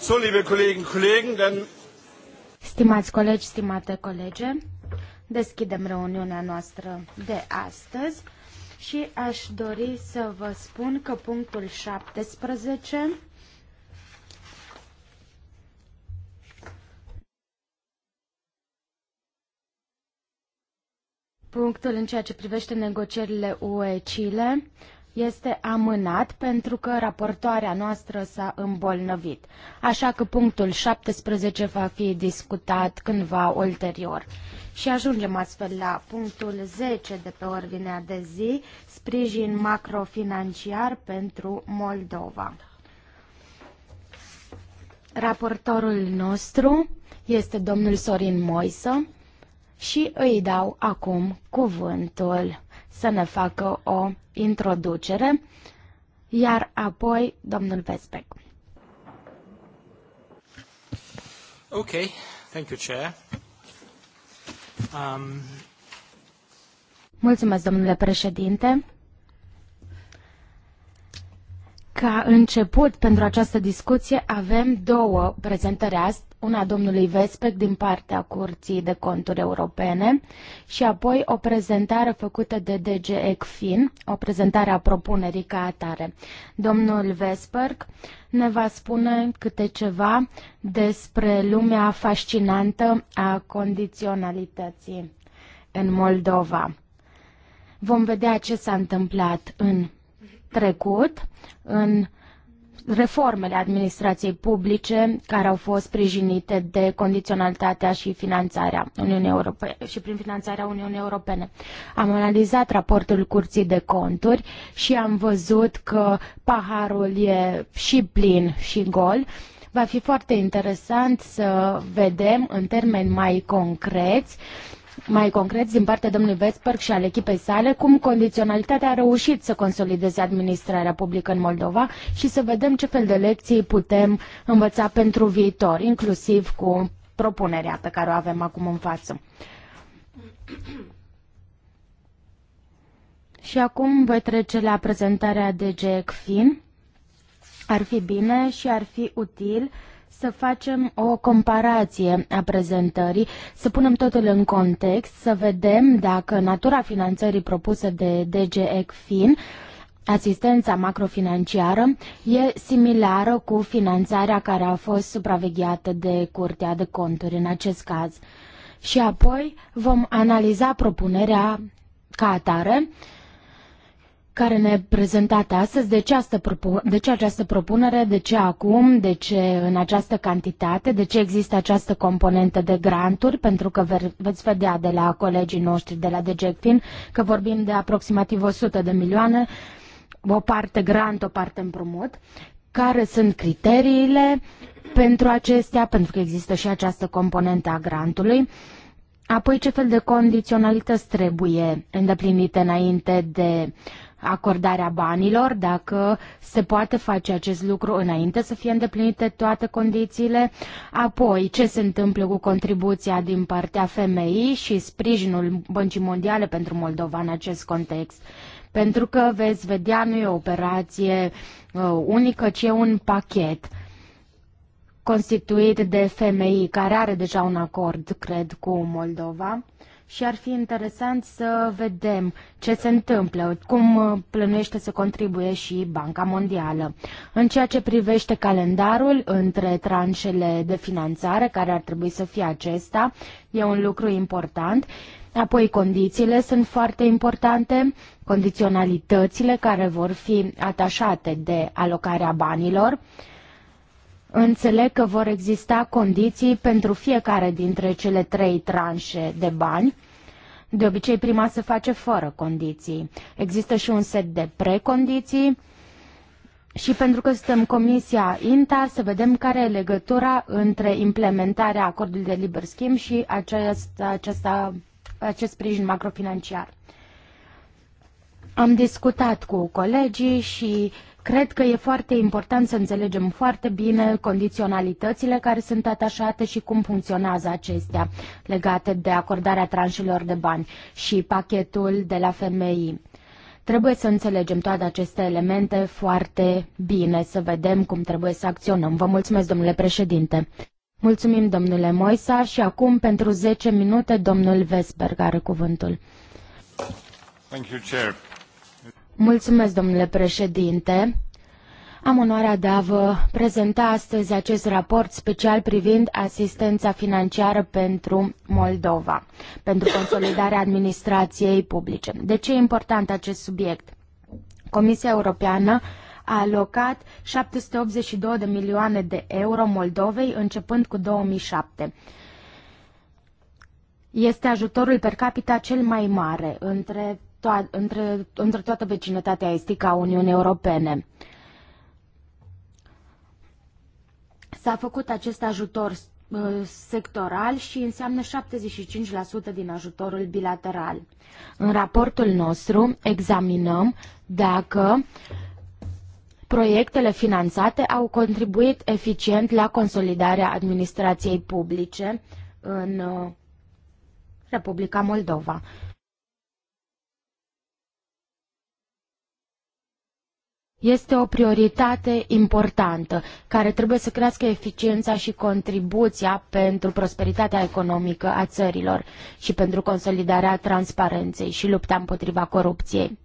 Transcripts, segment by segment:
So, liebe Kollegen, Kollegen, Stimați colegi, stimate colege, deschidem reuniunea noastră de astăzi și aș dori să vă spun că punctul 17 punctul în ceea ce privește negocierile UE-Chile este amânat pentru că raportoarea noastră s-a îmbolnăvit, așa că punctul 17 va fi discutat cândva ulterior. Și ajungem astfel la punctul 10 de pe ordinea de zi, sprijin macrofinanciar pentru Moldova. Raportorul nostru este domnul Sorin Moisă și îi dau acum cuvântul să ne facă o introducere, iar apoi domnul Vespec. Ok, thank you, Chair. Um... Mulțumesc, domnule președinte. Ca început pentru această discuție avem două prezentări astăzi, una domnului Vespec din partea Curții de Conturi Europene și apoi o prezentare făcută de DG ECFIN, o prezentare a propunerii ca atare. Domnul Vesperc ne va spune câte ceva despre lumea fascinantă a condiționalității în Moldova. Vom vedea ce s-a întâmplat în trecut în reformele administrației publice care au fost sprijinite de condiționalitatea și finanțarea Uniunii Europene și prin finanțarea Uniunii Europene. Am analizat raportul Curții de Conturi și am văzut că paharul e și plin și gol. Va fi foarte interesant să vedem în termeni mai concreți uh, mai concret din partea domnului Vesperc și al echipei sale cum condiționalitatea a reușit să consolideze administrarea publică în Moldova și să vedem ce fel de lecții putem învăța pentru viitor, inclusiv cu propunerea pe care o avem acum în față. Și acum voi trece la prezentarea de Jack Finn. Ar fi bine și ar fi util uh, să facem o comparație a prezentării, să punem totul în context, să vedem dacă natura finanțării propusă de DG ECFIN Asistența macrofinanciară e similară cu finanțarea care a fost supravegheată de Curtea de Conturi în acest caz. Și apoi vom analiza propunerea ca atare care ne prezentate astăzi, de ce, asta, de ce această propunere, de ce acum, de ce în această cantitate, de ce există această componentă de granturi, pentru că ve- veți vedea de la colegii noștri de la DGFIN că vorbim de aproximativ 100 de milioane, o parte grant, o parte împrumut. Care sunt criteriile pentru acestea, pentru că există și această componentă a grantului? Apoi, ce fel de condiționalități trebuie îndeplinite înainte de uh, acordarea banilor, dacă se poate face acest lucru înainte să fie îndeplinite toate condițiile, apoi ce se întâmplă cu contribuția din partea FMI și sprijinul Băncii Mondiale pentru Moldova în acest context. Pentru că, veți vedea, nu e o operație uh, unică, ci e un pachet constituit de FMI care are deja un acord, cred, cu Moldova și ar fi interesant să vedem ce se întâmplă, cum uh, plănuiește să contribuie și Banca Mondială. În ceea ce privește calendarul între tranșele de finanțare, care ar trebui să fie acesta, e un lucru important. Apoi condițiile sunt foarte importante, condiționalitățile care vor fi atașate de alocarea banilor. Înțeleg că vor exista condiții pentru fiecare dintre cele trei tranșe de bani. De obicei, prima se face fără condiții. Există și un set de precondiții și pentru că suntem Comisia INTA, să vedem care e legătura între implementarea acordului de liber schimb și acest, acesta, acest sprijin macrofinanciar. Am discutat cu colegii și uh, Cred că e foarte important să înțelegem foarte bine condiționalitățile care sunt atașate și cum funcționează acestea legate de acordarea tranșilor de bani și pachetul de la FMI. Trebuie să înțelegem toate aceste elemente foarte bine, să vedem cum trebuie să acționăm. Vă mulțumesc, domnule președinte. Mulțumim, domnule Moisa, și acum, pentru 10 minute, domnul Vesberg are cuvântul. Thank you, Chair. Mulțumesc, domnule președinte. Am onoarea de a vă prezenta astăzi acest raport special privind asistența financiară pentru Moldova, pentru consolidarea administrației publice. De ce e important acest subiect? Comisia Europeană a alocat 782 de milioane de euro Moldovei începând cu 2007. Este ajutorul per capita cel mai mare între to- între, între toată vecinătatea estică a Uniunii Europene. S-a făcut acest ajutor uh, sectoral și înseamnă 75% din ajutorul bilateral. În raportul nostru examinăm dacă proiectele finanțate au contribuit eficient la consolidarea administrației publice în uh, Republica Moldova. este o prioritate importantă care trebuie să crească eficiența și contribuția pentru prosperitatea economică a țărilor și pentru consolidarea transparenței și lupta împotriva corupției.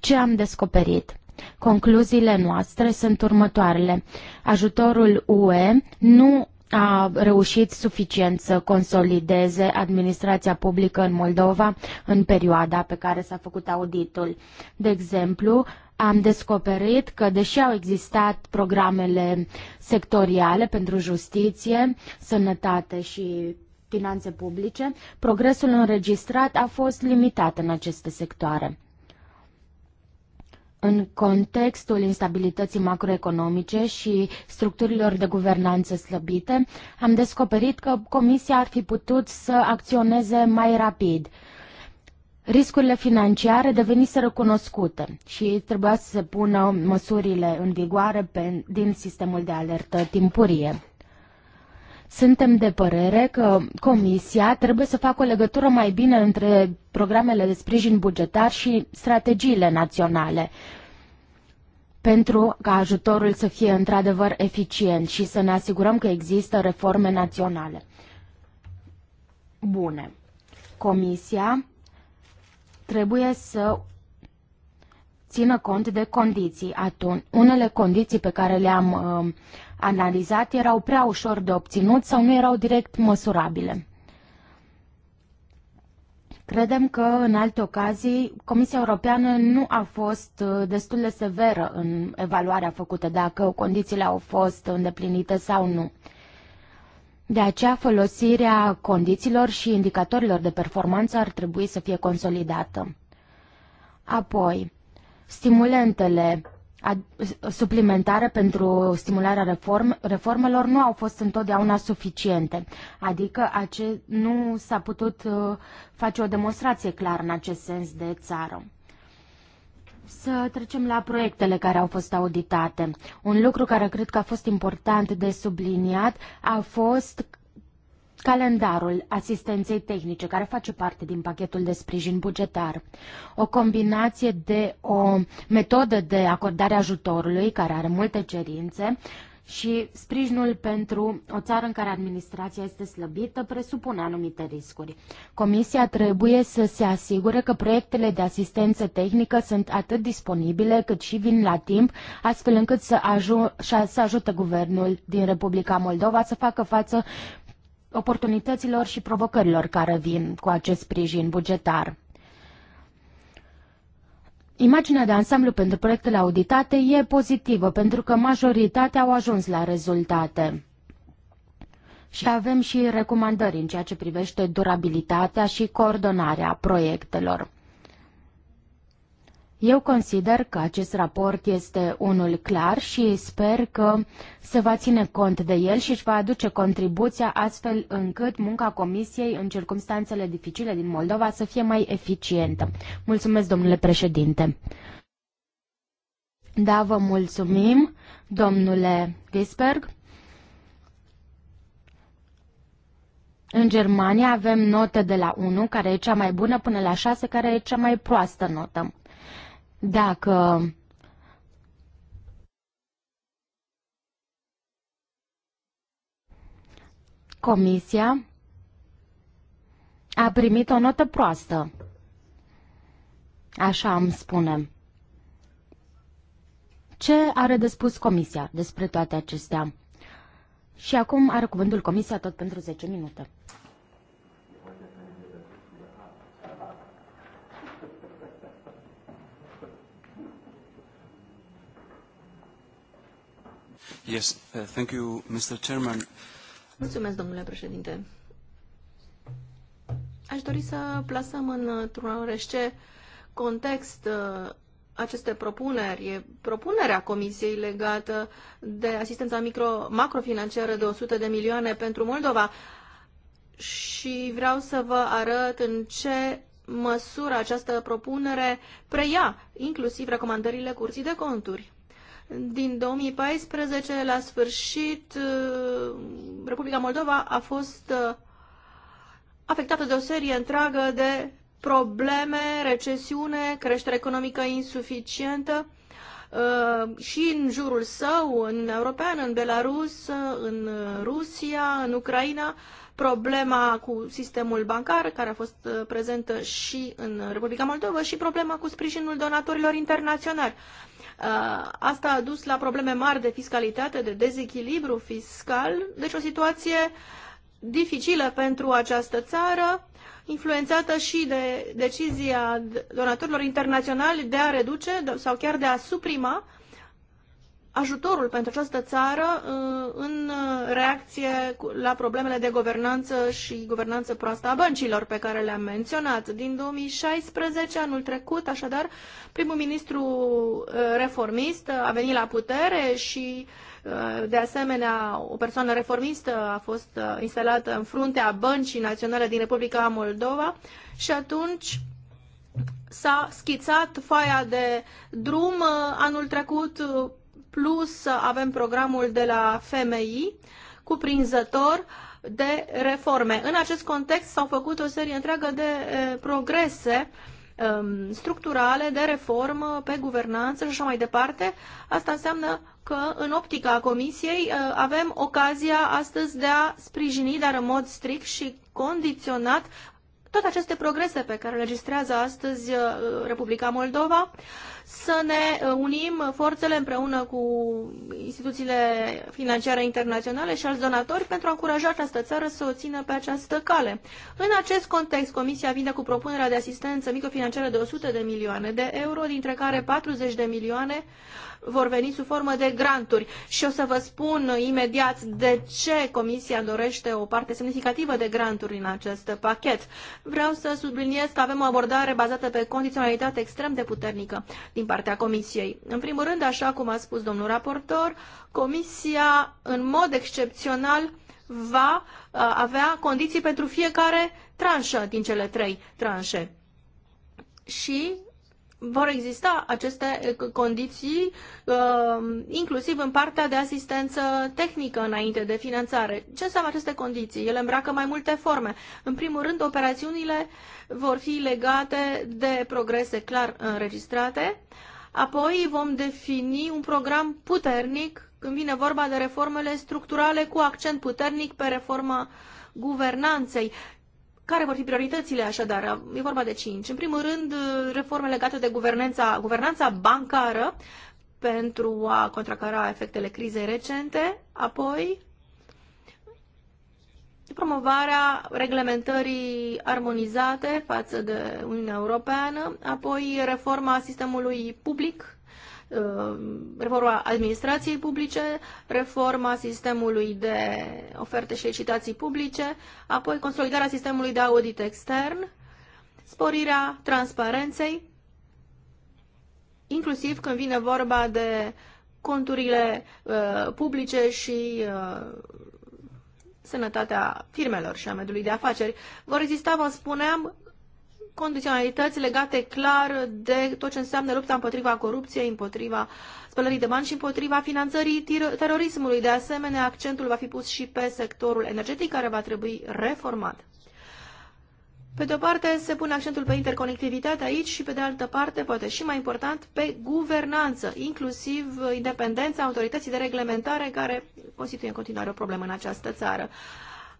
Ce am descoperit? Concluziile noastre sunt următoarele. Ajutorul UE nu a reușit suficient să consolideze administrația publică în Moldova în perioada pe care s-a făcut auditul. De exemplu, am descoperit că, deși au existat programele sectoriale pentru justiție, sănătate și finanțe publice, progresul înregistrat a fost limitat în aceste sectoare. În contextul instabilității macroeconomice și structurilor de guvernanță slăbite, am descoperit că Comisia ar fi putut să acționeze mai rapid riscurile financiare deveniseră cunoscute și trebuia să se pună măsurile în vigoare pe, din sistemul de alertă timpurie. Suntem de părere că Comisia trebuie să facă o legătură mai bine între programele de sprijin bugetar și strategiile naționale pentru ca ajutorul să fie într-adevăr eficient și să ne asigurăm că există reforme naționale. Bune. Comisia trebuie să țină cont de condiții. Atunci, unele condiții pe care le-am uh, analizat erau prea ușor de obținut sau nu erau direct măsurabile. Credem că în alte ocazii Comisia Europeană nu a fost uh, destul de severă în evaluarea făcută dacă condițiile au fost îndeplinite sau nu. De aceea, folosirea condițiilor și indicatorilor de performanță ar trebui să fie consolidată. Apoi, stimulentele suplimentare pentru stimularea reform, reformelor nu au fost întotdeauna suficiente. Adică ace, nu s-a putut uh, face o demonstrație clară în acest sens de țară. Să trecem la proiectele care au fost auditate. Un lucru care cred că a fost important de subliniat a fost calendarul asistenței tehnice, care face parte din pachetul de sprijin bugetar. O combinație de o metodă de acordare ajutorului, care are multe cerințe, și sprijinul pentru o țară în care administrația este slăbită presupune anumite riscuri. Comisia trebuie să se asigure că proiectele de asistență tehnică sunt atât disponibile cât și vin la timp, astfel încât să, aju- să ajute guvernul din Republica Moldova să facă față oportunităților și provocărilor care vin cu acest sprijin bugetar. Imaginea de ansamblu pentru proiectele auditate e pozitivă, pentru că majoritatea au ajuns la rezultate. Și avem și recomandări în ceea ce privește durabilitatea și coordonarea proiectelor. Eu consider că acest raport este unul clar și sper că se va ține cont de el și își va aduce contribuția astfel încât munca Comisiei în circunstanțele dificile din Moldova să fie mai eficientă. Mulțumesc, domnule președinte. Da, vă mulțumim, domnule Gisberg. În Germania avem note de la 1, care e cea mai bună, până la 6, care e cea mai proastă notă. Dacă Comisia a primit o notă proastă. Așa îmi spune. Ce are de spus Comisia despre toate acestea? Și acum are cuvântul Comisia tot pentru 10 minute. Yes, uh, thank you, Mr. Chairman. Mulțumesc, domnule președinte. Aș dori să plasăm într-un oarește context uh, aceste propuneri. E propunerea Comisiei legată de asistența micro, macrofinanciară de 100 de milioane pentru Moldova și vreau să vă arăt în ce măsură această propunere preia inclusiv recomandările Curții de Conturi din 2014, la sfârșit, uh, Republica Moldova a fost uh, afectată de o serie întreagă de probleme, recesiune, creștere economică insuficientă uh, și în jurul său, în European, în Belarus, în Rusia, în Ucraina, problema cu sistemul bancar, care a fost prezentă și în Republica Moldova, și problema cu sprijinul donatorilor internaționali. Uh, asta a dus la probleme mari de fiscalitate, de dezechilibru fiscal, deci o situație dificilă pentru această țară, influențată și de decizia donatorilor internaționali de a reduce sau chiar de a suprima ajutorul pentru această țară uh, în uh, reacție la problemele de guvernanță și guvernanță proastă a băncilor pe care le-am menționat. Din 2016, anul trecut, așadar, primul ministru uh, reformist a venit la putere și de asemenea, o persoană reformistă a fost instalată în fruntea Băncii Naționale din Republica Moldova și atunci s-a schițat foaia de drum anul trecut plus avem programul de la FMI cuprinzător de reforme. În acest context s-au făcut o serie întreagă de eh, progrese ehm, structurale de reformă pe guvernanță și așa mai departe. Asta înseamnă că în optica Comisiei eh, avem ocazia astăzi de a sprijini, dar în mod strict și condiționat, toate aceste progrese pe care le registrează astăzi eh, Republica Moldova să ne uh, unim forțele împreună cu instituțiile financiare internaționale și alți donatori pentru a încuraja această țară să o țină pe această cale. În acest context, Comisia vine cu propunerea de asistență microfinanciară de 100 de milioane de euro, dintre care 40 de milioane vor veni sub formă de granturi. Și o să vă spun imediat de ce Comisia dorește o parte semnificativă de granturi în acest pachet. Vreau să subliniez că avem o abordare bazată pe condiționalitate extrem de puternică din partea Comisiei. În primul rând, așa cum a spus domnul raportor, Comisia, în mod excepțional, va uh, avea condiții pentru fiecare tranșă din cele trei tranșe. Și vor exista aceste condiții uh, inclusiv în partea de asistență tehnică înainte de finanțare. Ce înseamnă aceste condiții? Ele îmbracă mai multe forme. În primul rând, operațiunile vor fi legate de progrese clar înregistrate, apoi vom defini un program puternic când vine vorba de reformele structurale cu accent puternic pe reforma guvernanței. Care vor fi prioritățile așadar? E vorba de cinci. În primul rând, reforme legate de guvernanța, guvernanța bancară pentru a contracara efectele crizei recente, apoi promovarea reglementării armonizate față de Uniunea Europeană, apoi reforma sistemului public Uh, reforma administrației publice, reforma sistemului de oferte și licitații publice, apoi consolidarea sistemului de audit extern, sporirea transparenței, inclusiv când vine vorba de conturile uh, publice și uh, sănătatea firmelor și a mediului de afaceri. Vor exista, vă spuneam, condiționalități legate clar de tot ce înseamnă lupta împotriva corupției, împotriva spălării de bani și împotriva finanțării terorismului. De asemenea, accentul va fi pus și pe sectorul energetic, care va trebui reformat. Pe de o parte se pune accentul pe interconectivitate aici și pe de altă parte, poate și mai important, pe guvernanță, inclusiv independența autorității de reglementare care constituie în continuare o problemă în această țară.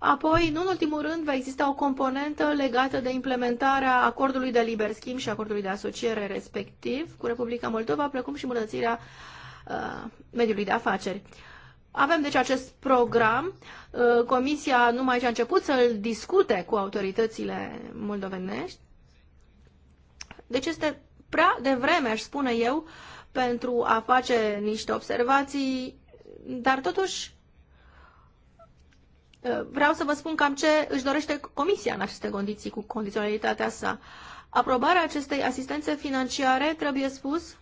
Apoi, nu în ultimul rând, va exista o componentă legată de implementarea acordului de liber schimb și acordului de asociere respectiv cu Republica Moldova, precum și îmbunătățirea uh, mediului de afaceri. Avem deci acest program. Uh, comisia numai ce a început să-l discute cu autoritățile moldovenești. Deci este prea devreme, aș spune eu, pentru a face niște observații, dar totuși Eh, vreau să vă spun cam ce își dorește Comisia în aceste condiții cu condiționalitatea sa. Aprobarea acestei asistențe financiare, trebuie spus,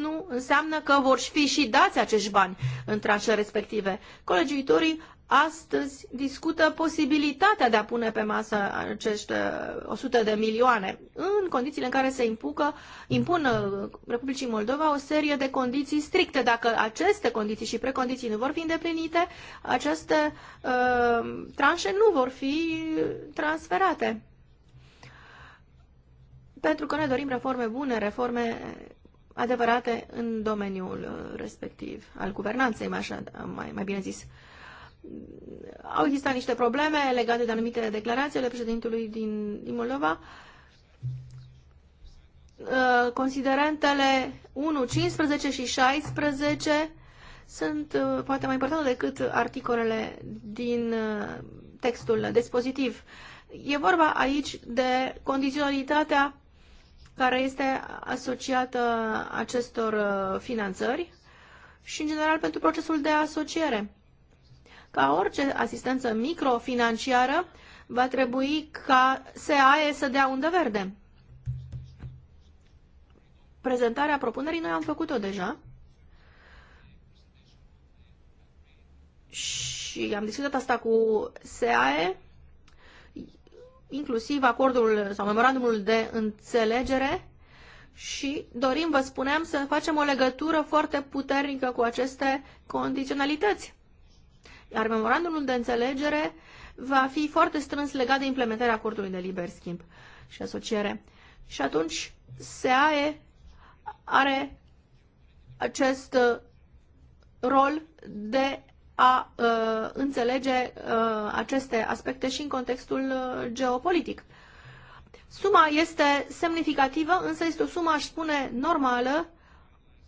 nu înseamnă că vor fi și dați acești bani în tranșe respective. Colegiuitorii astăzi discută posibilitatea de a pune pe masă acești 100 uh, de milioane, în condițiile în care se impucă, impun uh, Republicii Moldova o serie de condiții stricte. Dacă aceste condiții și precondiții nu vor fi îndeplinite, aceste uh, tranșe nu vor fi transferate. Pentru că ne dorim reforme bune, reforme adevărate în domeniul uh, respectiv, al guvernanței, mai, așa, mai, mai bine zis. Au existat niște probleme legate de anumite declarații ale președintelui din, din Moldova. Uh, considerentele 1, 15 și 16 sunt uh, poate mai importante decât articolele din uh, textul dispozitiv. E vorba aici de condiționalitatea care este asociată acestor finanțări și, în general, pentru procesul de asociere. Ca orice asistență microfinanciară, va trebui ca SAE să dea undă verde. Prezentarea propunerii noi am făcut-o deja și am discutat asta cu SAE, inclusiv acordul sau memorandumul de înțelegere și dorim, vă spuneam, să facem o legătură foarte puternică cu aceste condiționalități iar memorandumul de înțelegere va fi foarte strâns legat de implementarea acordului de liber schimb și asociere. Și atunci SEAE are acest uh, rol de a uh, înțelege uh, aceste aspecte și în contextul uh, geopolitic. Suma este semnificativă, însă este o sumă, aș spune, normală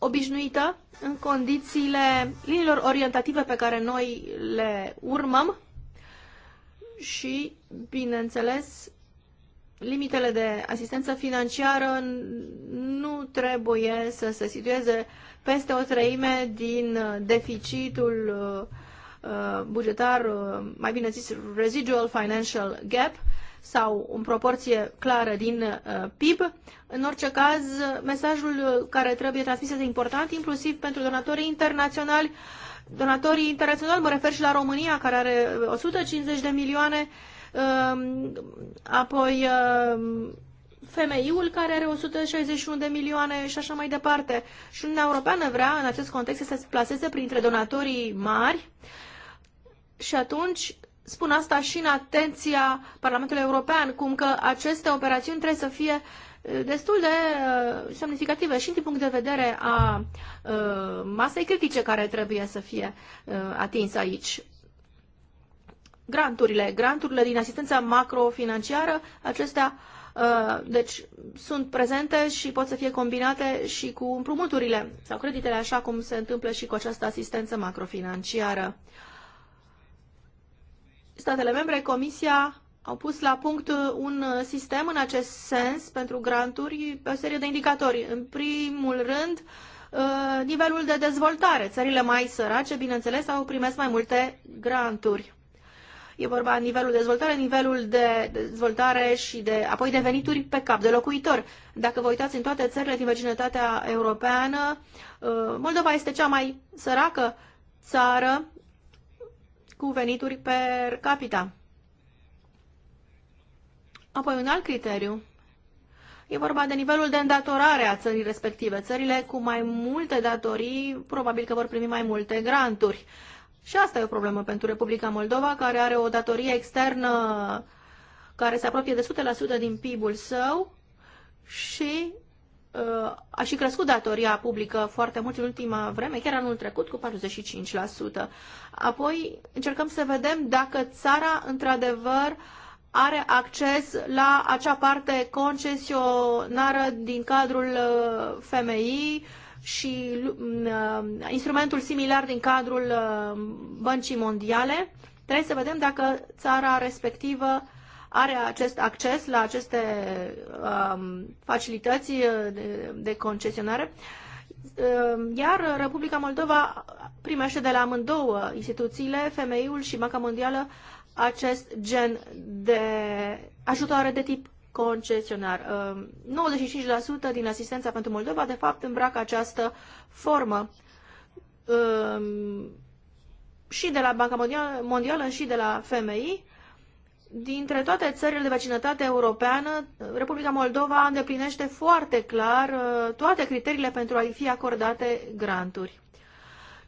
obișnuită în condițiile liniilor orientative pe care noi le urmăm și, bineînțeles, limitele de asistență financiară nu trebuie să se situeze peste o treime din uh, deficitul uh, uh, bugetar, mai bine zis residual financial gap, sau în proporție clară din uh, PIB. În orice caz, mesajul care trebuie transmis este important, inclusiv pentru donatorii internaționali. Donatorii internaționali, mă refer și la România, care are 150 uh, de milioane, um, apoi um, femeiul care are 161 de milioane și așa mai departe. Și Uniunea Europeană vrea în acest context să se plaseze printre donatorii mari și atunci spun asta și în atenția Parlamentului European, cum că aceste operațiuni trebuie să fie uh, destul de uh, semnificative și din punct de vedere a uh, masei critice care trebuie să fie uh, atinsă aici. Granturile, granturile din asistența macrofinanciară, acestea uh, deci sunt prezente și pot să fie combinate și cu împrumuturile sau creditele, așa cum se întâmplă și cu această asistență macrofinanciară. Uh, statele membre, Comisia au pus la punct un sistem în acest sens pentru granturi pe o serie de indicatori. În primul rând, uh, nivelul de dezvoltare. Țările mai sărace, bineînțeles, au primit mai multe granturi. E vorba de nivelul de dezvoltare, nivelul de dezvoltare și de apoi de venituri pe cap de locuitor. Dacă vă uitați în toate țările din vecinătatea europeană, uh, Moldova este cea mai săracă țară cu venituri per capita. Apoi un alt criteriu. E vorba de nivelul de îndatorare a țării respective. Țările cu mai multe datorii probabil că vor primi mai multe granturi. Și asta e o problemă pentru Republica Moldova, care are o datorie externă care se apropie de 100% din PIB-ul său și Uh, a și crescut datoria publică foarte mult în ultima vreme, chiar anul trecut cu 45%. Apoi încercăm să vedem dacă țara într-adevăr are acces la acea parte concesionară din cadrul uh, FMI și uh, instrumentul similar din cadrul Băncii Mondiale. Trebuie să vedem dacă țara respectivă are acest acces la aceste um, facilități uh, de, de concesionare, um, iar Republica Moldova primește de la amândouă instituțiile, FMI-ul și Banca Mondială, acest gen de ajutoare de tip concesionar. 95% um, din asistența pentru Moldova, de fapt, îmbracă această formă um, și de la Banca Mondială și de la FMI dintre toate țările de vecinătate europeană, Republica Moldova îndeplinește foarte clar uh, toate criteriile pentru a-i fi acordate granturi.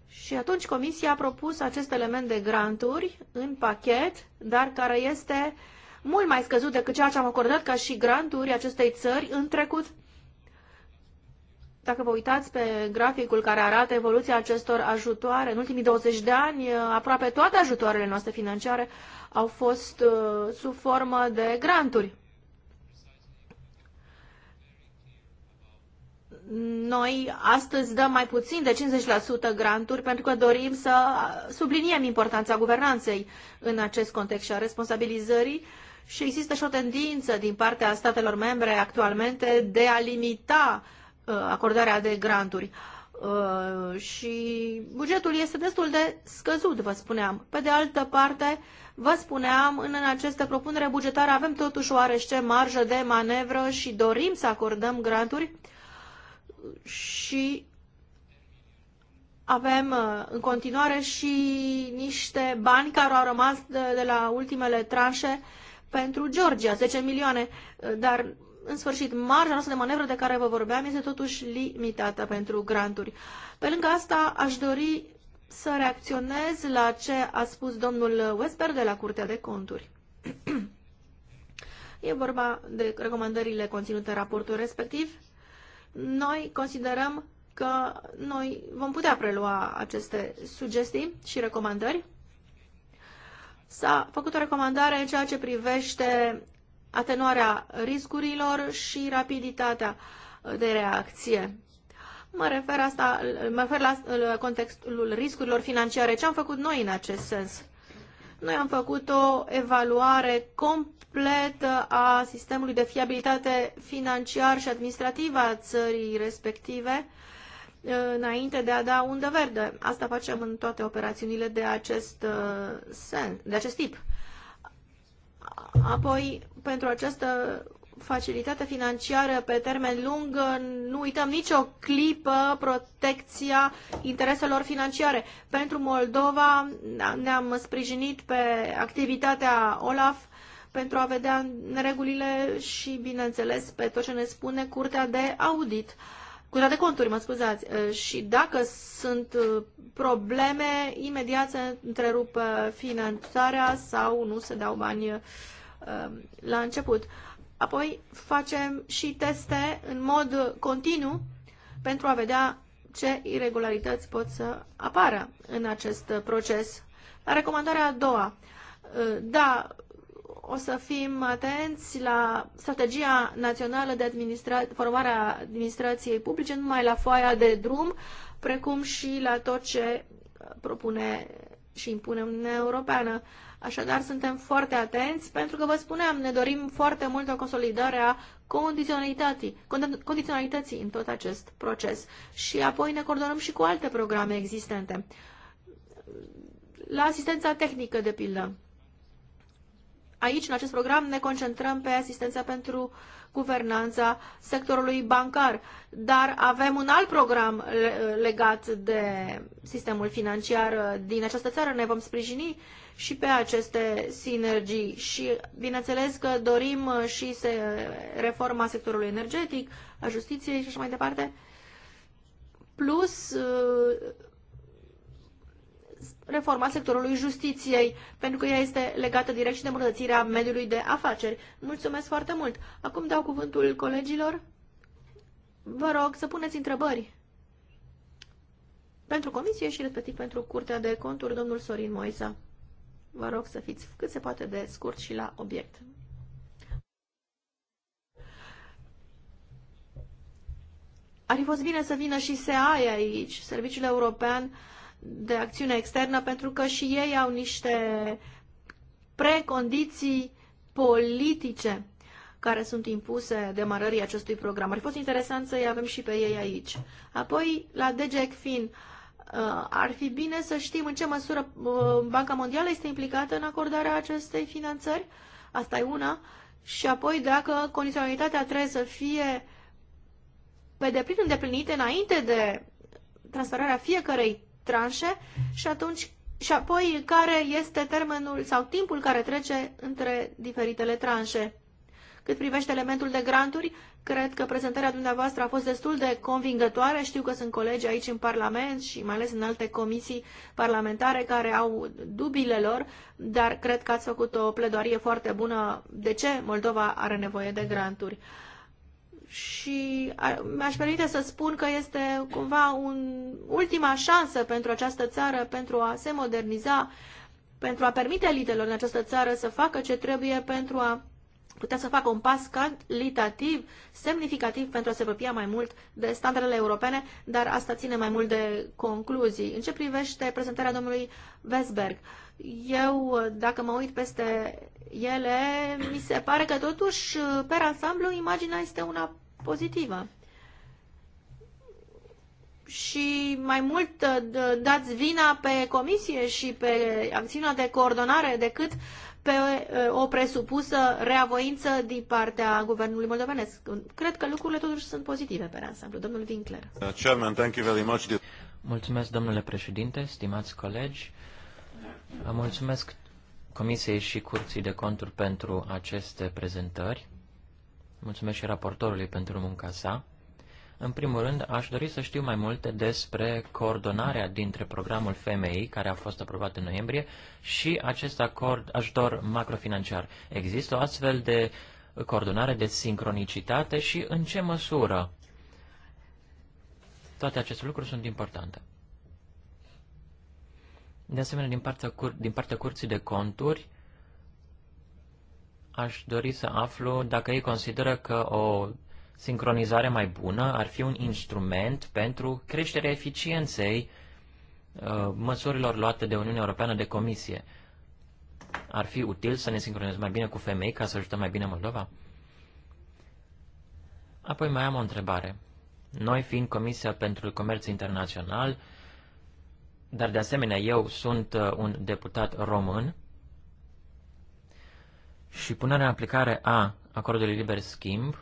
Și atunci Comisia a propus acest element de granturi în pachet, dar care este mult mai scăzut decât ceea ce am acordat ca și granturi acestei țări în trecut. Dacă vă uitați pe graficul care arată evoluția acestor ajutoare în ultimii 20 de ani, uh, aproape toate ajutoarele noastre financiare au fost uh, sub formă de granturi. Noi astăzi dăm mai puțin de 50% granturi pentru că dorim să subliniem importanța guvernanței în acest context și a responsabilizării și există și o tendință din partea statelor membre actualmente de a limita uh, acordarea de granturi. Uh, Uh, și bugetul este destul de scăzut, vă spuneam. Pe de altă parte, vă spuneam, în, în această propunere bugetară avem totuși oarește marjă de manevră și dorim să acordăm granturi și avem uh, în continuare și niște bani care au rămas de, de la ultimele tranșe pentru Georgia, 10 milioane, uh, dar în sfârșit, marja noastră de manevră de care vă vorbeam este totuși limitată pentru granturi. Pe lângă asta, aș dori să reacționez la ce a spus domnul Westberg de la Curtea de Conturi. e vorba de recomandările conținute în raportul respectiv. Noi considerăm că noi vom putea prelua aceste sugestii și recomandări. S-a făcut o recomandare în ceea ce privește atenuarea riscurilor și rapiditatea de reacție. Mă refer, asta, mă refer la contextul riscurilor financiare. Ce am făcut noi în acest sens? Noi am făcut o evaluare completă a sistemului de fiabilitate financiar și administrativă a țării respective uh, înainte de a da undă verde. Asta facem în toate operațiunile de acest, uh, sens, de acest tip. Apoi, pentru această facilitate financiară pe termen lung, nu uităm nicio clipă protecția intereselor financiare. Pentru Moldova ne-am sprijinit pe activitatea OLAF pentru a vedea regulile și, bineînțeles, pe tot ce ne spune Curtea de Audit. Uh, cu toate conturi, mă scuzați. Uh, și dacă sunt uh, probleme, imediat se întrerupă finanțarea sau nu se dau bani uh, la început. Apoi facem și teste în mod continuu pentru a vedea ce irregularități pot să apară în acest proces. La recomandarea a doua, da, o să fim atenți la strategia națională de administra- formare a administrației publice, numai la foaia de drum, precum și la tot ce uh, propune și impune Uniunea Europeană. Așadar, suntem foarte atenți pentru că, vă spuneam, ne dorim foarte mult o consolidare a condiționalității, condiționalității în tot acest proces. Și apoi ne coordonăm și cu alte programe existente. La asistența tehnică, de pildă, aici, în acest program, ne concentrăm pe asistența pentru guvernanța sectorului bancar, dar avem un alt program legat de sistemul financiar din această țară. Ne vom sprijini și pe aceste sinergii și, bineînțeles, că dorim și se reforma sectorului energetic, a justiției și așa mai departe, plus reforma sectorului justiției, pentru că ea este legată direct și de îmbunătățirea mediului de afaceri. Mulțumesc foarte mult! Acum dau cuvântul colegilor. Vă rog să puneți întrebări pentru comisie și respectiv pentru Curtea de Conturi, domnul Sorin Moisa. Vă rog să fiți cât se poate de scurt și la obiect. Ar fi fost bine să vină și SEAI aici, Serviciul European de acțiune externă, pentru că și ei au niște precondiții politice care sunt impuse demarării acestui program. Ar fi fost interesant să-i avem și pe ei aici. Apoi, la DGECFIN, uh, ar fi bine să știm în ce măsură uh, Banca Mondială este implicată în acordarea acestei finanțări. Asta e una. Și apoi, dacă condiționalitatea trebuie să fie pe deplin îndeplinite înainte de transferarea fiecărei tranșe și atunci și apoi care este termenul sau timpul care trece între diferitele tranșe. Cât privește elementul de granturi, cred că prezentarea dumneavoastră a fost destul de convingătoare. Știu că sunt colegi aici în Parlament și mai ales în alte comisii parlamentare care au dubile lor, dar cred că ați făcut o pledoarie foarte bună de ce Moldova are nevoie de granturi și mi-aș permite să spun că este cumva un ultima șansă pentru această țară pentru a se moderniza, pentru a permite elitelor în această țară să facă ce trebuie pentru a putea să facă un pas calitativ, semnificativ pentru a se apropia mai mult de standardele europene, dar asta ține mai mult de concluzii. În ce privește prezentarea domnului Vesberg, eu, dacă mă uit peste ele, mi se pare că totuși, pe ansamblu, imaginea este una pozitivă. Și mai mult ă, dați vina pe comisie și pe acțiunea de coordonare decât pe ă, o presupusă reavoință din partea guvernului moldovenesc. Cred că lucrurile totuși sunt pozitive pe ansamblu. Domnul Winkler. Uh, Chairman, thank you very much. Mulțumesc, domnule președinte, stimați colegi. Mulțumesc Comisiei și Curții de Conturi pentru aceste prezentări. Mulțumesc și raportorului pentru munca sa. În primul rând, aș dori să știu mai multe despre coordonarea dintre programul FMI, care a fost aprobat în noiembrie, și acest acord ajutor macrofinanciar. Există o astfel de coordonare de sincronicitate și în ce măsură? Toate aceste lucruri sunt importante. De asemenea, din partea, cur- din partea curții de conturi, aș dori să aflu dacă ei consideră că o sincronizare mai bună ar fi un instrument pentru creșterea eficienței uh, măsurilor luate de Uniunea Europeană de Comisie. Ar fi util să ne sincronizăm mai bine cu femei ca să ajutăm mai bine Moldova? Apoi mai am o întrebare. Noi fiind Comisia pentru Comerț Internațional, dar de asemenea eu sunt uh, un deputat român, și punerea în aplicare a acordului liber schimb,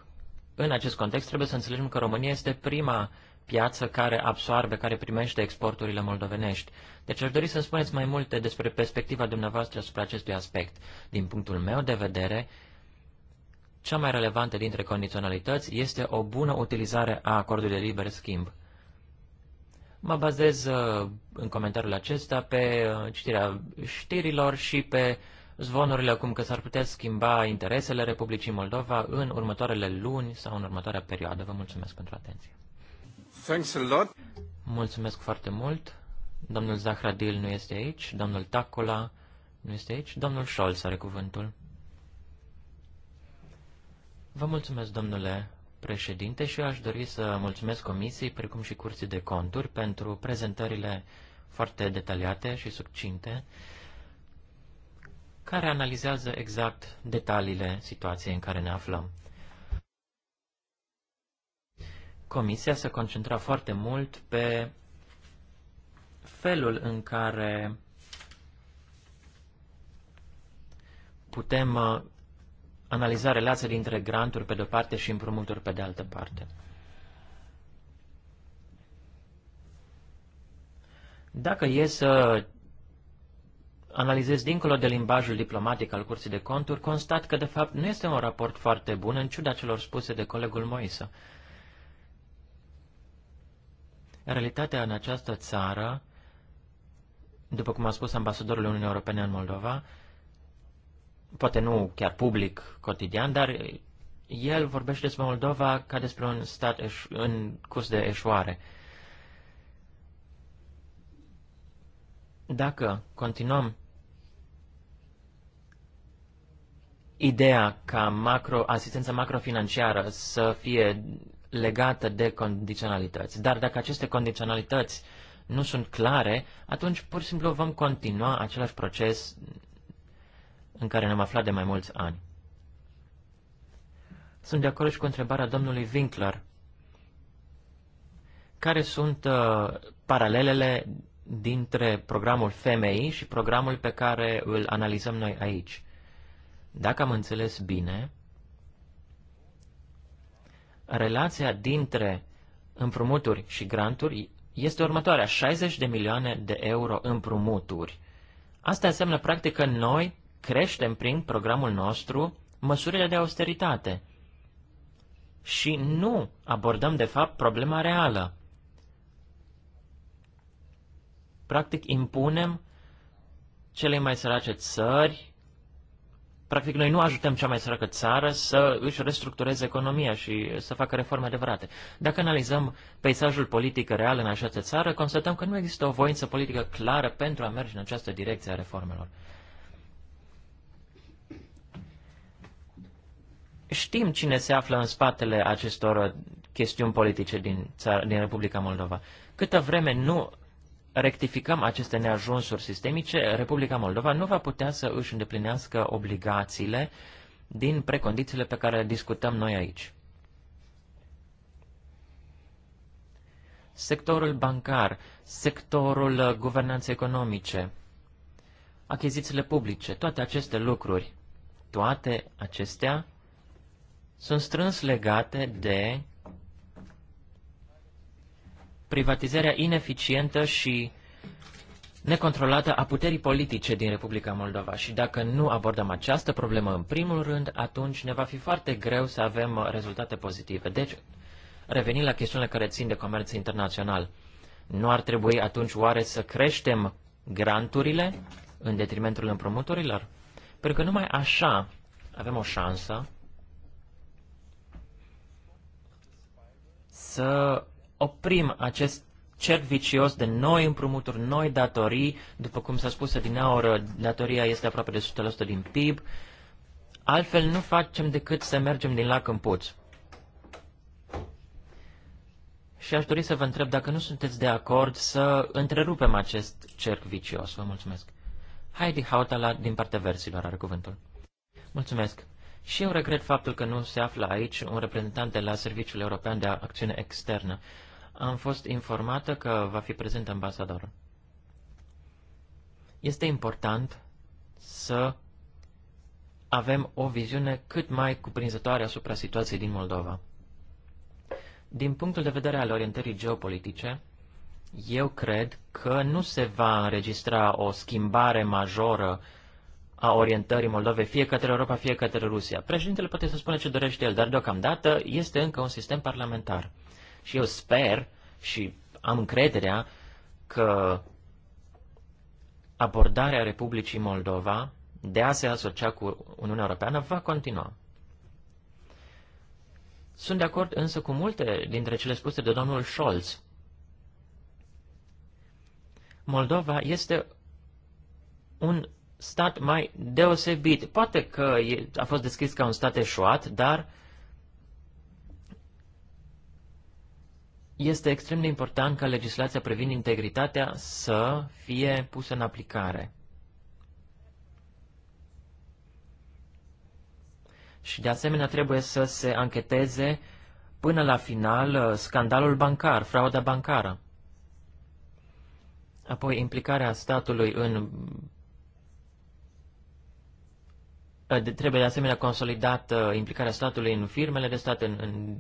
în acest context trebuie să înțelegem că România este prima piață care absoarbe, care primește exporturile moldovenești. Deci aș dori să spuneți mai multe despre perspectiva dumneavoastră asupra acestui aspect. Din punctul meu de vedere, cea mai relevantă dintre condiționalități este o bună utilizare a acordului de liber schimb. Mă bazez uh, în comentariul acesta pe uh, citirea știrilor și pe zvonurile acum că s-ar putea schimba interesele Republicii Moldova în următoarele luni sau în următoarea perioadă. Vă mulțumesc pentru atenție. Thanks a lot. Mulțumesc foarte mult. Domnul Zahradil nu este aici, domnul Tacola nu este aici, domnul Scholz are cuvântul. Vă mulțumesc, domnule președinte, și aș dori să mulțumesc comisiei, precum și curții de conturi, pentru prezentările foarte detaliate și succinte care analizează exact detaliile situației în care ne aflăm. Comisia se concentra foarte mult pe felul în care putem uh, analiza relația dintre granturi pe de-o parte și împrumuturi pe de altă parte. Dacă e să analizez dincolo de limbajul diplomatic al Curții de Conturi, constat că, de fapt, nu este un raport foarte bun, în ciuda celor spuse de colegul Moisa. Realitatea în această țară, după cum a spus ambasadorul Uniunii Europene în Moldova, poate nu chiar public, cotidian, dar el vorbește despre Moldova ca despre un stat în curs de eșoare. Dacă continuăm ideea ca macro, asistența macrofinanciară să fie legată de condiționalități. Dar dacă aceste condiționalități nu sunt clare, atunci pur și simplu vom continua același proces în care ne-am aflat de mai mulți ani. Sunt de acord și cu întrebarea domnului Winkler. Care sunt uh, paralelele dintre programul FMI și programul pe care îl analizăm noi aici? Dacă am înțeles bine, relația dintre împrumuturi și granturi este următoarea, 60 de milioane de euro împrumuturi. Asta înseamnă practic că noi creștem prin programul nostru măsurile de austeritate și nu abordăm de fapt problema reală. Practic impunem celei mai sărace țări Practic, noi nu ajutăm cea mai săracă țară să își restructureze economia și să facă reforme adevărate. Dacă analizăm peisajul politic real în această țară, constatăm că nu există o voință politică clară pentru a merge în această direcție a reformelor. Știm cine se află în spatele acestor chestiuni politice din, țară, din Republica Moldova. Câtă vreme nu rectificăm aceste neajunsuri sistemice, Republica Moldova nu va putea să își îndeplinească obligațiile din precondițiile pe care le discutăm noi aici. Sectorul bancar, sectorul uh, guvernanței economice, achizițiile publice, toate aceste lucruri, toate acestea sunt strâns legate de privatizarea ineficientă și necontrolată a puterii politice din Republica Moldova și dacă nu abordăm această problemă în primul rând, atunci ne va fi foarte greu să avem rezultate pozitive. Deci, revenind la chestiunile care țin de comerț internațional, nu ar trebui atunci oare să creștem granturile în detrimentul împrumuturilor? Pentru că numai așa avem o șansă să oprim acest cerc vicios de noi împrumuturi, noi datorii, după cum s-a spus din aur, datoria este aproape de 100% din PIB, altfel nu facem decât să mergem din lac în puț. Și aș dori să vă întreb dacă nu sunteți de acord să întrerupem acest cerc vicios. Vă mulțumesc. Heidi Hautala din partea versilor are cuvântul. Mulțumesc. Și eu regret faptul că nu se află aici un reprezentant de la Serviciul European de Acțiune Externă. Am fost informată că va fi prezent ambasadorul. Este important să avem o viziune cât mai cuprinzătoare asupra situației din Moldova. Din punctul de vedere al orientării geopolitice, eu cred că nu se va înregistra o schimbare majoră a orientării Moldovei, fie către Europa, fie către Rusia. Președintele poate să spună ce dorește el, dar deocamdată este încă un sistem parlamentar. Și eu sper și am încrederea că abordarea Republicii Moldova de a se asocia cu Uniunea Europeană va continua. Sunt de acord însă cu multe dintre cele spuse de domnul Scholz. Moldova este un stat mai deosebit. Poate că a fost descris ca un stat eșuat, dar este extrem de important ca legislația privind integritatea să fie pusă în aplicare. Și de asemenea trebuie să se ancheteze până la final uh, scandalul bancar, frauda bancară. Apoi implicarea statului în uh, trebuie de asemenea consolidată uh, implicarea statului în firmele de stat, în, în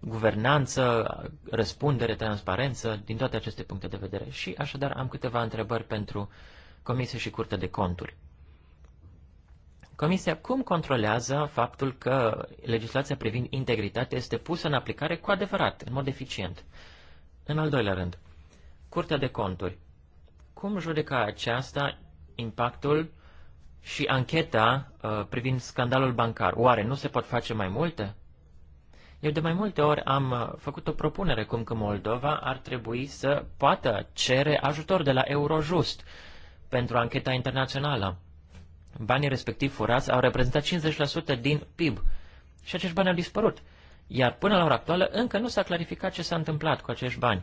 guvernanță, răspundere, transparență, din toate aceste puncte de vedere. Și așadar am câteva întrebări pentru Comisie și Curtea de Conturi. Comisia cum controlează faptul că legislația privind integritatea este pusă în aplicare cu adevărat, în mod eficient? În al doilea rând, Curtea de Conturi. Cum judeca aceasta impactul și ancheta uh, privind scandalul bancar? Oare nu se pot face mai multe? Eu de mai multe ori am uh, făcut o propunere cum că Moldova ar trebui să poată cere ajutor de la Eurojust pentru ancheta internațională. Banii respectiv furați au reprezentat 50% din PIB și acești bani au dispărut, iar până la ora actuală încă nu s-a clarificat ce s-a întâmplat cu acești bani.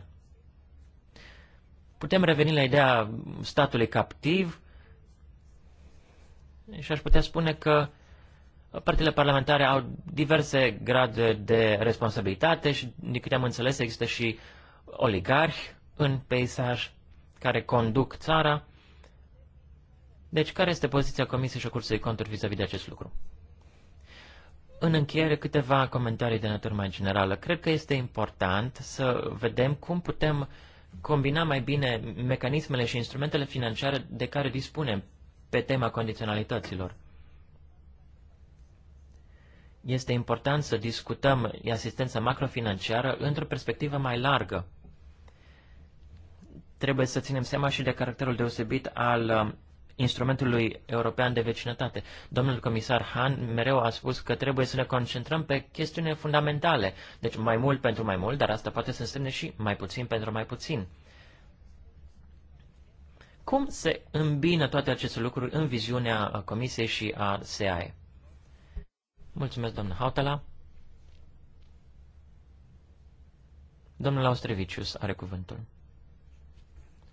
Putem reveni la ideea statului captiv și aș putea spune că Partile parlamentare au diverse grade de responsabilitate și, din câte am înțeles, există și oligarhi în peisaj care conduc țara. Deci, care este poziția Comisiei și a Cursului Conturi vis-a-vis de acest lucru? În încheiere, câteva comentarii de natură mai generală. Cred că este important să vedem cum putem combina mai bine mecanismele și instrumentele financiare de care dispunem pe tema condiționalităților este important să discutăm asistența macrofinanciară într-o perspectivă mai largă. Trebuie să ținem seama și de caracterul deosebit al um, instrumentului european de vecinătate. Domnul comisar Han mereu a spus că trebuie să ne concentrăm pe chestiune fundamentale. Deci mai mult pentru mai mult, dar asta poate să însemne și mai puțin pentru mai puțin. Cum se îmbină toate aceste lucruri în viziunea uh, Comisiei și a SEAE? Mulțumesc, domnul Hautala. Domnul Austrevicius are cuvântul.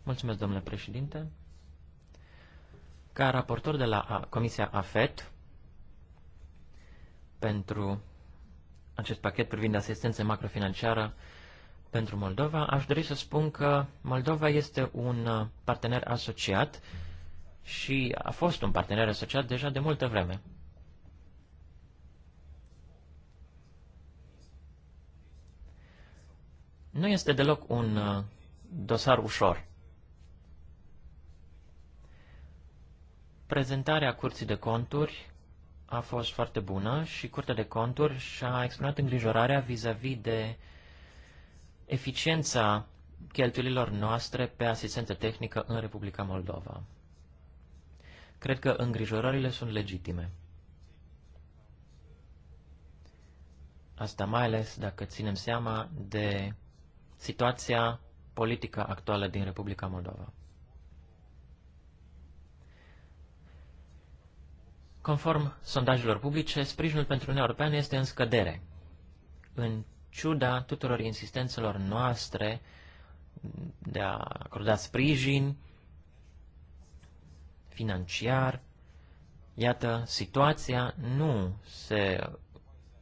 Mulțumesc, domnule președinte. Ca raportor de la Comisia AFET pentru acest pachet privind asistență macrofinanciară pentru Moldova, aș dori să spun că Moldova este un partener asociat și a fost un partener asociat deja de multă vreme. Nu este deloc un uh, dosar ușor. Prezentarea Curții de Conturi a fost foarte bună și Curtea de Conturi și-a exprimat îngrijorarea vis-a-vis -vis de eficiența cheltuielilor noastre pe asistență tehnică în Republica Moldova. Cred că îngrijorările sunt legitime. Asta mai ales dacă ținem seama de situația politică actuală din Republica Moldova. Conform sondajelor publice, sprijinul pentru Uniunea Europeană este în scădere. În ciuda tuturor insistențelor noastre de a acorda sprijin financiar, iată, situația nu se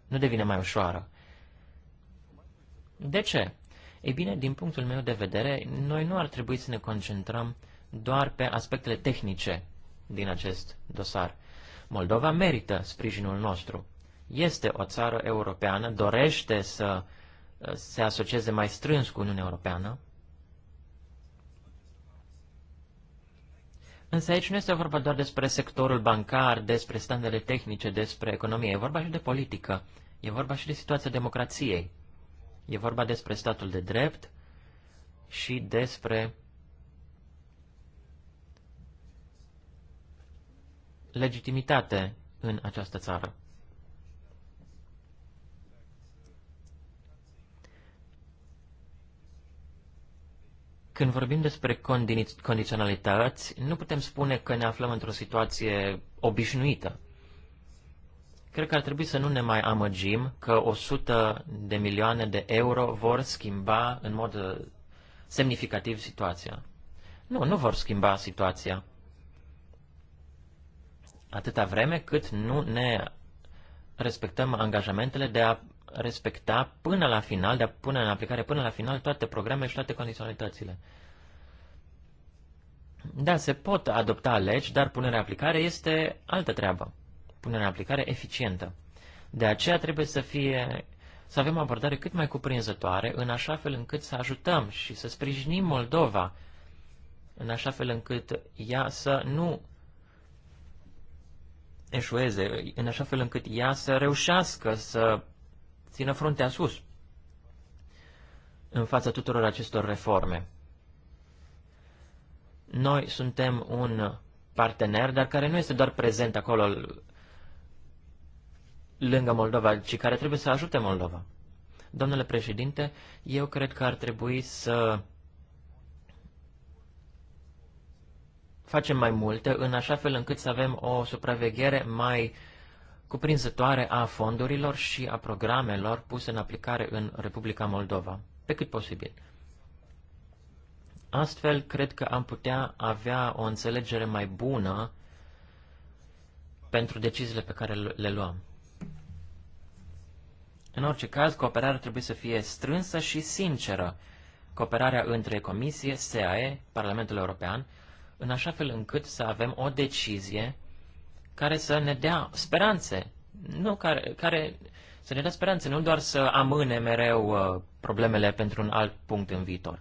nu devine mai ușoară. De ce? Ei bine, din punctul meu de vedere, noi nu ar trebui să ne concentrăm doar pe aspectele tehnice din acest dosar. Moldova merită sprijinul nostru. Este o țară europeană, dorește să uh, se asocieze mai strâns cu Uniunea Europeană. Însă aici nu este vorba doar despre sectorul bancar, despre standarde tehnice, despre economie, e vorba și de politică, e vorba și de situația democrației. E vorba despre statul de drept și despre legitimitate în această țară. Când vorbim despre condi condiționalități, nu putem spune că ne aflăm într-o situație obișnuită. Cred că ar trebui să nu ne mai amăgim că 100 de milioane de euro vor schimba în mod uh, semnificativ situația. Nu, nu vor schimba situația. Atâta vreme cât nu ne respectăm angajamentele de a respecta până la final, de a pune în aplicare până la final toate programele și toate condiționalitățile. Da, se pot adopta legi, dar punerea în aplicare este altă treabă pune în aplicare eficientă. De aceea trebuie să fie să avem o abordare cât mai cuprinzătoare, în așa fel încât să ajutăm și să sprijinim Moldova, în așa fel încât ea să nu eșueze, în așa fel încât ea să reușească să țină fruntea sus în fața tuturor acestor reforme. Noi suntem un partener, dar care nu este doar prezent acolo lângă Moldova, ci care trebuie să ajute Moldova. Domnule președinte, eu cred că ar trebui să facem mai multe în așa fel încât să avem o supraveghere mai cuprinzătoare a fondurilor și a programelor puse în aplicare în Republica Moldova, pe cât posibil. Astfel, cred că am putea avea o înțelegere mai bună pentru deciziile pe care le luăm. În orice caz, cooperarea trebuie să fie strânsă și sinceră. Cooperarea între Comisie, SAE, Parlamentul European, în așa fel încât să avem o decizie care să ne dea speranțe, nu care, care să ne dea speranțe, nu doar să amâne mereu uh, problemele pentru un alt punct în viitor.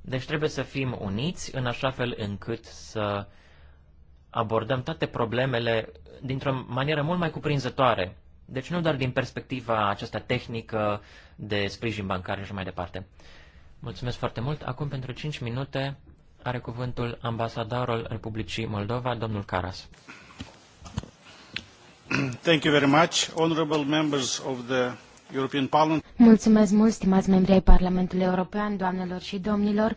Deci trebuie să fim uniți în așa fel încât să abordăm toate problemele dintr-o manieră mult mai cuprinzătoare deci nu doar din perspectiva aceasta tehnică de sprijin bancar și mai departe. Mulțumesc foarte mult. Acum pentru 5 minute are cuvântul ambasadorul Republicii Moldova, domnul Caras. Thank you very much, honorable members of the European Parliament. Mulțumesc mult, stimați membri ai Parlamentului European, doamnelor și domnilor.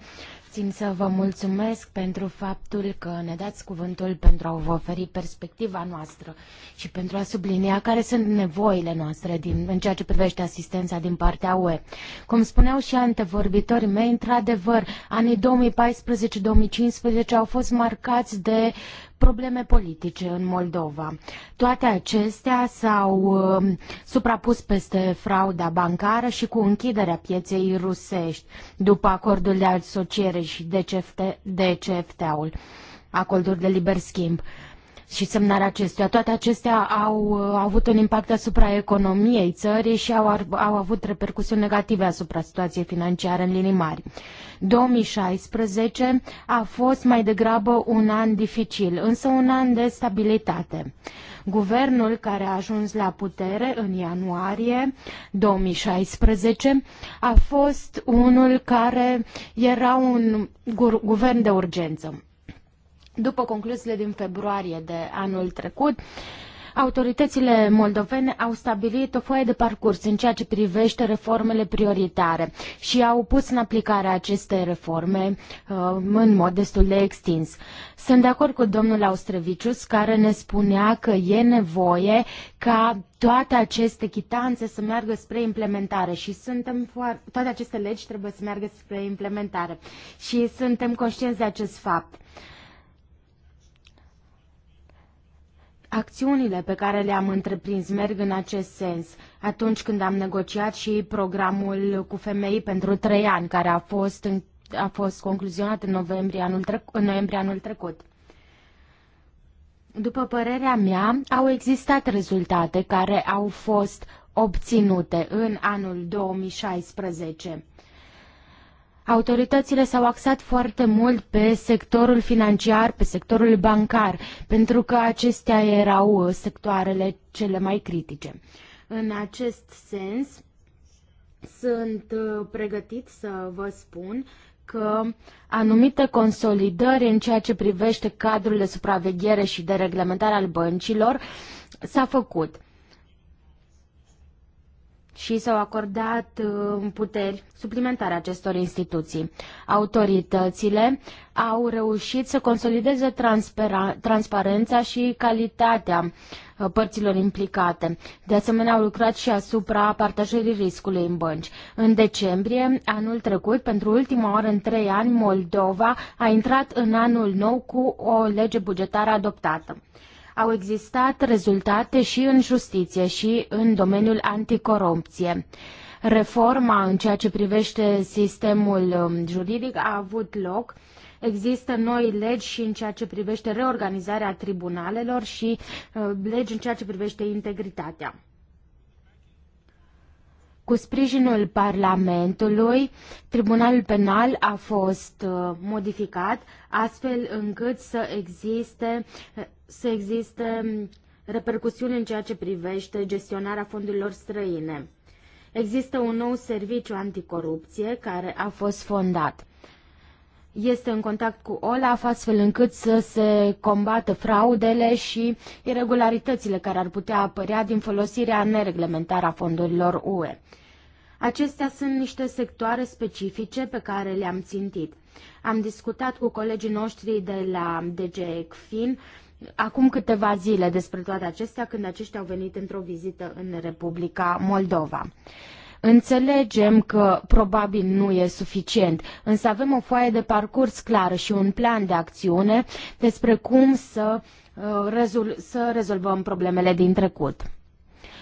Permiteți-mi să vă mulțumesc pentru faptul că ne dați cuvântul pentru a vă oferi perspectiva noastră și pentru a sublinia care sunt nevoile noastre din, în ceea ce privește asistența din partea UE. Cum spuneau și antevorbitorii mei, într-adevăr, anii 2014-2015 au fost marcați de uh, probleme politice în Moldova. Toate acestea s-au um, suprapus peste frauda bancară și cu închiderea pieței rusești după acordul de asociere și DCFT-ul, acordul de liber schimb. Uh, și semnarea acestuia. Toate acestea au, au uh, avut un impact asupra economiei țării și au, au avut repercusiuni negative asupra situației financiare în linii mari. 2016 a fost mai degrabă un an dificil, însă un an de stabilitate. Guvernul care a ajuns la putere în ianuarie 2016 a fost unul care era un guvern de urgență. După concluziile din februarie de anul trecut, autoritățile moldovene au stabilit o foaie de parcurs în ceea ce privește reformele prioritare și au pus în aplicare aceste reforme uh, în mod destul de extins. Sunt de acord cu domnul Austrevicius care ne spunea că e nevoie ca toate aceste chitanțe să meargă spre implementare și suntem foarte, toate aceste legi trebuie să meargă spre implementare și suntem conștienți de acest fapt. Uh, Acțiunile pe care le-am întreprins merg în acest sens. Atunci când am negociat și programul cu femei pentru trei ani, care a fost, în, a fost concluzionat în noiembrie anul, trecu, în noiembrie anul trecut. După părerea mea, au existat rezultate care au fost obținute în anul 2016 autoritățile s-au axat foarte mult pe sectorul financiar, pe sectorul bancar, pentru că acestea erau uh, sectoarele cele mai critice. În acest sens, sunt uh, pregătit să vă spun că anumite consolidări în ceea ce privește cadrul de supraveghere și de reglementare al băncilor s-a făcut și s-au acordat uh, puteri suplimentare acestor instituții. Autoritățile au reușit să consolideze transparența și calitatea uh, părților implicate. De asemenea, au lucrat și asupra partajării riscului în bănci. În decembrie, anul trecut, pentru ultima oară în trei ani, Moldova a intrat în anul nou cu o lege bugetară adoptată. Au existat rezultate și în justiție și în domeniul anticorupție. Reforma în ceea ce privește sistemul um, juridic a avut loc există noi legi și în ceea ce privește reorganizarea tribunalelor și uh, legi în ceea ce privește integritatea. Cu sprijinul Parlamentului, Tribunalul Penal a fost uh, modificat astfel încât să existe să existe mm, repercusiuni în ceea ce privește gestionarea fondurilor străine. Există un nou serviciu anticorupție care a fost fondat. Este în contact cu OLAF astfel încât să se combată fraudele și irregularitățile care ar putea apărea din folosirea nereglementară a fondurilor UE. Acestea sunt niște sectoare specifice pe care le-am țintit. Am discutat cu colegii noștri de la DG acum câteva zile despre toate acestea când aceștia au venit într-o vizită în Republica Moldova. Înțelegem că probabil nu e suficient, însă avem o foaie de parcurs clară și un plan de acțiune despre cum să, uh, rezol să rezolvăm problemele din trecut.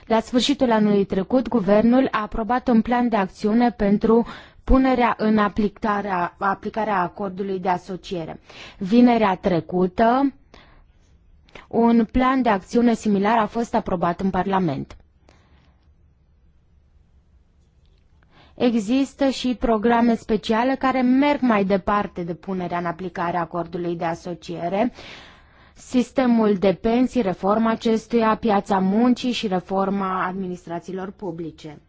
La sfârșitul anului trecut, guvernul a aprobat un plan de acțiune pentru punerea în aplicarea, aplicarea acordului de asociere. Vinerea trecută, un plan de acțiune similar a fost aprobat în Parlament. Există și programe speciale care merg mai departe de punerea în aplicare a acordului de asociere, sistemul de pensii, reforma acestuia, piața muncii și reforma administrațiilor publice.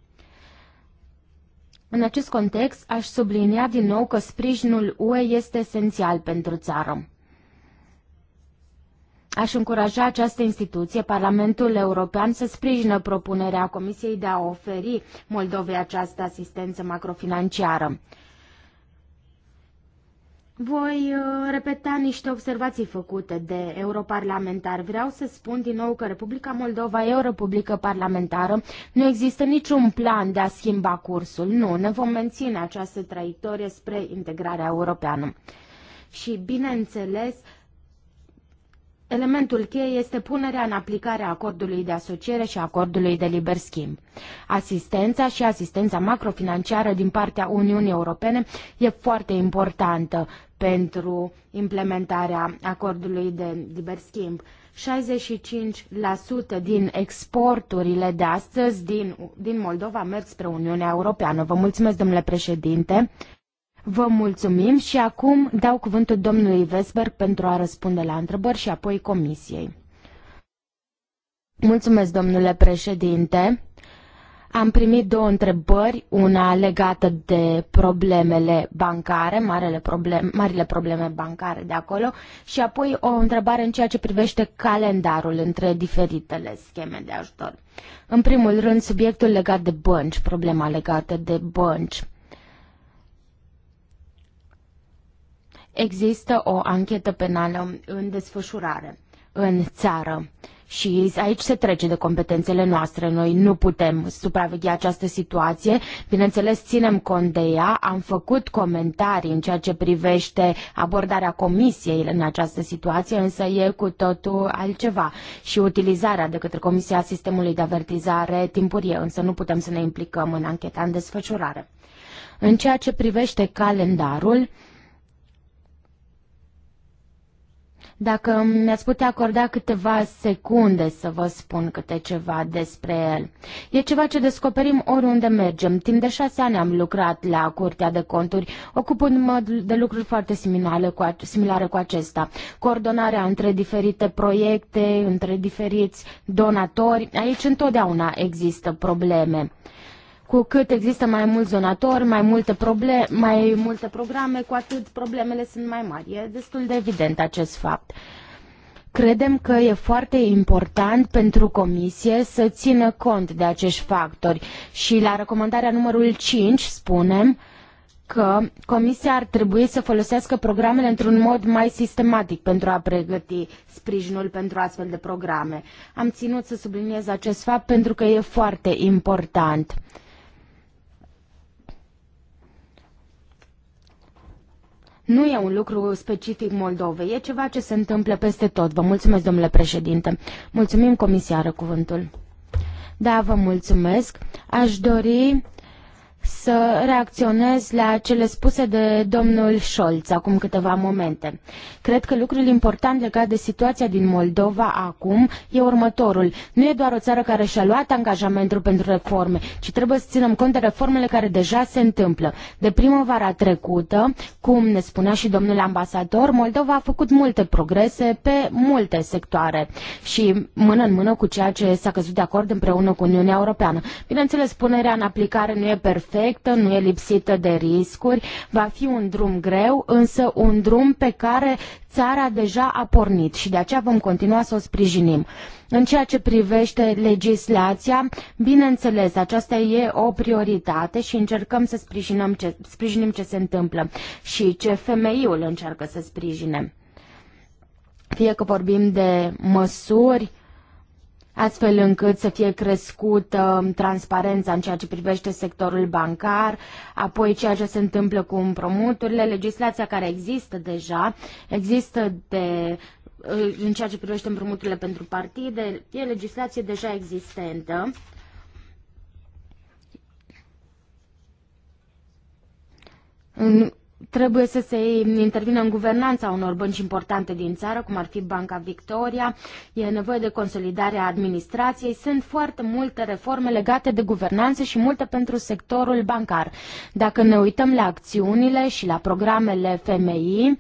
În acest context, aș sublinia din nou că sprijinul UE este esențial pentru țară. Aș încuraja această instituție, Parlamentul European, să sprijină propunerea Comisiei de a oferi Moldovei această asistență macrofinanciară. Voi uh, repeta niște observații făcute de europarlamentar. Vreau să spun din nou că Republica Moldova e o republică parlamentară. Nu există niciun plan de a schimba cursul. Nu, ne vom menține această traiectorie spre integrarea europeană. Și, bineînțeles, Elementul cheie este punerea în aplicare a acordului de asociere și a acordului de liber schimb. Asistența și asistența macrofinanciară din partea Uniunii Europene e foarte importantă pentru implementarea acordului de liber schimb. 65% din exporturile de astăzi din, din Moldova merg spre Uniunea Europeană. Vă mulțumesc, domnule președinte. Vă mulțumim și acum dau cuvântul domnului Vesberg pentru a răspunde la întrebări și apoi comisiei. Mulțumesc, domnule președinte. Am primit două întrebări, una legată de problemele bancare, marele problem, marile probleme bancare de acolo, și apoi o întrebare în ceea ce privește calendarul între diferitele scheme de ajutor. În primul rând, subiectul legat de bănci, problema legată de bănci. Există o anchetă penală în desfășurare în țară și aici se trece de competențele noastre. Noi nu putem supraveghea această situație. Bineînțeles, ținem cont de ea. Am făcut comentarii în ceea ce privește abordarea comisiei în această situație, însă e cu totul altceva. Și utilizarea de către Comisia Sistemului de Avertizare timpurie, însă nu putem să ne implicăm în ancheta în desfășurare. În ceea ce privește calendarul, Dacă mi-ați putea acorda câteva secunde să vă spun câte ceva despre el. E ceva ce descoperim oriunde mergem. Timp de șase ani am lucrat la Curtea de Conturi, ocupându-mă de lucruri foarte similare cu, similare cu acesta. Coordonarea între diferite proiecte, între diferiți donatori. Aici întotdeauna există probleme. Cu cât există mai mulți donatori, mai multe, probleme, mai multe programe, cu atât problemele sunt mai mari. E destul de evident acest fapt. Credem că e foarte important pentru Comisie să țină cont de acești factori și la recomandarea numărul 5 spunem că Comisia ar trebui să folosească programele într-un mod mai sistematic pentru a pregăti sprijinul pentru astfel de programe. Am ținut să subliniez acest fapt pentru că e foarte important. Nu e un lucru specific Moldovei, e ceva ce se întâmplă peste tot. Vă mulțumesc, domnule președinte. Mulțumim, comisiară, cuvântul. Da, vă mulțumesc. Aș dori să reacționez la cele spuse de domnul Scholz acum câteva momente. Cred că lucrul important legat de situația din Moldova acum e următorul. Nu e doar o țară care și-a luat angajamentul pentru reforme, ci trebuie să ținem cont de reformele care deja se întâmplă. De primăvara trecută, cum ne spunea și domnul ambasador, Moldova a făcut multe progrese pe multe sectoare și mână în mână cu ceea ce s-a căzut de acord împreună cu Uniunea Europeană. Bineînțeles, punerea în aplicare nu e perfectă, perfectă, nu e lipsită de riscuri, va fi un drum greu, însă un drum pe care țara deja a pornit și de aceea vom continua să o sprijinim. În ceea ce privește legislația, bineînțeles, aceasta e o prioritate și încercăm să sprijinăm ce, sprijinim ce se întâmplă și ce femeiul încearcă să sprijine. Fie că vorbim de măsuri astfel încât să fie crescută um, transparența în ceea ce privește sectorul bancar, apoi ceea ce se întâmplă cu împrumuturile, legislația care există deja, există de uh, în ceea ce privește împrumuturile pentru partide, e legislație deja existentă. În Trebuie să se intervină în guvernanța unor bănci importante din țară, cum ar fi Banca Victoria, e nevoie de consolidarea administrației, sunt foarte multe reforme legate de guvernanță și multe pentru sectorul bancar. Dacă ne uităm la acțiunile și la programele FMI,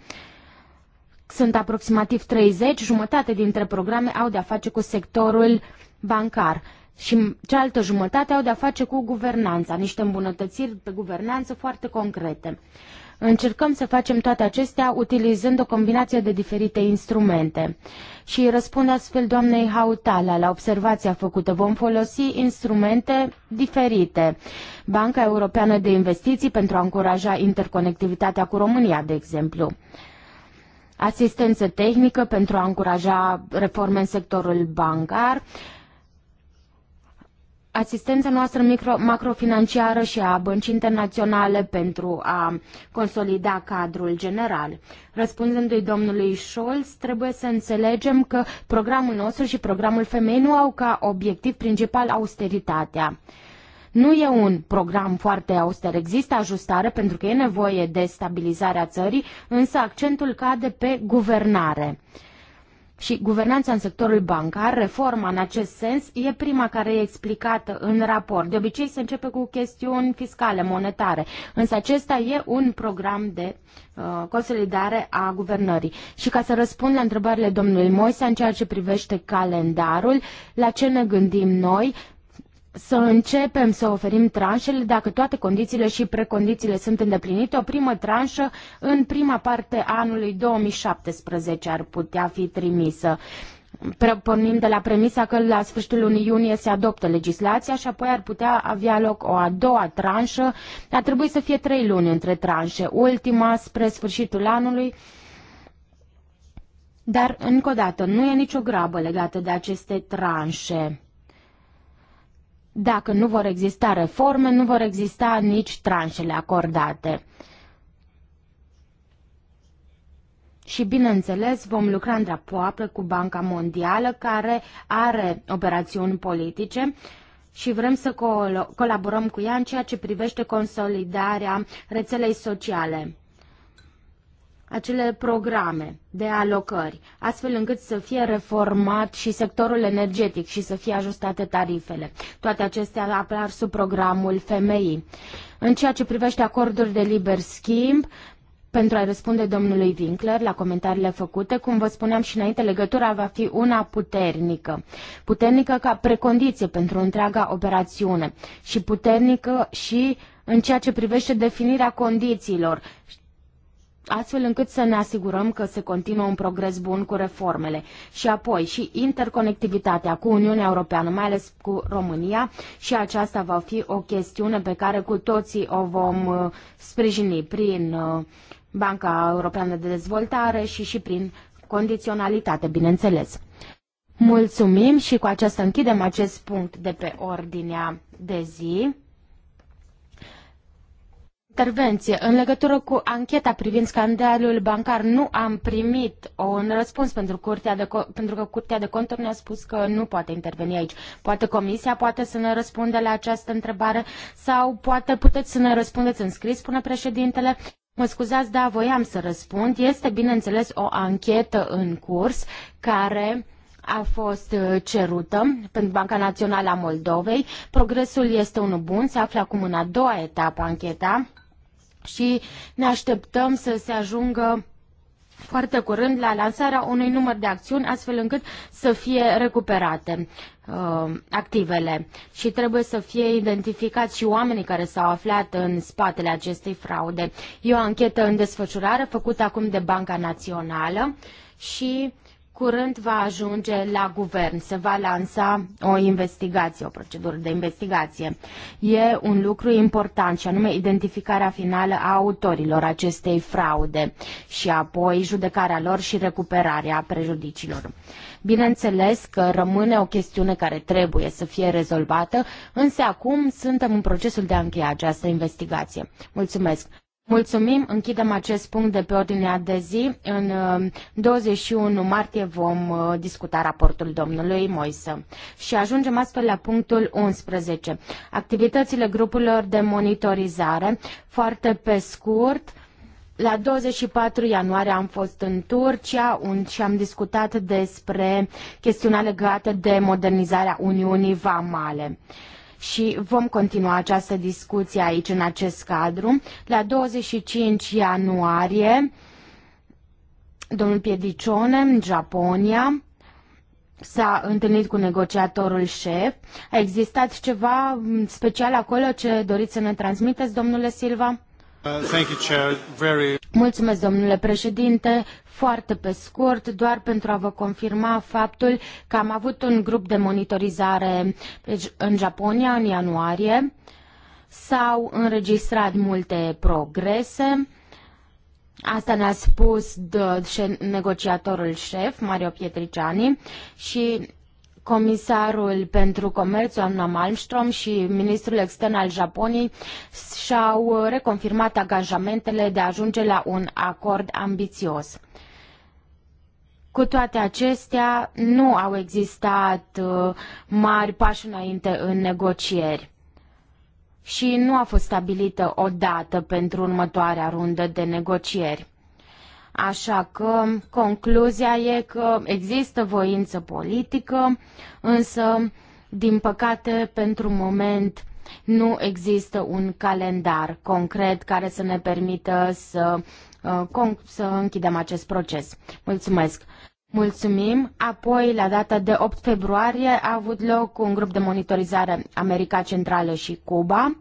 sunt aproximativ 30, jumătate dintre programe au de-a face cu sectorul bancar și cealaltă jumătate au de-a face cu guvernanța, niște îmbunătățiri pe guvernanță foarte concrete. Încercăm să facem toate acestea utilizând o combinație de diferite instrumente. Și răspund astfel doamnei Hautala la observația făcută. Vom folosi instrumente diferite. Banca Europeană de Investiții pentru a încuraja interconectivitatea cu România, de exemplu asistență tehnică pentru a încuraja reforme în sectorul bancar, asistența noastră micro, macrofinanciară și a băncii internaționale pentru a consolida cadrul general. Răspunzându-i domnului Scholz, trebuie să înțelegem că programul nostru și programul femei nu au ca obiectiv principal austeritatea. Nu e un program foarte auster, există ajustare pentru că e nevoie de stabilizarea țării, însă accentul cade pe guvernare. Uh, și guvernanța în sectorul bancar, reforma în acest sens, e prima care e explicată în raport. De obicei se începe cu chestiuni fiscale, monetare, însă acesta e un program de uh, consolidare a guvernării. Și ca să răspund la întrebările domnului Moise în ceea ce privește calendarul, la ce ne gândim noi, să începem să oferim tranșele dacă toate condițiile și precondițiile sunt îndeplinite. O primă tranșă în prima parte a anului 2017 ar putea fi trimisă. Pornim de la premisa că la sfârșitul lunii iunie se adoptă legislația și apoi ar putea avea loc o a doua tranșă. Ar trebui să fie trei luni între tranșe, ultima spre sfârșitul anului. Dar, încă o dată, nu e nicio grabă legată de aceste tranșe. Dacă nu vor exista reforme, nu vor exista nici tranșele acordate. Și, bineînțeles, vom lucra îndeaproape cu Banca Mondială, care are operațiuni politice și vrem să col colaborăm cu ea în ceea ce privește consolidarea rețelei sociale acele programe de alocări, astfel încât să fie reformat și sectorul energetic și să fie ajustate tarifele. Toate acestea apar sub programul FMI. În ceea ce privește acorduri de liber schimb, pentru a răspunde domnului Winkler la comentariile făcute, cum vă spuneam și înainte, legătura va fi una puternică. Puternică ca precondiție pentru întreaga operațiune și puternică și în ceea ce privește definirea condițiilor astfel încât să ne asigurăm că se continuă un progres bun cu reformele. Și apoi și interconectivitatea cu Uniunea Europeană, mai ales cu România și aceasta va fi o chestiune pe care cu toții o vom uh, sprijini prin uh, Banca Europeană de Dezvoltare și și prin condiționalitate, bineînțeles. Mulțumim și cu aceasta închidem acest punct de pe ordinea de zi intervenție. În legătură cu ancheta privind scandalul bancar, nu am primit un răspuns pentru, curtea de, pentru că Curtea de Conturi ne-a spus că nu poate interveni aici. Poate Comisia poate să ne răspundă la această întrebare sau poate puteți să ne răspundeți în scris, spune președintele. Mă scuzați, da, voiam să răspund. Este, bineînțeles, o anchetă în curs care a fost uh, cerută pentru Banca Națională a Moldovei. Progresul este unul bun, se află acum în a doua etapă ancheta și ne așteptăm să se ajungă foarte curând la lansarea unui număr de acțiuni astfel încât să fie recuperate uh, activele și trebuie să fie identificați și oamenii care s-au aflat în spatele acestei fraude. E o anchetă în desfășurare făcută acum de Banca Națională și curând va ajunge la guvern, se va lansa o investigație, o procedură de investigație. E un lucru important și anume identificarea finală a autorilor acestei fraude și apoi judecarea lor și recuperarea prejudiciilor. Bineînțeles că rămâne o chestiune care trebuie să fie rezolvată, însă acum suntem în procesul de a încheia această investigație. Mulțumesc! Mulțumim, închidem acest punct de pe ordinea de zi. În 21 uh, martie vom uh, discuta raportul domnului Moise. Și ajungem astfel la punctul 11. Activitățile grupurilor de monitorizare. Foarte pe scurt, la 24 ianuarie am fost în Turcia și am discutat despre chestiunea legată de modernizarea Uniunii Vamale și vom continua această discuție aici în acest cadru. La 25 ianuarie, domnul Piedicione în Japonia s-a întâlnit cu negociatorul șef. A existat ceva special acolo ce doriți să ne transmiteți, domnule Silva? Mulțumesc, domnule președinte. Foarte pe scurt, doar pentru a vă confirma faptul că am avut un grup de monitorizare deci, în Japonia în ianuarie. S-au înregistrat multe progrese. Asta ne-a spus de, negociatorul șef, Mario Pietriciani, și comisarul pentru comerț, doamna Malmström, și ministrul extern al Japoniei și-au reconfirmat angajamentele de a ajunge la un acord ambițios. Cu toate acestea, nu au existat uh, mari pași înainte în negocieri și nu a fost stabilită o dată pentru următoarea rundă de negocieri. Așa că concluzia e că există voință politică, însă, din păcate, pentru moment nu există un calendar concret care să ne permită să, uh, să închidem acest proces. Mulțumesc! Mulțumim. Apoi, la data de 8 februarie, a avut loc un grup de monitorizare America Centrală și Cuba.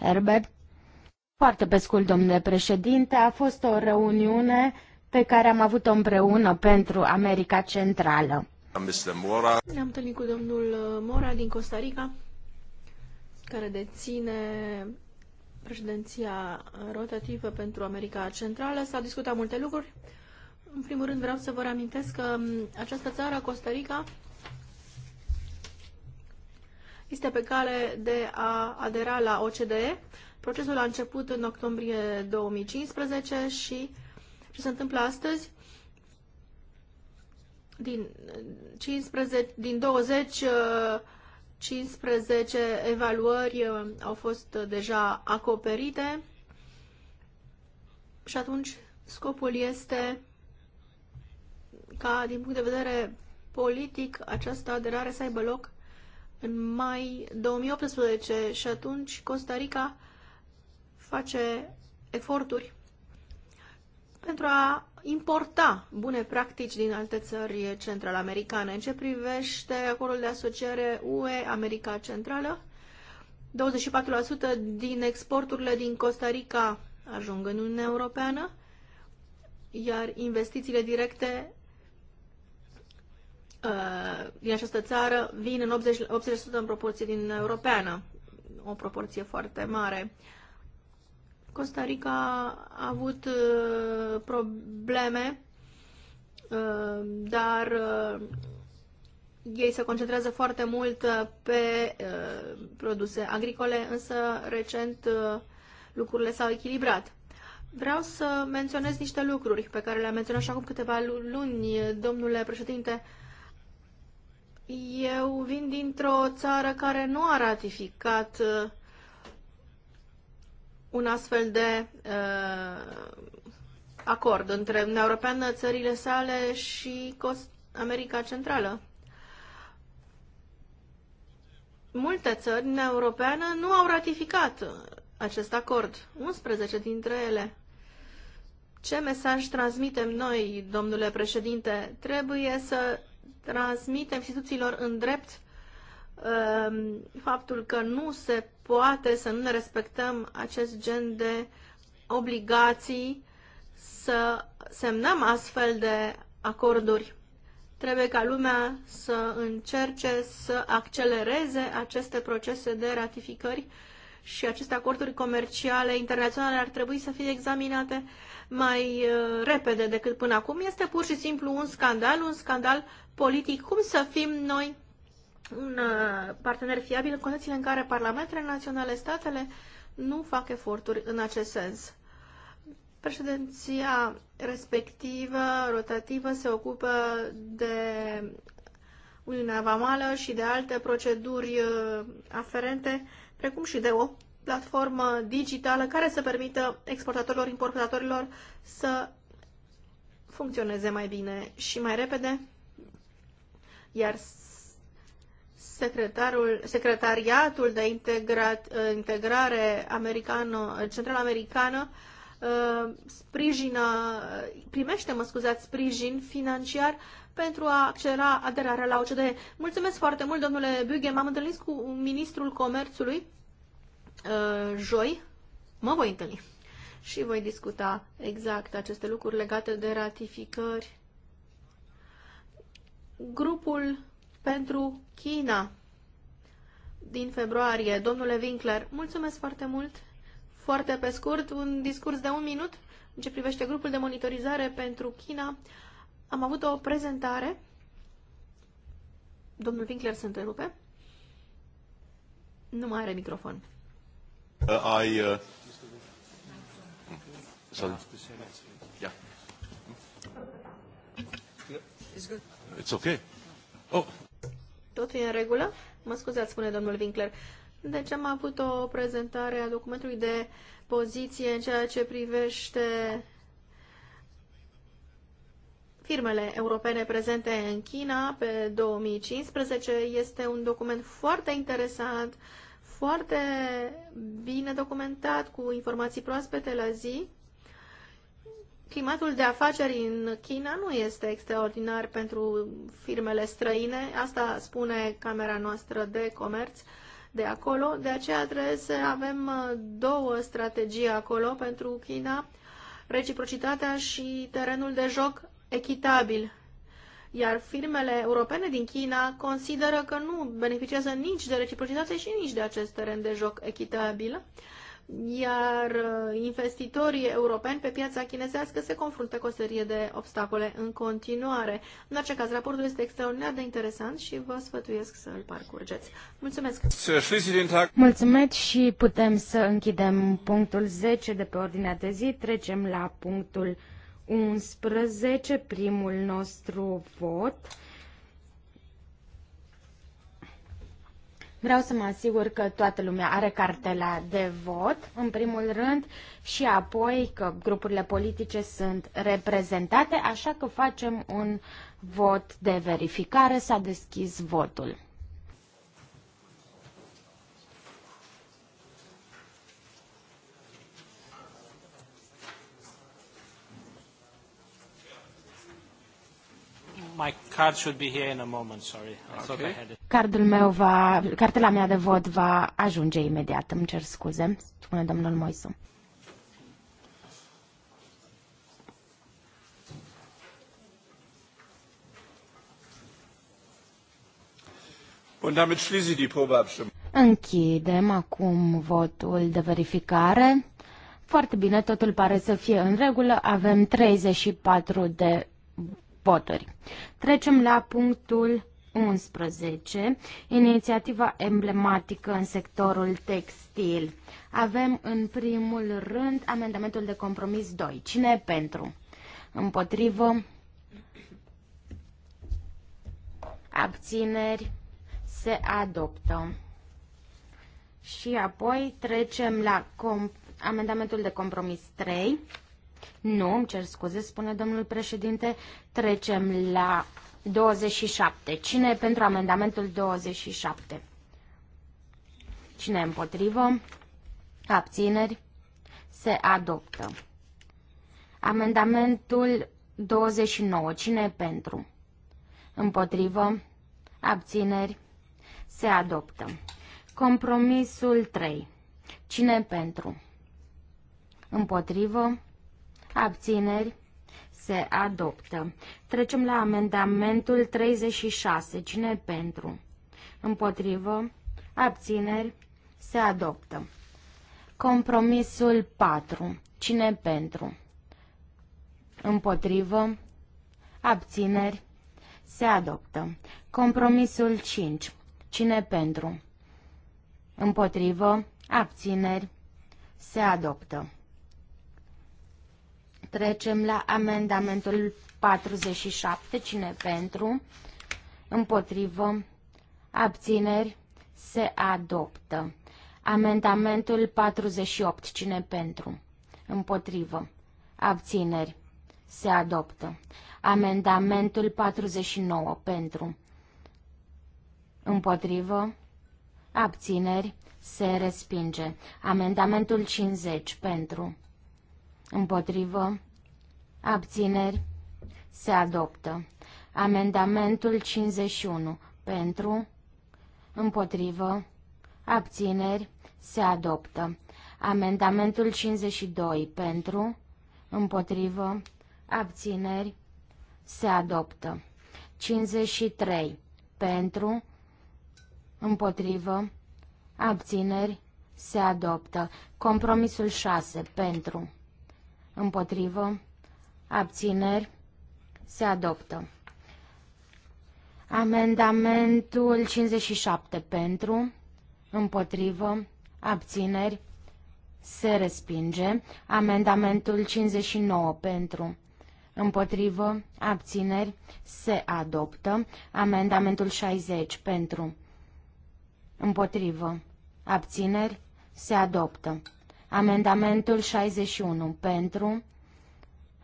Herbert. Foarte pe scurt, domnule președinte, a fost o reuniune pe care am avut-o împreună pentru America Centrală. Ne-am întâlnit cu domnul uh, Mora din Costa Rica, care deține președinția rotativă pentru America Centrală. S-au discutat multe lucruri. În primul rând vreau să vă reamintesc că um, această țară, Costa Rica, este pe cale de a adera la OCDE Procesul a început în octombrie 2015 și ce se întâmplă astăzi? Din, 15, din 20, 15 uh, evaluări uh, au fost uh, deja acoperite și atunci scopul este ca, din punct de vedere politic, această aderare să aibă loc în mai 2018 și atunci Costa Rica face eforturi pentru a importa bune practici din alte țări central-americane. În ce privește acordul de asociere UE-America Centrală, 24% din exporturile din Costa Rica ajung în Uniunea Europeană, iar investițiile directe uh, din această țară vin în 80%, 80 în proporție din Europeană, o proporție foarte mare. Uh, Costa Rica a avut uh, probleme, uh, dar uh, ei se concentrează foarte mult pe produse agricole, însă recent lucrurile s-au echilibrat. Vreau să menționez niște lucruri pe care le-am menționat și acum câteva luni, domnule președinte. Eu vin dintr-o țară care nu a ratificat uh, un astfel de uh, acord între Uniunea Europeană, țările sale și Cost America Centrală. Multe țări în Europeană nu au ratificat acest acord, 11 dintre ele. Ce mesaj transmitem noi, domnule președinte? Trebuie să transmitem instituțiilor în drept uh, faptul că nu se poate să nu ne respectăm acest gen de obligații să semnăm astfel de acorduri. Trebuie ca lumea să încerce să accelereze aceste procese de ratificări și aceste acorduri comerciale internaționale ar trebui să fie examinate mai uh, repede decât până acum. Este pur și simplu un scandal, un scandal politic. Cum să fim noi un uh, partener fiabil în condițiile în care parlamentele naționale, statele, nu fac eforturi în acest sens. Președinția respectivă, rotativă, se ocupă de Uniunea Vamală și de alte proceduri uh, aferente, precum și de o platformă digitală care să permită exportatorilor, importatorilor să funcționeze mai bine și mai repede, iar secretarul, secretariatul de integrat, integrare americano, central-americană uh, sprijină, primește, mă scuzați, sprijin financiar pentru a accelera aderarea la OCDE. Mulțumesc foarte mult, domnule Bughe. M-am întâlnit cu ministrul comerțului uh, joi. Mă voi întâlni și voi discuta exact aceste lucruri legate de ratificări. Grupul pentru China din februarie. Domnule Winkler, mulțumesc foarte mult. Foarte pe scurt, un discurs de un minut în ce privește grupul de monitorizare pentru China. Am avut o prezentare. Domnul Winkler se întrerupe. Nu mai are microfon. Uh, I, uh... Sorry. Yeah. It's good. It's okay. Oh, Totul e în regulă? Mă scuzați, spune domnul Winkler. Deci am avut o prezentare a documentului de poziție în ceea ce privește firmele europene prezente în China pe 2015. Este un document foarte interesant, foarte bine documentat, cu informații proaspete la zi Climatul de afaceri în China nu este extraordinar pentru firmele străine, asta spune Camera noastră de Comerț de acolo, de aceea trebuie să avem uh, două strategii acolo pentru China, reciprocitatea și terenul de joc echitabil. Iar firmele europene din China consideră că nu beneficiază nici de reciprocitate și nici de acest teren de joc echitabil iar uh, investitorii europeni pe piața chinezească se confruntă cu o serie de obstacole în continuare. În orice caz, raportul este extraordinar de interesant și vă sfătuiesc să îl parcurgeți. Mulțumesc! Mulțumesc și putem să închidem punctul 10 de pe ordinea de zi. Trecem la punctul 11, primul nostru vot Vreau să mă asigur că toată lumea are cartela de vot, în primul rând, și apoi că grupurile politice sunt reprezentate, așa că facem un vot de verificare. S-a deschis votul. My card should be here in a moment, sorry. I okay. thought I had it. Cardul meu va, cartela mea de vot va ajunge imediat, îmi cer scuze, spune domnul Moisu. Und damit schließe ich die Probeabstimmung. Închidem acum votul de verificare. Foarte bine, totul pare să fie în regulă. Avem 34 de voturi. Trecem la punctul 11, inițiativa emblematică în sectorul textil. Avem în primul rând amendamentul de compromis 2. Cine e pentru? Împotrivă? Abțineri? Se adoptă. Și apoi trecem la amendamentul de compromis 3. Nu, îmi cer scuze, spune domnul președinte. Trecem la 27. Cine e pentru amendamentul 27? Cine e împotrivă? Abțineri? Se adoptă. Amendamentul 29. Cine e pentru? Împotrivă? Abțineri? Se adoptă. Compromisul 3. Cine e pentru? Împotrivă? abțineri, se adoptă. Trecem la amendamentul 36. Cine pentru? Împotrivă, abțineri, se adoptă. Compromisul 4. Cine pentru? Împotrivă, abțineri, se adoptă. Compromisul 5. Cine pentru? Împotrivă, abțineri, se adoptă. Trecem la amendamentul 47. Cine pentru? Împotrivă. Abțineri. Se adoptă. Amendamentul 48. Cine pentru? Împotrivă. Abțineri. Se adoptă. Amendamentul 49. Pentru. Împotrivă. Abțineri. Se respinge. Amendamentul 50. Pentru. Împotrivă. Abțineri. Se adoptă. Amendamentul 51. Pentru. Împotrivă. Abțineri. Se adoptă. Amendamentul 52. Pentru. Împotrivă. Abțineri. Se adoptă. 53. Pentru. Împotrivă. Abțineri. Se adoptă. Compromisul 6. Pentru. Împotrivă abțineri, se adoptă. Amendamentul 57 pentru, împotrivă, abțineri, se respinge. Amendamentul 59 pentru, împotrivă, abțineri, se adoptă. Amendamentul 60 pentru, împotrivă, abțineri, se adoptă. Amendamentul 61 pentru,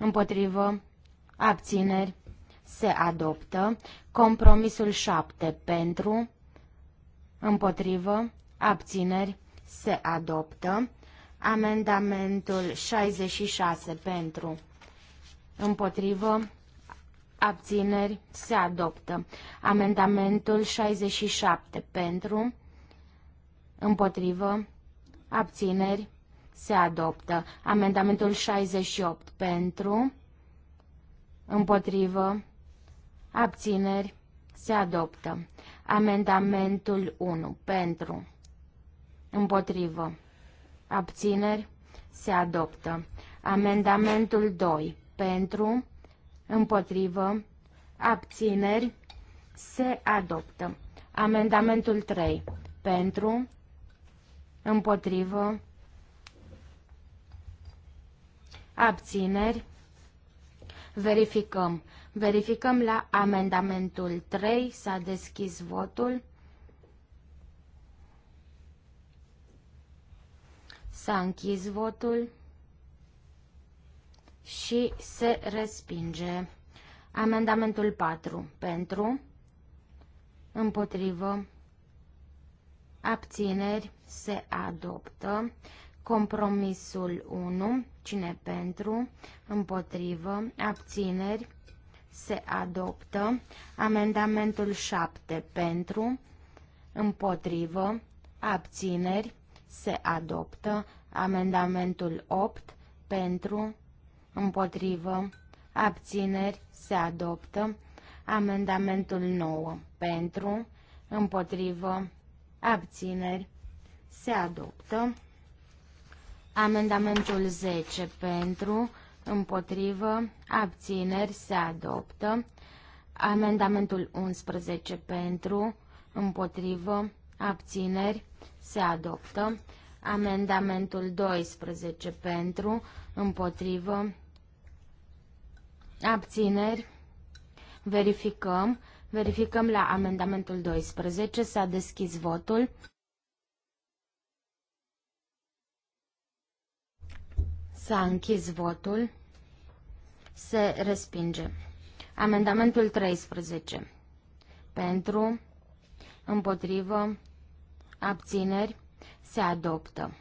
împotrivă, abțineri, se adoptă. Compromisul 7 pentru, împotrivă, abțineri, se adoptă. Amendamentul 66 pentru, împotrivă, abțineri, se adoptă. Amendamentul 67 pentru, împotrivă, abțineri, se adoptă. Amendamentul 68 pentru, împotrivă, abțineri, se adoptă. Amendamentul 1 pentru, împotrivă, abțineri, se adoptă. Amendamentul 2 pentru, împotrivă, abțineri, se adoptă. Amendamentul 3 pentru, împotrivă, abțineri, verificăm. Verificăm la amendamentul 3, s-a deschis votul. S-a închis votul și se respinge. Amendamentul 4. Pentru, împotrivă, abțineri, se adoptă. Compromisul 1, cine pentru, împotrivă, abțineri, se adoptă. Amendamentul 7, pentru, împotrivă, abțineri, se adoptă. Amendamentul 8, pentru, împotrivă, abțineri, se adoptă. Amendamentul 9, pentru, împotrivă, abțineri, se adoptă. Amendamentul 10 pentru, împotrivă, abțineri se adoptă. Amendamentul 11 pentru, împotrivă, abțineri se adoptă. Amendamentul 12 pentru, împotrivă, abțineri. Verificăm. Verificăm la amendamentul 12. S-a deschis votul. S-a închis votul. Se respinge. Amendamentul 13. Pentru, împotrivă, abțineri, se adoptă.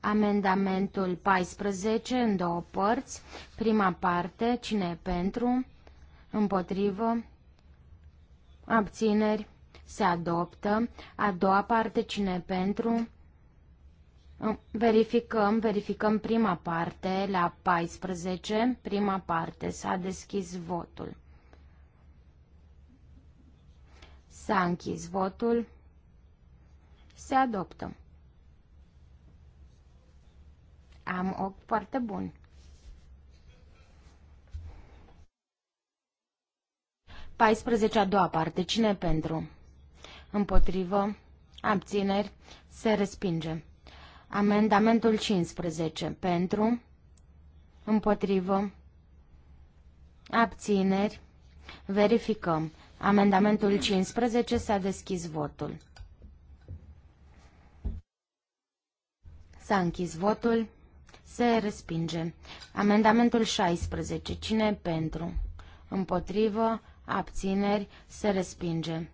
Amendamentul 14 în două părți. Prima parte, cine e pentru, împotrivă, abțineri, se adoptă. A doua parte, cine e pentru, Verificăm, verificăm prima parte la 14, prima parte, s-a deschis votul. S-a închis votul. Se adoptă. Am o foarte bun. Paisprezece a doua parte. Cine pentru? Împotrivă. Abțineri. Se respinge. Amendamentul 15. Pentru. Împotrivă. Abțineri. Verificăm. Amendamentul 15 s-a deschis votul. S-a închis votul. Se respinge. Amendamentul 16. Cine pentru? Împotrivă. Abțineri. Se respinge.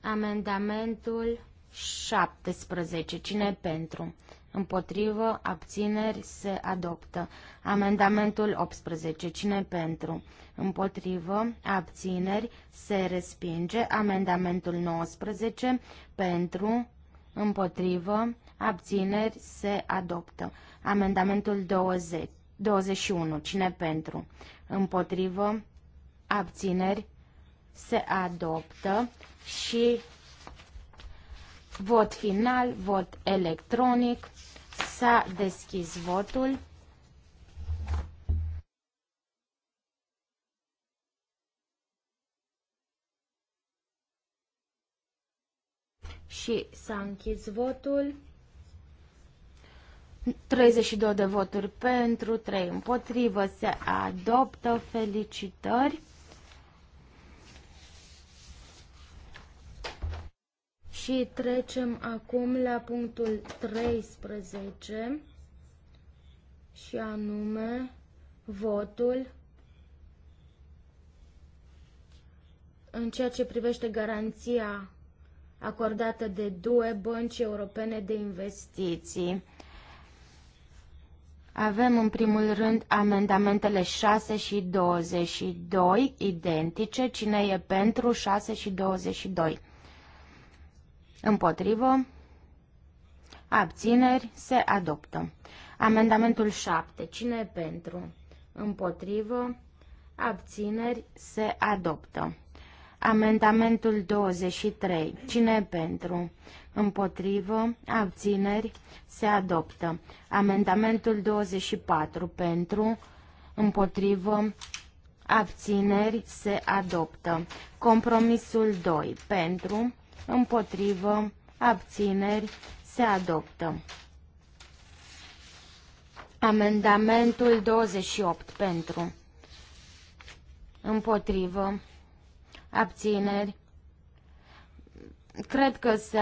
Amendamentul 17. Cine pentru? Împotrivă, abțineri, se adoptă. Amendamentul 18. Cine pentru? Împotrivă, abțineri, se respinge. Amendamentul 19. Pentru, împotrivă, abțineri, se adoptă. Amendamentul 20. 21. Cine pentru? Împotrivă, abțineri, se adoptă. Și Vot final, vot electronic. S-a deschis votul. Și s-a închis votul. 32 de voturi pentru, 3 împotrivă, se adoptă, felicitări. Și trecem acum la punctul 13 și anume votul în ceea ce privește garanția acordată de două Bănci Europene de Investiții. Avem în primul rând amendamentele 6 și 22 identice. Cine e pentru 6 și 22? Împotrivă. Abțineri. Se adoptă. Amendamentul 7. Cine e pentru? Împotrivă. Abțineri. Se adoptă. Amendamentul 23. Cine e pentru? Împotrivă. Abțineri. Se adoptă. Amendamentul 24. Pentru. Împotrivă. Abțineri. Se adoptă. Compromisul 2. Pentru împotrivă, abțineri, se adoptă. Amendamentul 28 pentru, împotrivă, abțineri, Cred că se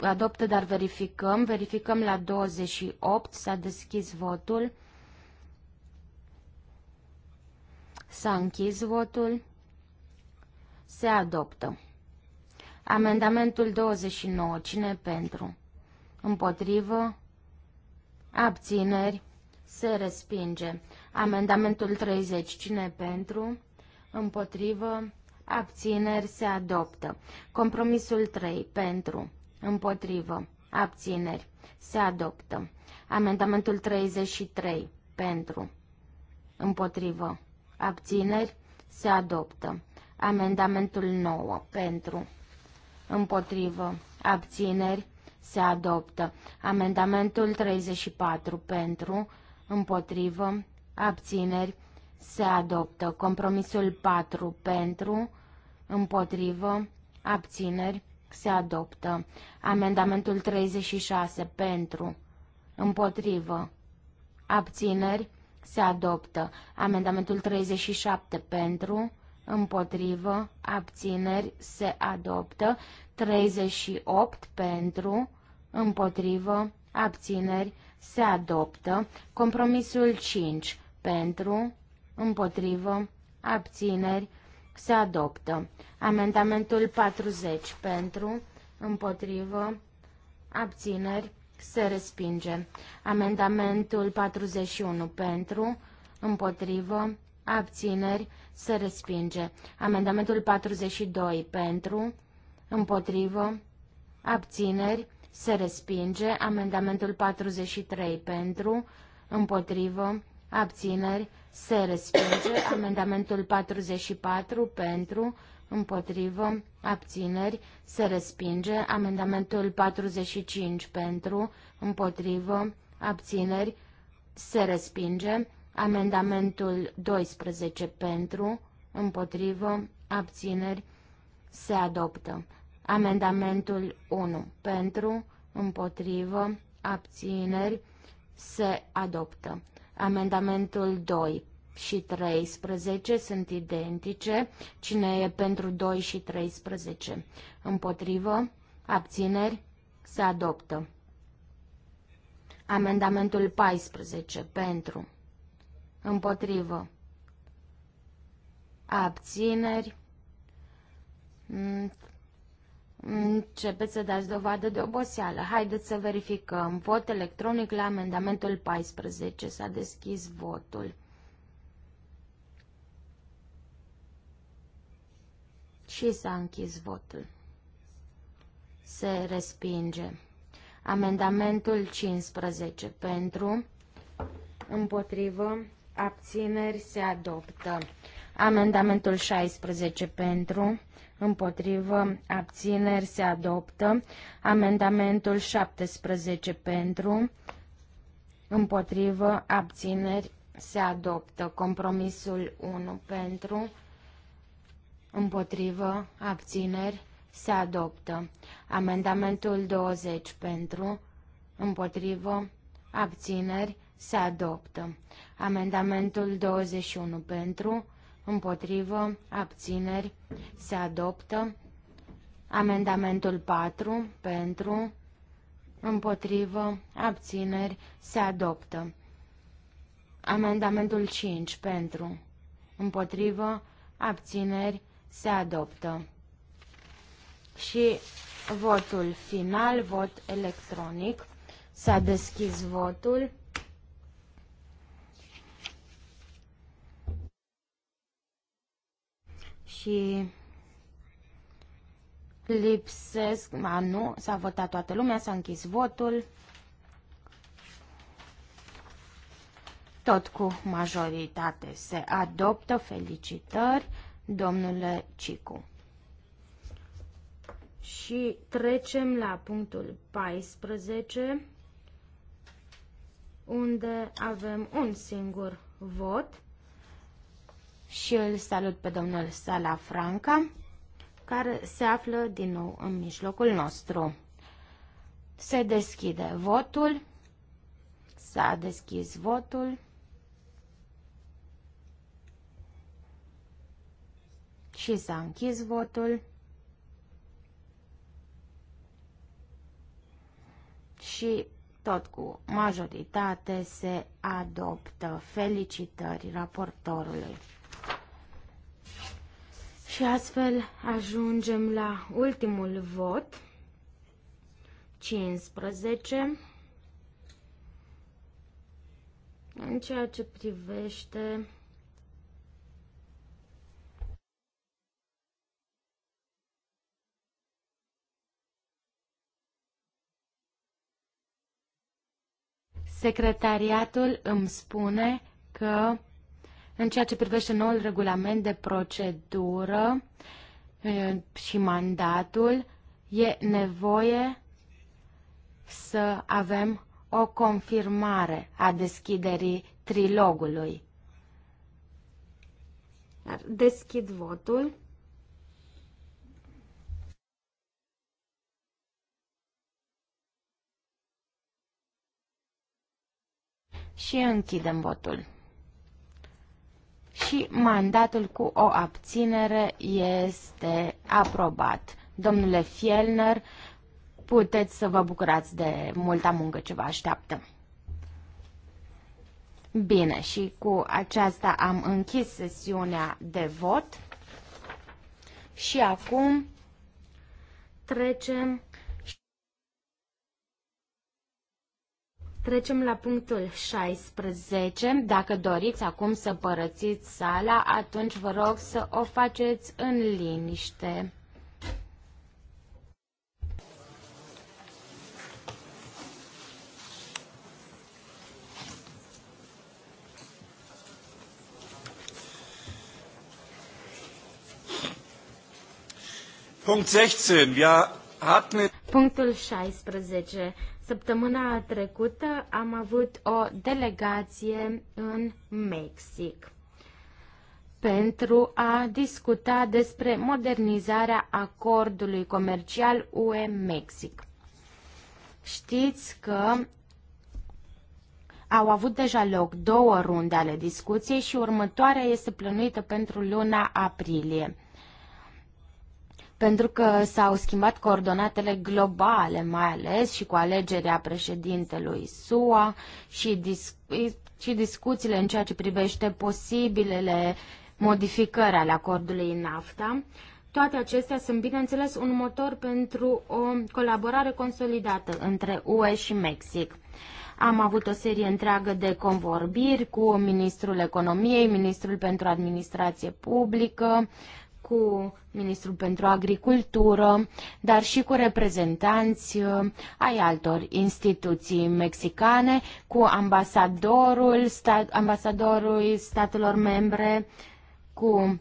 adoptă, dar verificăm. Verificăm la 28. S-a deschis votul. S-a închis votul. Se adoptă. Amendamentul 29. Cine pentru? Împotrivă? Abțineri? Se respinge. Amendamentul 30. Cine pentru? Împotrivă? Abțineri? Se adoptă. Compromisul 3. Pentru? Împotrivă? Abțineri? Se adoptă. Amendamentul 33. Pentru? Împotrivă? Abțineri? Se adoptă. Amendamentul 9. Pentru? împotrivă, abțineri, se adoptă. Amendamentul 34 pentru, împotrivă, abțineri, se adoptă. Compromisul 4 pentru, împotrivă, abțineri, se adoptă. Amendamentul 36 pentru, împotrivă, abțineri, se adoptă. Amendamentul 37 pentru, împotrivă, abțineri, se adoptă, 38 pentru, împotrivă, abțineri, se adoptă, compromisul 5 pentru, împotrivă, abțineri, se adoptă, amendamentul 40 pentru, împotrivă, abțineri, se respinge, amendamentul 41 pentru, împotrivă, abțineri, se se respinge. Amendamentul 42 pentru, împotrivă, abțineri, se respinge. Amendamentul 43 pentru, împotrivă, abțineri, se respinge. Amendamentul 44 pentru, împotrivă, abțineri, se respinge. Amendamentul 45 pentru, împotrivă, abțineri, se respinge. Amendamentul 12 pentru, împotrivă, abțineri, se adoptă. Amendamentul 1 pentru, împotrivă, abțineri, se adoptă. Amendamentul 2 și 13 sunt identice. Cine e pentru 2 și 13? Împotrivă, abțineri, se adoptă. Amendamentul 14 pentru, Împotrivă. Abțineri. Mm, începeți să dați dovadă de oboseală. Haideți să verificăm. Vot electronic la amendamentul 14. S-a deschis votul. Și s-a închis votul. Se respinge. Amendamentul 15 pentru, împotrivă, Abțineri se adoptă. Amendamentul 16 pentru, împotrivă, abțineri se adoptă. Amendamentul 17 pentru, împotrivă, abțineri se adoptă. Compromisul 1 pentru, împotrivă, abțineri se adoptă. Amendamentul 20 pentru, împotrivă, abțineri se adoptă. Amendamentul 21 pentru, împotrivă, abțineri, se adoptă. Amendamentul 4 pentru, împotrivă, abțineri, se adoptă. Amendamentul 5 pentru, împotrivă, abțineri, se adoptă. Și votul final, vot electronic. S-a deschis votul. și lipsesc, a nu, s-a votat toată lumea, s-a închis votul. Tot cu majoritate se adoptă, felicitări, domnule Cicu. Și trecem la punctul 14, unde avem un singur vot și îl salut pe domnul Sala Franca, care se află din nou în mijlocul nostru. Se deschide votul. S-a deschis votul. Și s-a închis votul. Și tot cu majoritate se adoptă. Felicitări raportorului. Și astfel ajungem la ultimul vot, 15, în ceea ce privește Secretariatul îmi spune că în ceea ce privește noul regulament de procedură și mandatul, e nevoie să avem o confirmare a deschiderii trilogului. Deschid votul. Și închidem votul și mandatul cu o abținere este aprobat. Domnule Fielner, puteți să vă bucurați de multa muncă ce vă așteaptă. Bine, și cu aceasta am închis sesiunea de vot și acum trecem Trecem la punctul 16. Dacă doriți acum să părățiți sala, atunci vă rog să o faceți în liniște. Punct 16. Punctul 16. Săptămâna trecută am avut o delegație în Mexic pentru a discuta despre modernizarea acordului comercial UE-Mexic. Știți că au avut deja loc două runde ale discuției și următoarea este plănuită pentru luna aprilie pentru că s-au schimbat coordonatele globale, mai ales și cu alegerea președintelui SUA și, dis- și discuțiile în ceea ce privește posibilele modificări ale acordului NAFTA. Toate acestea sunt, bineînțeles, un motor pentru o colaborare consolidată între UE și Mexic. Am avut o serie întreagă de convorbiri cu ministrul economiei, ministrul pentru administrație publică, cu Ministrul pentru Agricultură, dar și cu reprezentanți uh, ai altor instituții mexicane, cu ambasadorul, ambasadorul statelor membre, cu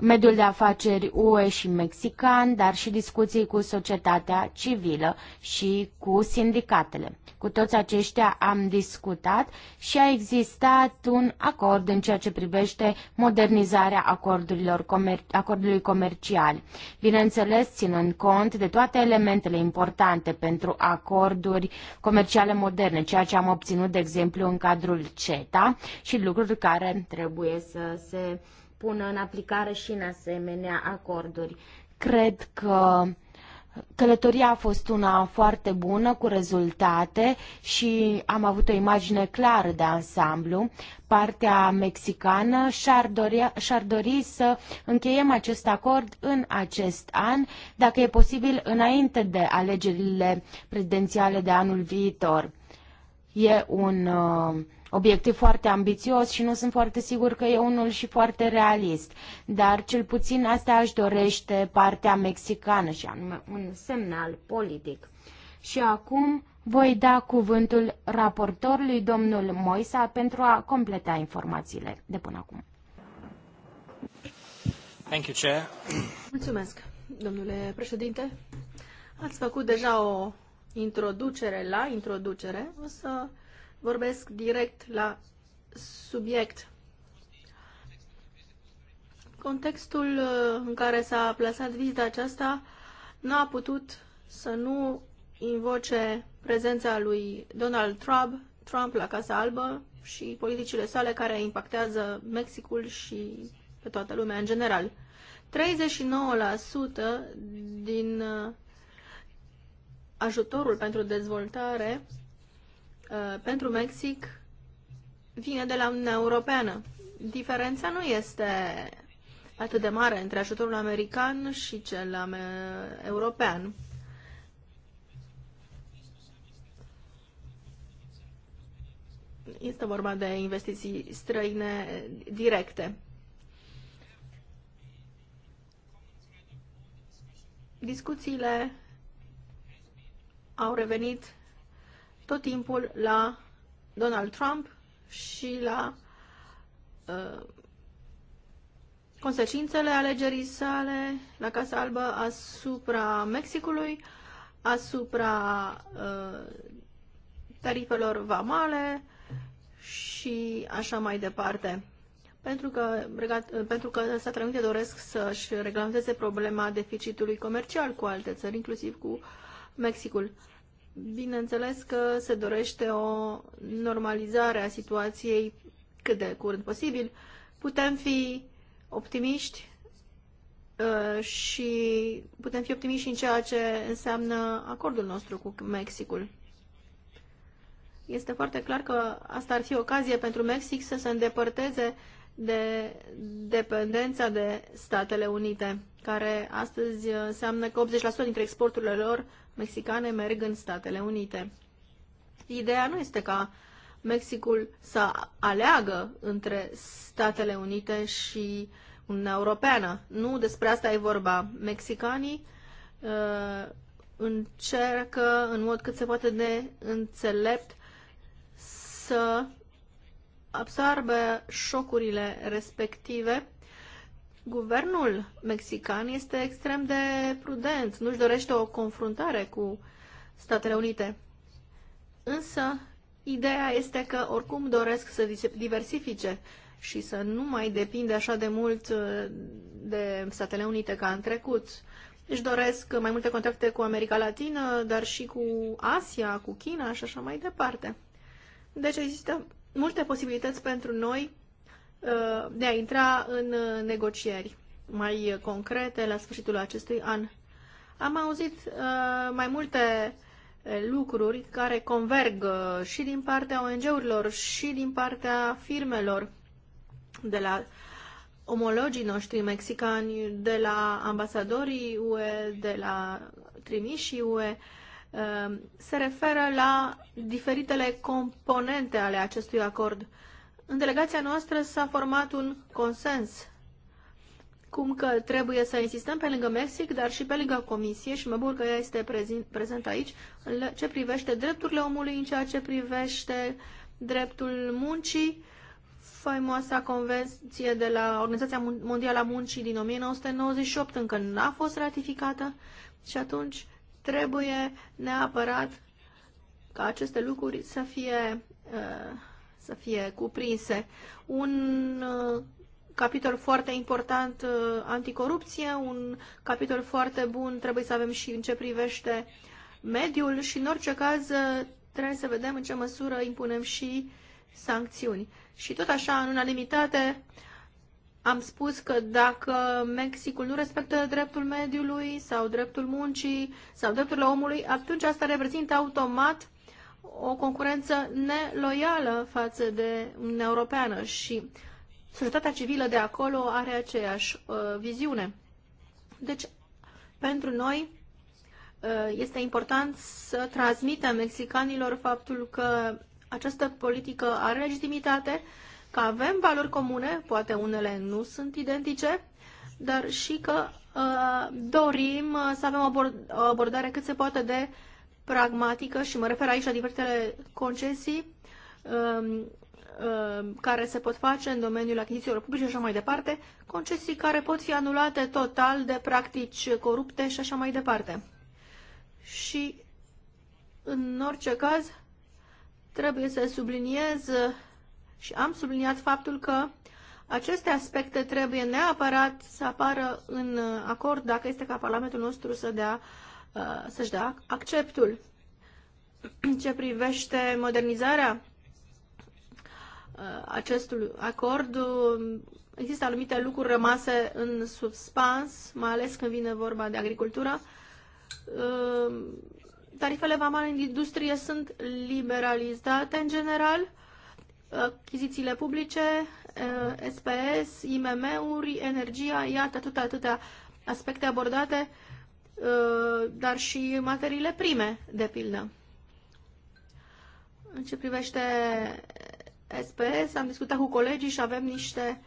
mediul de afaceri UE și mexican, dar și discuții cu societatea civilă și cu sindicatele. Cu toți aceștia am discutat și a existat un acord în ceea ce privește modernizarea acordurilor comer- acordului comercial. Bineînțeles, ținând cont de toate elementele importante pentru acorduri comerciale moderne, ceea ce am obținut, de exemplu, în cadrul CETA și lucruri care trebuie să se pună în aplicare și în asemenea acorduri. Cred că Călătoria a fost una foarte bună, cu rezultate și am avut o imagine clară de ansamblu. Partea mexicană și-ar dori, și dori să încheiem acest acord în acest an, dacă e posibil înainte de alegerile prezidențiale de anul viitor. E un uh, obiectiv foarte ambițios și nu sunt foarte sigur că e unul și foarte realist. Dar cel puțin asta aș dorește partea mexicană și anume un semnal politic. Și acum voi da cuvântul raportorului domnul Moisa pentru a completa informațiile de până acum. Thank you, Chair. Mulțumesc, domnule președinte. Ați făcut deja o introducere la introducere, o să vorbesc direct la subiect. Contextul uh, în care s-a plasat vizita aceasta nu a putut să nu invoce prezența lui Donald Trump, Trump la Casa Albă și politicile sale care impactează Mexicul și pe toată lumea în general. 39% din uh, ajutorul pentru dezvoltare Uh, pentru Mexic vine de la Uniunea Europeană. Diferența nu este atât de mare între ajutorul american și cel european. Este vorba de investiții străine directe. Discuțiile au revenit tot timpul la Donald Trump și la uh, consecințele alegerii sale la Casa Albă asupra Mexicului, asupra uh, tarifelor vamale și așa mai departe. Pentru că, uh, pentru că Statele Unite doresc să-și reglamenteze problema deficitului comercial cu alte țări, inclusiv cu Mexicul. Uh, Bineînțeles că se dorește o normalizare a situației cât de curând posibil. Putem fi optimiști uh, și putem fi optimiști în ceea ce înseamnă acordul nostru cu Mexicul. Este foarte clar că asta ar fi ocazie pentru Mexic să se îndepărteze de dependența de Statele Unite, care astăzi înseamnă că 80% dintre exporturile lor mexicane merg în Statele Unite. Ideea nu este ca Mexicul să aleagă între Statele Unite și Uniunea Europeană. Nu despre asta e vorba. Mexicanii uh, încearcă în mod cât se poate de înțelept să absorbe șocurile respective Guvernul mexican este extrem de prudent, nu-și dorește o confruntare cu Statele Unite. Însă, ideea este că oricum doresc să diversifice și să nu mai depinde așa de mult uh, de Statele Unite ca în trecut. Își doresc mai multe contacte cu America Latină, dar și cu Asia, cu China și așa mai departe. Deci există multe posibilități pentru noi Uh, de a intra în uh, negocieri mai concrete la sfârșitul acestui an. Am auzit uh, mai multe lucruri care converg și din partea ONG-urilor și din partea firmelor de la omologii noștri mexicani, de la ambasadorii UE, de la trimișii UE, se referă la diferitele componente ale acestui acord în delegația noastră s-a format un consens cum că trebuie să insistăm pe lângă Mexic, dar și pe lângă Comisie și mă bucur că ea este prezent, prezent aici în ce privește drepturile omului, în ceea ce privește dreptul muncii, faimoasa convenție de la Organizația Mondială a Muncii din 1998 încă n-a fost ratificată și atunci trebuie neapărat ca aceste lucruri să fie uh, să fie cuprinse. Un uh, capitol foarte important uh, anticorupție, un capitol foarte bun trebuie să avem și în ce privește mediul și în orice caz uh, trebuie să vedem în ce măsură impunem și sancțiuni. Și tot așa, în unanimitate, am spus că dacă Mexicul nu respectă dreptul mediului sau dreptul muncii sau drepturile omului, atunci asta reprezintă automat o concurență neloială față de Uniunea Europeană și societatea civilă de acolo are aceeași uh, viziune. Deci, pentru noi uh, este important să transmitem mexicanilor faptul că această politică are legitimitate, că avem valori comune, poate unele nu sunt identice, dar și că uh, dorim uh, să avem o abordare cât se poate de uh, pragmatică și mă refer aici la diferitele concesii um, um, care se pot face în domeniul achizițiilor publice și așa mai departe, concesii care pot fi anulate total de practici corupte și așa mai departe. Și, în orice caz, trebuie să subliniez și am subliniat faptul că aceste aspecte trebuie neapărat să apară în acord dacă este ca Parlamentul nostru să dea uh, Uh, să-și dea acceptul. Ce privește modernizarea uh, acestui acord, um, există anumite lucruri rămase în suspans, mai ales când vine vorba de agricultură. Um, tarifele vamale în industrie sunt liberalizate în general, achizițiile publice, uh, SPS, IMM-uri, energia, iată atâtea, atâtea aspecte abordate Uh, dar și materiile prime, de pildă. În ce privește SPS, am discutat cu colegii și avem niște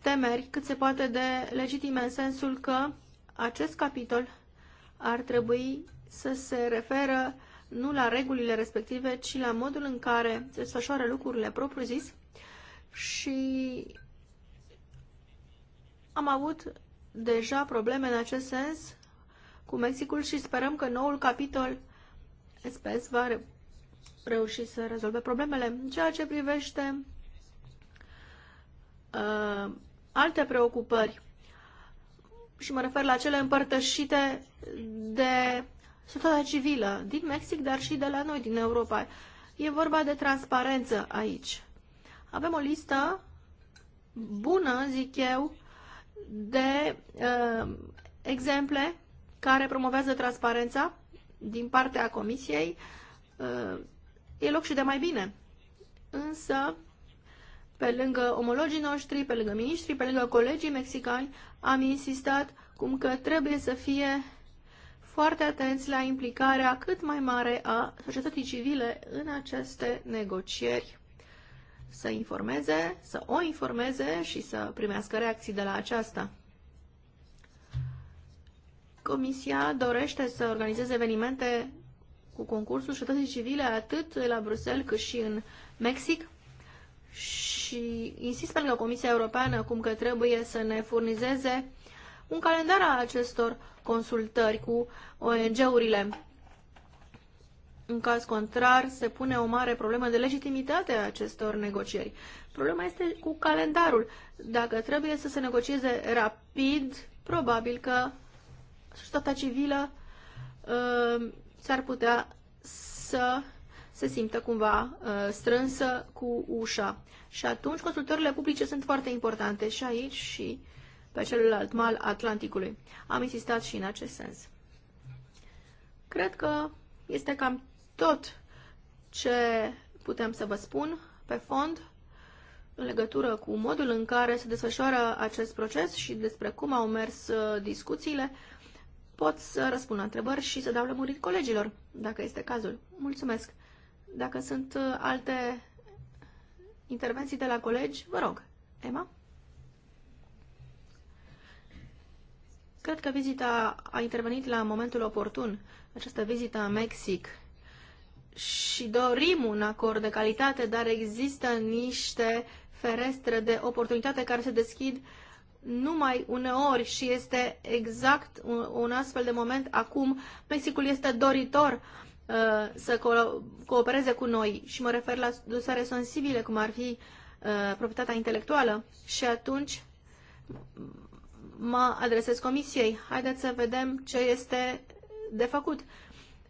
temeri cât se poate de legitime, în sensul că acest capitol ar trebui să se referă nu la regulile respective, ci la modul în care se desfășoară lucrurile propriu-zis și am avut deja probleme în acest sens cu Mexicul și sperăm că noul capitol SPS va re- reuși să rezolve problemele. În ceea ce privește uh, alte preocupări, și mă refer la cele împărtășite de societatea civilă din Mexic, dar și de la noi, din Europa. E vorba de transparență aici. Avem o listă bună, zic eu, de uh, exemple care promovează transparența din partea Comisiei, uh, e loc și de mai bine. Însă, pe lângă omologii noștri, pe lângă miniștri, pe lângă colegii mexicani, am insistat cum că trebuie să fie foarte atenți la implicarea cât mai mare a societății civile în aceste negocieri. Să informeze, să o informeze și să primească reacții de la aceasta. Comisia dorește să organizeze evenimente cu concursul societății civile atât la Bruxelles cât și în Mexic și insist pentru lângă Comisia Europeană cum că trebuie să ne furnizeze un calendar al acestor consultări cu ONG-urile. În caz contrar, se pune o mare problemă de legitimitate a acestor negocieri. Problema este cu calendarul. Dacă trebuie să se negocieze rapid, probabil că societatea civilă uh, s-ar putea să se simtă cumva uh, strânsă cu ușa. Și atunci consultările publice sunt foarte importante și aici și pe celălalt mal Atlanticului. Am insistat și în acest sens. Cred că este cam tot ce putem să vă spun pe fond în legătură cu modul în care se desfășoară acest proces și despre cum au mers uh, discuțiile pot să răspund la întrebări și să dau lămuriri colegilor, dacă este cazul. Mulțumesc. Dacă sunt uh, alte intervenții de la colegi, vă rog. Emma? Cred că vizita a intervenit la momentul oportun, această vizită în Mexic. Și dorim un acord de calitate, dar există niște ferestre de oportunitate care se deschid uh, numai uneori și este exact un, un astfel de moment acum. Mexicul este doritor uh, să co- coopereze cu noi și mă refer la dosare sensibile, cum ar fi uh, proprietatea intelectuală. Și atunci mă adresez comisiei. Haideți să vedem ce este de făcut.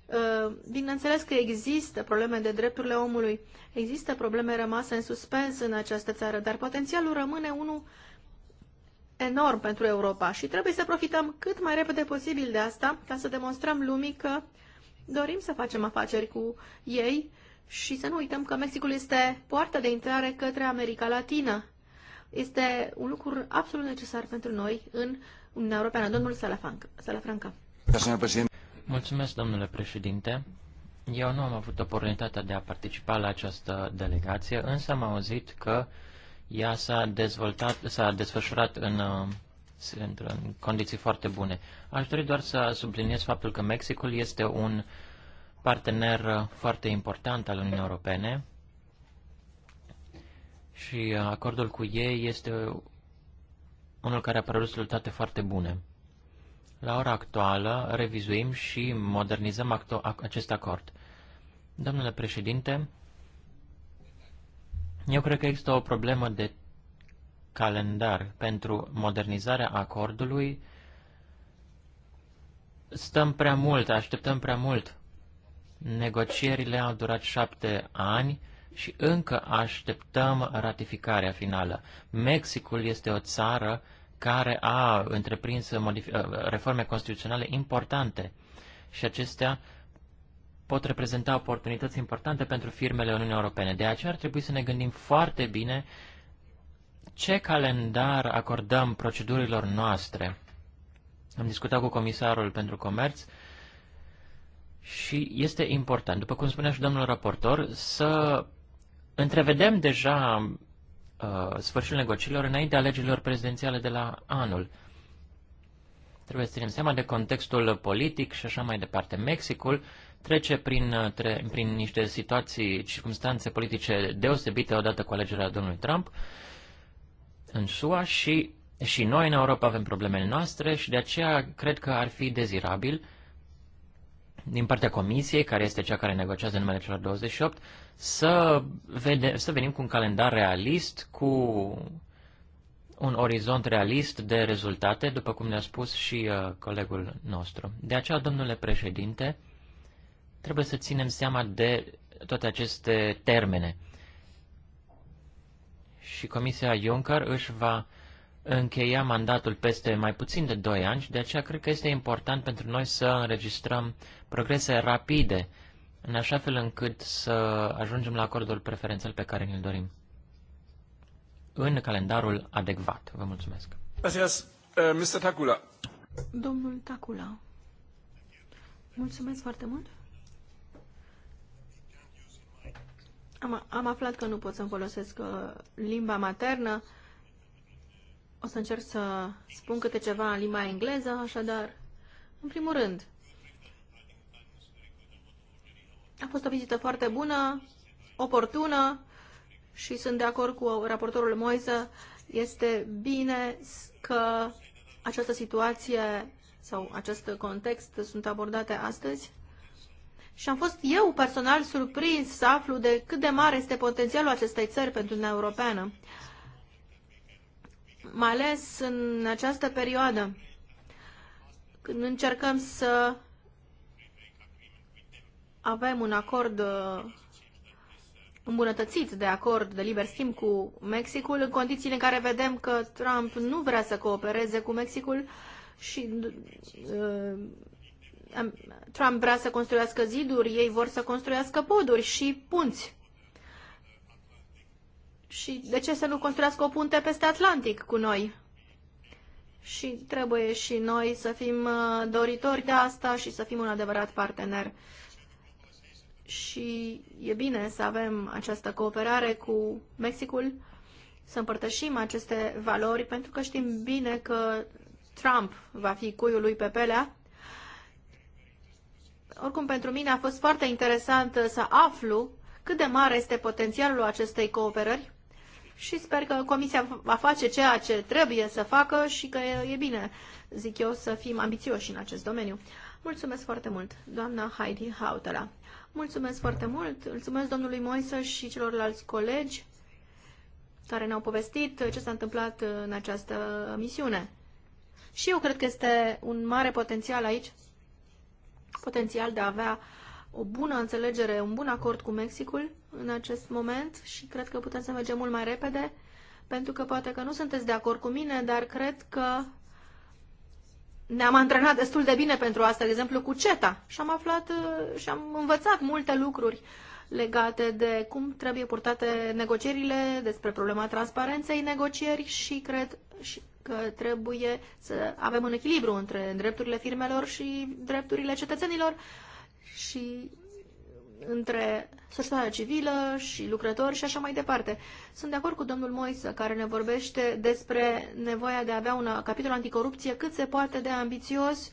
Uh, bineînțeles că există probleme de drepturile omului, există probleme rămase în suspens în această țară, dar potențialul rămâne unul enorm pentru Europa și trebuie să profităm cât mai repede posibil de asta ca să demonstrăm lumii că dorim să facem afaceri cu ei și să nu uităm că Mexicul este poarta de intrare către America Latină. Este un lucru absolut necesar pentru noi în Uniunea Europeană. Domnul Salafranca. Mulțumesc, domnule președinte. Eu nu am avut oportunitatea de a participa la această delegație, însă am auzit că uh, ea s-a dezvoltat, s-a desfășurat în, uh, în condiții foarte bune. Aș dori doar să subliniez faptul că Mexicul este un partener uh, foarte important al Uniunii Europene și uh, acordul cu ei este unul care a produs rezultate foarte bune. La ora actuală revizuim și modernizăm acto- acest acord. Domnule președinte, eu cred că există o problemă de calendar pentru modernizarea acordului. Stăm prea mult, așteptăm prea mult. Negocierile au durat șapte ani și încă așteptăm ratificarea finală. Mexicul este o țară care a întreprins uh, reforme constituționale importante și acestea pot reprezenta oportunități importante pentru firmele Uniunii Europene. De aceea ar trebui să ne gândim foarte bine ce calendar acordăm procedurilor noastre. Am discutat cu comisarul pentru comerț și este important, după cum spunea și domnul raportor, să întrevedem deja uh, sfârșitul negocierilor înainte alegerilor prezidențiale de la anul. Trebuie să ținem seama de contextul politic și așa mai departe. Mexicul uh, trece prin, uh, tre, prin niște situații, circunstanțe politice deosebite odată cu alegerea domnului Trump în SUA și, și noi în Europa avem problemele noastre și de aceea cred că ar fi dezirabil din partea Comisiei, care este cea care negociază numele celor 28, să, vede, să venim cu un calendar realist, cu un orizont realist de rezultate, după cum ne-a spus și uh, colegul nostru. De aceea, domnule președinte, Trebuie să ținem seama de toate aceste termene. Și Comisia Juncker își va încheia mandatul peste mai puțin de 2 ani și de aceea cred că este important pentru noi să înregistrăm progrese rapide, în așa fel încât să ajungem la acordul preferențial pe care ne-l dorim în calendarul adecvat. Vă mulțumesc. Gracias, eh, Mr. Tacula. Domnul Tacula. Mulțumesc foarte mult. Am, am aflat că nu pot să-mi folosesc uh, limba maternă. O să încerc să spun câte ceva în limba engleză, așadar, în primul rând, a fost o vizită foarte bună, oportună și sunt de acord cu raportorul Moise. Este bine că această situație sau acest context sunt abordate astăzi și am fost eu personal surprins să aflu de cât de mare este potențialul acestei țări pentru Uniunea Europeană, mai ales în această perioadă, când încercăm să avem un acord uh, îmbunătățit de acord de liber schimb cu Mexicul, în condițiile în care vedem că Trump nu vrea să coopereze cu Mexicul și uh, Trump vrea să construiască ziduri, ei vor să construiască poduri și punți. Și de ce să nu construiască o punte peste Atlantic cu noi? Și trebuie și noi să fim uh, doritori de asta și să fim un adevărat partener. Și e bine să avem această cooperare cu Mexicul, să împărtășim aceste valori, pentru că știm bine că Trump va fi cuiul lui pe pelea oricum, pentru mine a fost foarte interesant uh, să aflu cât de mare este potențialul acestei cooperări și sper că Comisia va face ceea ce trebuie să facă și că e, bine, zic eu, să fim ambițioși în acest domeniu. Mulțumesc foarte mult, doamna Heidi Hautala. Mulțumesc foarte mult, mulțumesc domnului Moise și celorlalți colegi care ne-au povestit ce s-a întâmplat în această misiune. Și eu cred că este un mare potențial aici potențial de a avea o bună înțelegere, un bun acord cu Mexicul în acest moment și cred că putem să mergem mult mai repede, pentru că poate că nu sunteți de acord cu mine, dar cred că ne-am antrenat destul de bine pentru asta, de exemplu cu CETA și am aflat uh, și am învățat multe lucruri legate de cum trebuie purtate negocierile, despre problema transparenței negocieri și cred și că trebuie să avem un echilibru între drepturile firmelor și drepturile cetățenilor și între societatea civilă și lucrători și așa mai departe. Sunt de acord cu domnul Moise, care ne vorbește despre nevoia de a avea un capitol anticorupție cât se poate de ambițios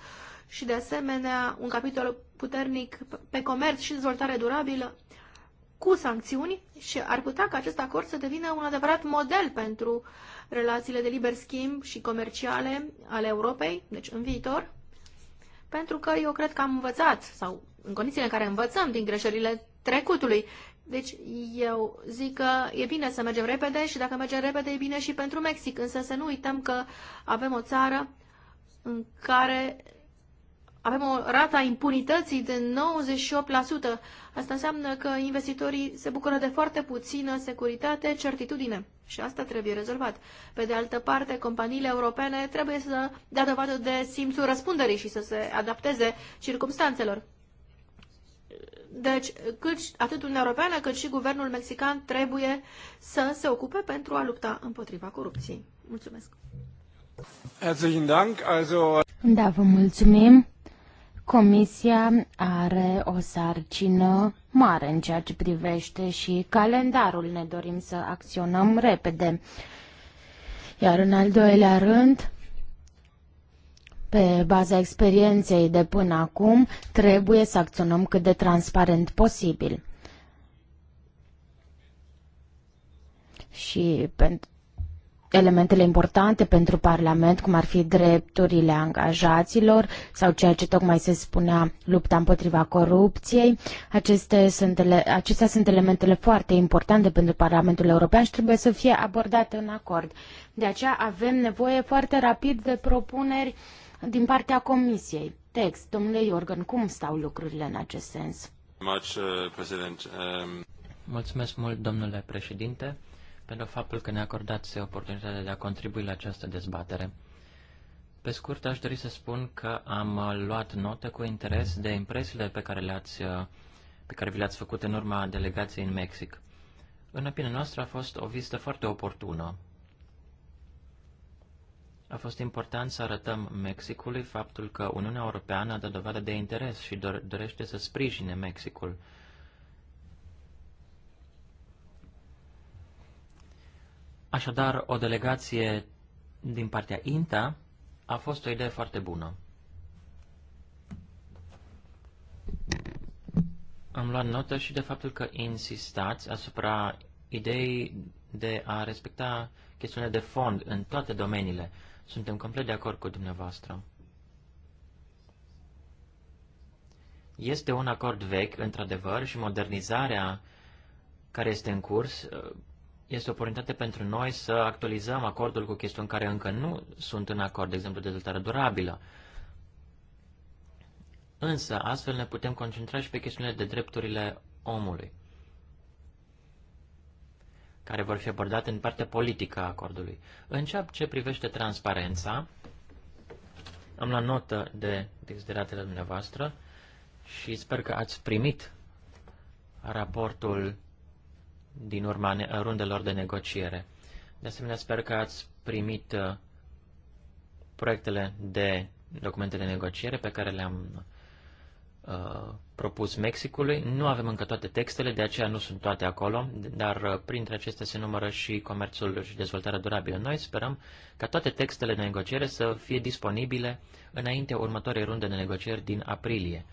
și, de asemenea, un capitol puternic pe comerț și dezvoltare durabilă cu sancțiuni și ar putea ca acest acord să devină un adevărat model pentru uh, relațiile de liber schimb și comerciale ale Europei, deci în viitor, pentru că eu cred că am învățat, sau în condițiile în care învățăm din greșelile trecutului. Deci eu zic că e bine să mergem repede și dacă mergem repede e bine și pentru Mexic, însă să nu uităm că avem o țară în care avem o rata impunității de 98%. Asta înseamnă că investitorii se bucură de foarte puțină securitate, certitudine. Și asta trebuie rezolvat. Pe de altă parte, companiile europene trebuie să dea dovadă de simțul răspunderii și să se adapteze circumstanțelor. Deci, cât, atât Uniunea Europeană cât și guvernul mexican trebuie să se ocupe pentru a lupta împotriva corupției. Mulțumesc! Da, vă mulțumim! Comisia are o sarcină mare în ceea ce privește și calendarul. Ne dorim să acționăm repede. Iar în al doilea rând, pe baza experienței de până acum, trebuie să acționăm cât de transparent posibil. Și pentru elementele importante pentru Parlament, cum ar fi drepturile angajaților sau ceea ce tocmai se spunea lupta împotriva corupției. Aceste sunt ele, acestea sunt elementele foarte importante pentru Parlamentul European și trebuie să fie abordate în acord. De aceea avem nevoie foarte rapid de propuneri din partea Comisiei. Text, domnule Iorgan, cum stau lucrurile în acest sens? Mulțumesc mult, domnule președinte pentru faptul că ne acordați oportunitatea de a contribui la această dezbatere. Pe scurt, aș dori să spun că am uh, luat notă cu interes de impresiile pe care, le-ați, uh, pe care vi le-ați făcut în urma delegației în Mexic. În opinia noastră a fost o vizită foarte oportună. A fost important să arătăm Mexicului faptul că Uniunea Europeană dă dovadă de interes și dorește să sprijine Mexicul Așadar, o delegație din partea INTA a fost o idee foarte bună. Am luat notă și de faptul că insistați asupra ideii de a respecta chestiunea de fond în toate domeniile. Suntem complet de acord cu dumneavoastră. Este un acord vechi, într-adevăr, și modernizarea care este în curs este o oportunitate pentru noi să actualizăm acordul cu chestiuni care încă nu sunt în acord, de exemplu dezvoltarea durabilă. Însă, astfel ne putem concentra și pe chestiunile de drepturile omului, care vor fi abordate în partea politică a acordului. În ceea ce privește transparența, am la notă de desideratele dumneavoastră și sper că ați primit raportul din urma rundelor de negociere. De asemenea, sper că ați primit uh, proiectele de documente de negociere pe care le-am uh, propus Mexicului. Nu avem încă toate textele, de aceea nu sunt toate acolo, dar uh, printre acestea se numără și comerțul și dezvoltarea durabilă. Noi sperăm ca toate textele de negociere să fie disponibile înainte următoarei runde de negocieri din aprilie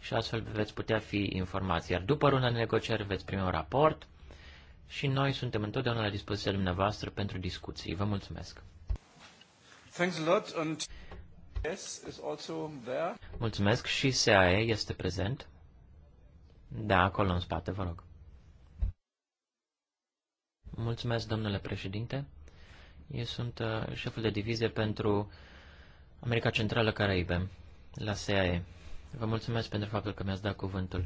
și astfel veți putea fi informați. Iar după runda de negocieri veți primi un raport și noi suntem întotdeauna la dispoziția dumneavoastră pentru discuții. Vă mulțumesc! Mulțumesc și SAE este prezent. Da, acolo în spate, vă rog. Mulțumesc, domnule președinte. Eu sunt uh, șeful de divizie pentru America Centrală Caraibe, la SAE. Vă mulțumesc pentru faptul că mi-ați dat cuvântul.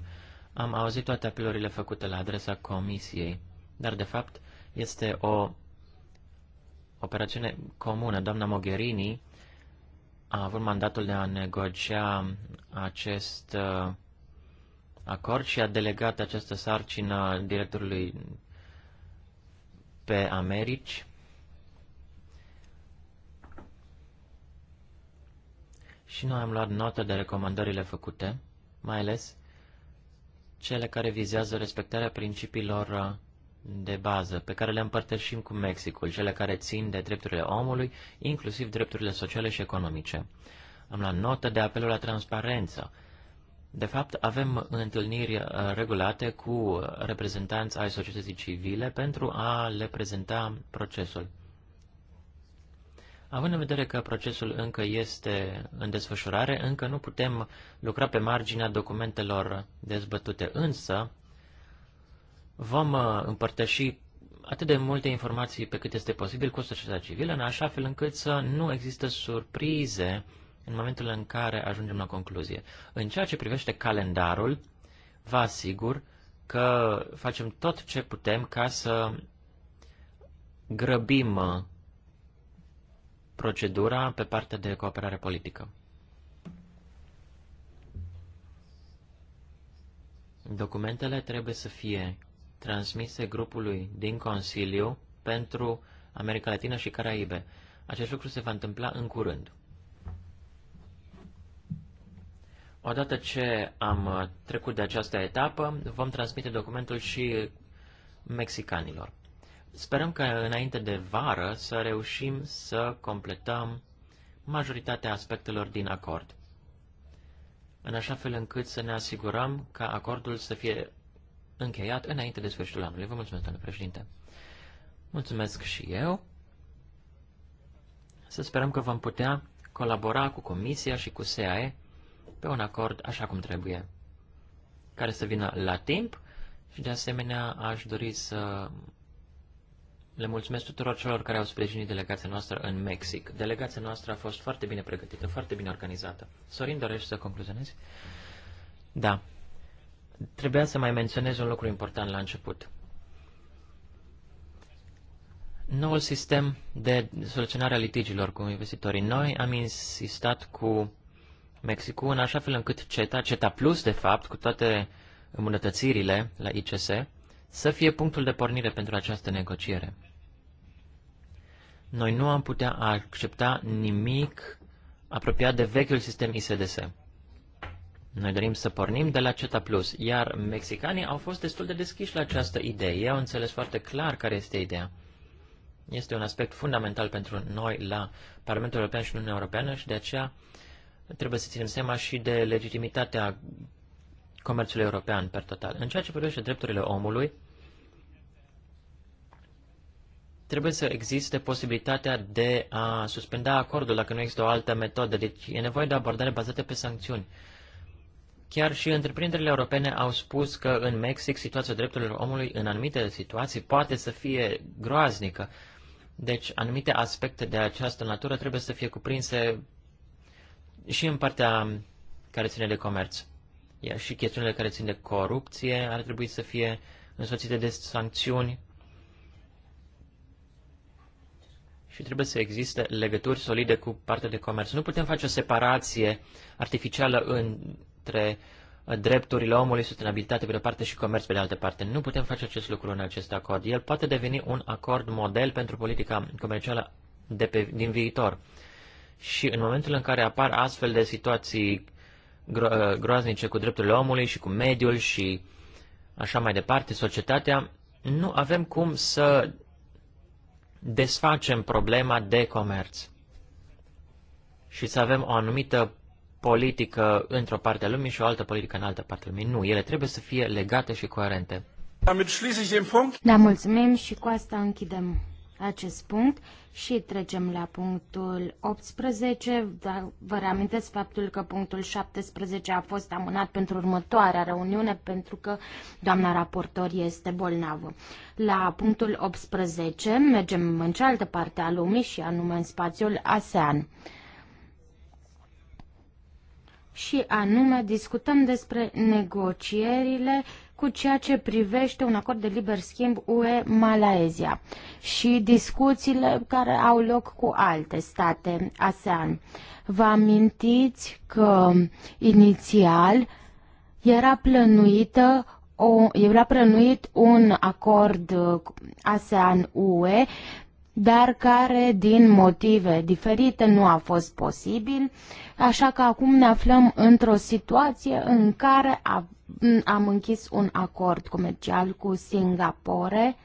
Am auzit toate apelurile făcute la adresa Comisiei dar de fapt este o operațiune comună. Doamna Mogherini a avut mandatul de a negocia acest uh, acord și a delegat această sarcină directorului pe Americi. Și noi am luat notă de recomandările făcute, mai ales cele care vizează respectarea principiilor uh, de bază pe care le împărtășim cu Mexicul, cele care țin de drepturile omului, inclusiv drepturile sociale și economice. Am la notă de apelul la transparență. De fapt, avem întâlniri uh, regulate cu reprezentanți ai societății civile pentru a le prezenta procesul. Având în vedere că procesul încă este în desfășurare, încă nu putem lucra pe marginea documentelor dezbătute, însă Vom uh, împărtăși atât de multe informații pe cât este posibil cu societatea civilă, în așa fel încât să nu există surprize în momentul în care ajungem la concluzie. În ceea ce privește calendarul, vă asigur că facem tot ce putem ca să grăbim uh, procedura pe partea de cooperare politică. Documentele trebuie să fie transmise grupului din Consiliu pentru America Latină și Caraibe. Acest lucru se va întâmpla în curând. Odată ce am trecut de această etapă, vom transmite documentul și mexicanilor. Sperăm că înainte de vară să reușim să completăm majoritatea aspectelor din acord, în așa fel încât să ne asigurăm ca acordul să fie încheiat înainte de sfârșitul anului. Vă mulțumesc, domnule președinte. Mulțumesc și eu. Să sperăm că vom putea colabora cu Comisia și cu SEAE pe un acord așa cum trebuie, care să vină la timp și de asemenea aș dori să le mulțumesc tuturor celor care au sprijinit delegația noastră în Mexic. Delegația noastră a fost foarte bine pregătită, foarte bine organizată. Sorin, dorești să concluzionezi? Da, Trebuia să mai menționez un lucru important la început. Noul sistem de soluționare a litigilor cu investitorii. Noi am insistat cu Mexicul în așa fel încât CETA, CETA Plus, de fapt, cu toate îmbunătățirile la ICS, să fie punctul de pornire pentru această negociere. Noi nu am putea accepta nimic apropiat de vechiul sistem ISDS. Noi dorim să pornim de la CETA+, Plus, iar mexicanii au fost destul de deschiși la această idee. Ei au înțeles foarte clar care este ideea. Este un aspect fundamental pentru noi la Parlamentul European și Uniunea Europeană și de aceea trebuie să ținem seama și de legitimitatea comerțului european per total. În ceea ce privește drepturile omului, trebuie să existe posibilitatea de a suspenda acordul dacă nu există o altă metodă. Deci e nevoie de abordare bazată pe sancțiuni. Chiar și întreprinderile europene au spus că în Mexic situația drepturilor omului în anumite situații poate să fie groaznică. Deci anumite aspecte de această natură trebuie să fie cuprinse și în partea care ține de comerț. Iar și chestiunile care țin de corupție ar trebui să fie însoțite de sancțiuni și trebuie să existe legături solide cu partea de comerț. Nu putem face o separație artificială în, între uh, drepturile omului, sustenabilitate pe de-o parte și comerț pe de altă parte. Nu putem face acest lucru în acest acord. El poate deveni un acord model pentru politica comercială de pe, din viitor. Și în momentul în care apar astfel de situații gro- uh, groaznice cu drepturile omului și cu mediul și așa mai departe, societatea, nu avem cum să desfacem problema de comerț și să avem o anumită politică într-o parte a lumii și o altă politică în altă parte a lumii. Nu, ele trebuie să fie legate și coerente. Da, mulțumim și cu asta închidem acest punct și trecem la punctul 18. Da, vă reamintesc faptul că punctul 17 a fost amânat pentru următoarea reuniune pentru că doamna raportor este bolnavă. La punctul 18 mergem în cealaltă parte a lumii și anume în spațiul ASEAN și anume discutăm despre negocierile cu ceea ce privește un acord de liber schimb UE-Malaezia și discuțiile care au loc cu alte state ASEAN. Vă amintiți că inițial era plănuită o, era plănuit un acord ASEAN-UE, dar care din motive diferite nu a fost posibil. Uh, Așa că acum ne aflăm într-o situație în care am închis un acord comercial cu Singapore.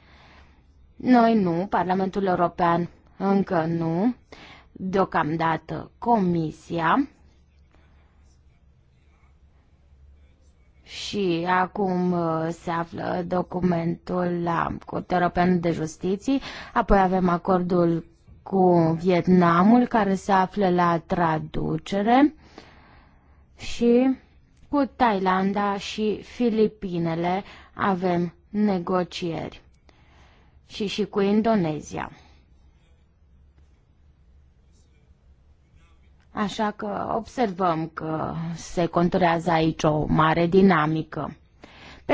Noi nu, Parlamentul European încă nu, deocamdată Comisia. și acum uh, se află documentul la Curtea Europeană de Justiție, apoi avem acordul cu Vietnamul, care se află la traducere, și cu Thailanda și Filipinele avem negocieri și și cu Indonezia. Așa că observăm că se conturează aici o mare dinamică.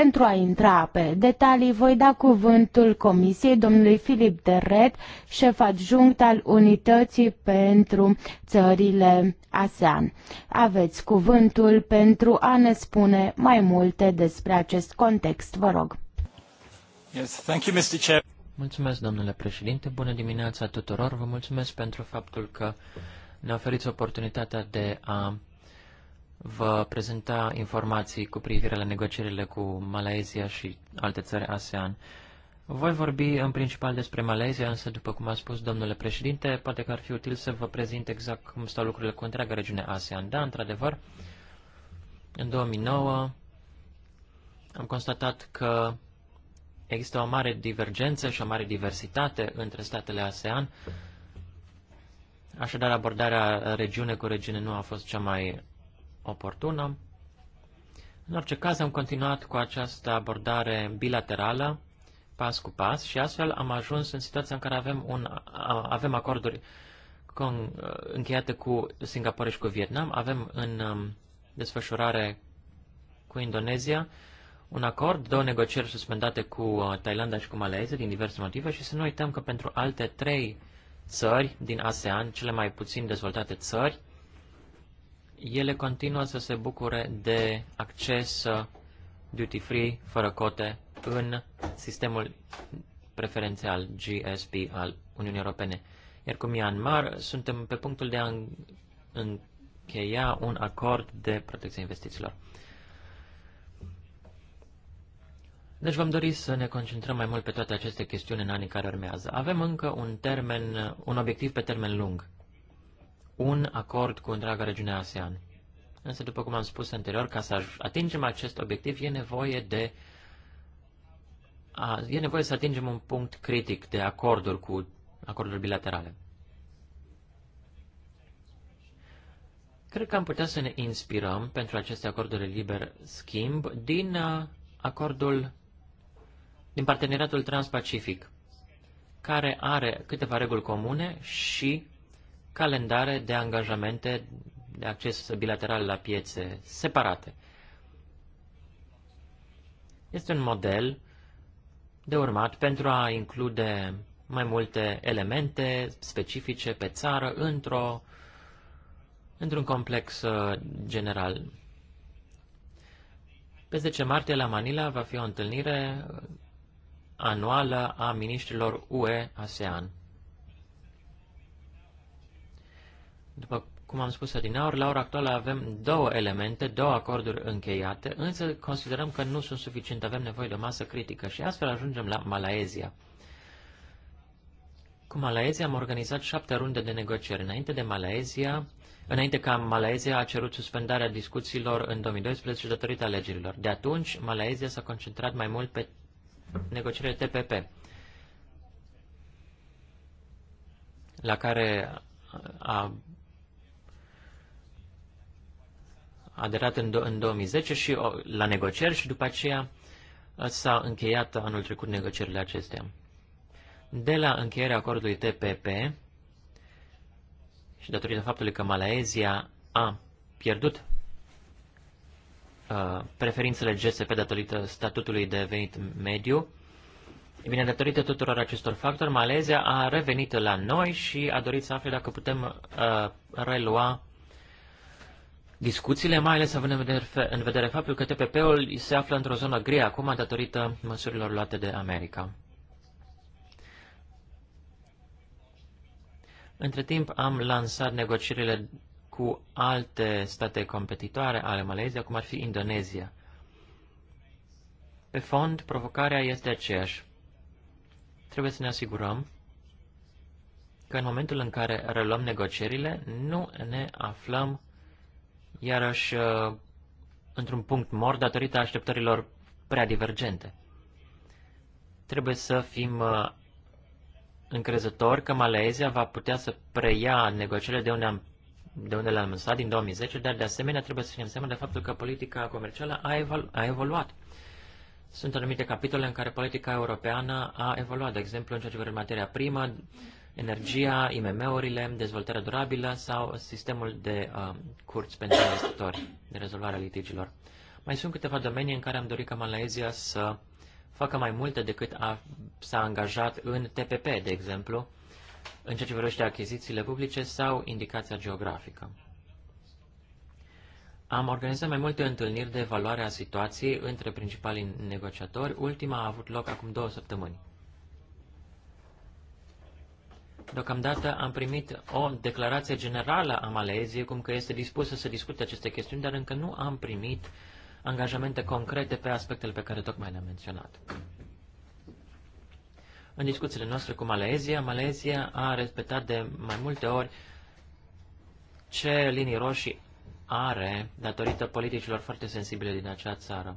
Pentru a intra pe detalii, voi da cuvântul Comisiei domnului Filip Red, șef adjunct al Unității pentru țările ASEAN. Aveți cuvântul pentru a ne spune mai multe despre acest context. Vă rog. Yes, thank you, Mr. Chair. Mulțumesc, domnule președinte. Bună dimineața tuturor. Vă mulțumesc pentru faptul că ne oferiți oportunitatea de a vă prezenta informații cu privire la negocierile cu Malaezia și alte țări ASEAN. Voi vorbi în principal despre Malezia, însă, după cum a spus domnule președinte, poate că ar fi util să vă prezint exact cum stau lucrurile cu întreaga regiune ASEAN. Da, într-adevăr, în 2009 am constatat că există o mare divergență și o mare diversitate între statele ASEAN, așadar abordarea regiune cu regiune nu a fost cea mai oportună. În orice caz, am continuat cu această abordare bilaterală, pas cu pas, și astfel am ajuns în situația în care avem, un, avem acorduri con, încheiate cu Singapore și cu Vietnam, avem în um, desfășurare cu Indonezia un acord, două negocieri suspendate cu uh, Thailanda și cu Malezia din diverse motive și să nu uităm că pentru alte trei țări din ASEAN, cele mai puțin dezvoltate țări, ele continuă să se bucure de acces duty-free, fără cote, în sistemul preferențial GSP al Uniunii Europene. Iar cu Myanmar suntem pe punctul de a încheia un acord de protecție investițiilor. Deci vom dori să ne concentrăm mai mult pe toate aceste chestiuni în anii care urmează. Avem încă un termen, un obiectiv pe termen lung un acord cu întreaga regiune ASEAN. Însă, după cum am spus anterior, ca să atingem acest obiectiv, e nevoie de a, e nevoie să atingem un punct critic de acorduri cu acorduri bilaterale. Cred că am putea să ne inspirăm pentru aceste acorduri de liber schimb din uh, acordul din parteneriatul transpacific, care are câteva reguli comune și calendare de angajamente de acces bilateral la piețe separate. Este un model de urmat pentru a include mai multe elemente specifice pe țară într-o, într-un complex uh, general. Pe 10 martie la Manila va fi o întâlnire uh, anuală a ministrilor UE ASEAN. După cum am spus adineauri, la ora actuală avem două elemente, două acorduri încheiate, însă considerăm că nu sunt suficiente, avem nevoie de o masă critică și astfel ajungem la Malaezia. Cu Malaezia am organizat șapte runde de negocieri. Înainte de Malaezia, înainte ca Malaezia a cerut suspendarea discuțiilor în 2012 și datorită alegerilor. De atunci, Malaezia s-a concentrat mai mult pe negocierile TPP, la care a aderat în, în 2010 și la negocieri și după aceea uh, s-a încheiat anul trecut negocierile acestea. De la încheierea acordului TPP și datorită faptului că Malaezia a pierdut uh, preferințele GSP datorită statutului de venit mediu, e bine, datorită tuturor acestor factori, Malaezia a revenit la noi și a dorit să afle dacă putem uh, relua discuțiile, mai ales având în vedere faptul că TPP-ul se află într-o zonă grea acum datorită măsurilor luate de America. Între timp am lansat negocierile cu alte state competitoare ale Malezia, cum ar fi Indonezia. Pe fond, provocarea este aceeași. Trebuie să ne asigurăm că în momentul în care reluăm negocierile, nu ne aflăm iarăși uh, într-un punct mort datorită așteptărilor prea divergente. Trebuie să fim uh, încrezători că Malezia va putea să preia negocierile de unde, am, de unde le-am lăsat din 2010, dar de asemenea trebuie să fim seama de faptul că politica comercială a, evolu- a evoluat. Sunt anumite capitole în care politica europeană a evoluat, de exemplu în ceea ce privește materia primă, energia, IMM-urile, dezvoltarea durabilă sau sistemul de uh, curți pentru investitori, de rezolvarea litigilor. Mai sunt câteva domenii în care am dorit ca Malaysia să facă mai multe decât a, s-a angajat în TPP, de exemplu, în ceea ce privește achizițiile publice sau indicația geografică. Am organizat mai multe întâlniri de evaluare a situației între principalii negociatori. Ultima a avut loc acum două săptămâni. Deocamdată am primit o declarație generală a Maleziei, cum că este dispusă să discute aceste chestiuni, dar încă nu am primit angajamente concrete pe aspectele pe care tocmai le-am menționat. În discuțiile noastre cu Malezia, Malezia a respectat de mai multe ori ce linii roșii are datorită politicilor foarte sensibile din acea țară.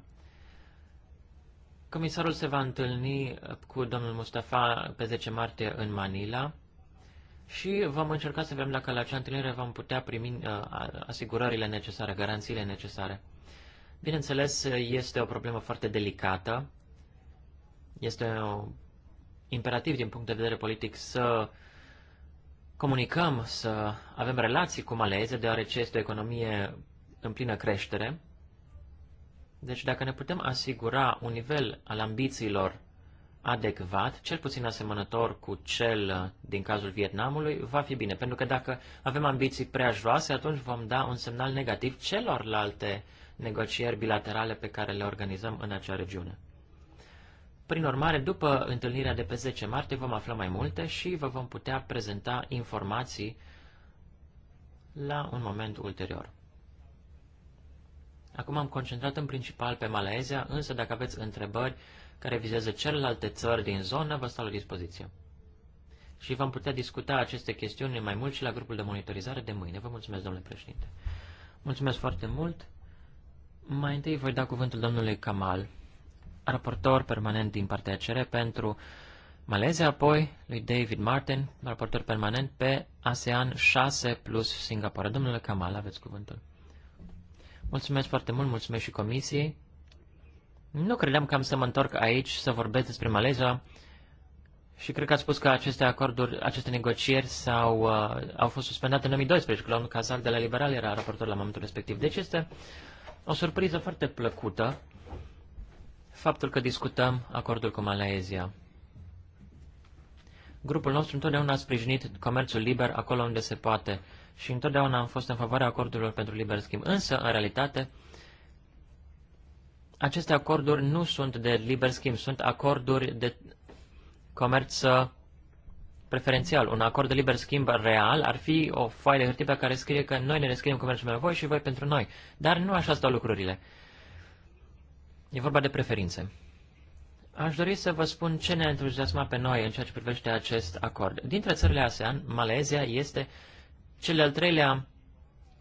Comisarul se va întâlni cu domnul Mustafa pe 10 martie în Manila și vom încerca să vedem dacă la acea întâlnire vom putea primi uh, asigurările necesare, garanțiile necesare. Bineînțeles, este o problemă foarte delicată. Este imperativ din punct de vedere politic să comunicăm, să avem relații cu Maleze, deoarece este o economie în plină creștere. Deci dacă ne putem asigura un nivel al ambițiilor adecvat, cel puțin asemănător cu cel din cazul Vietnamului, va fi bine. Pentru că dacă avem ambiții prea joase, atunci vom da un semnal negativ celorlalte negocieri bilaterale pe care le organizăm în acea regiune. Prin urmare, după întâlnirea de pe 10 martie vom afla mai multe și vă vom putea prezenta informații la un moment ulterior. Acum am concentrat în principal pe Malaezia, însă dacă aveți întrebări care vizează celelalte țări din zonă, vă stau la dispoziție. Și vom putea discuta aceste chestiuni mai mult și la grupul de monitorizare de mâine. Vă mulțumesc, domnule președinte. Mulțumesc foarte mult. Mai întâi voi da cuvântul domnului Kamal, raportor permanent din partea CR pentru Malezia, apoi lui David Martin, raportor permanent pe ASEAN 6 plus Singapore. Domnule Kamal, aveți cuvântul. Mulțumesc foarte mult, mulțumesc și comisiei nu credeam că am să mă întorc aici să vorbesc despre Malezia și cred că ați spus că aceste acorduri, aceste negocieri s-au, uh, au fost suspendate în 2012, când domnul Cazal de la Liberal era raportor la momentul respectiv. Deci este o surpriză foarte plăcută faptul că discutăm acordul cu Malaezia. Grupul nostru întotdeauna a sprijinit comerțul liber acolo unde se poate și întotdeauna am fost în favoarea acordurilor pentru liber schimb. Însă, în realitate, aceste acorduri nu sunt de liber schimb, sunt acorduri de comerț uh, preferențial. Un acord de liber schimb real ar fi o foaie de hârtie pe care scrie că noi ne rescriem comerțul pentru voi și voi pentru noi. Dar nu așa stau lucrurile. E vorba de preferințe. Aș dori să vă spun ce ne-a entuziasmat pe noi în ceea ce privește acest acord. Dintre țările ASEAN, Malezia este cel al treilea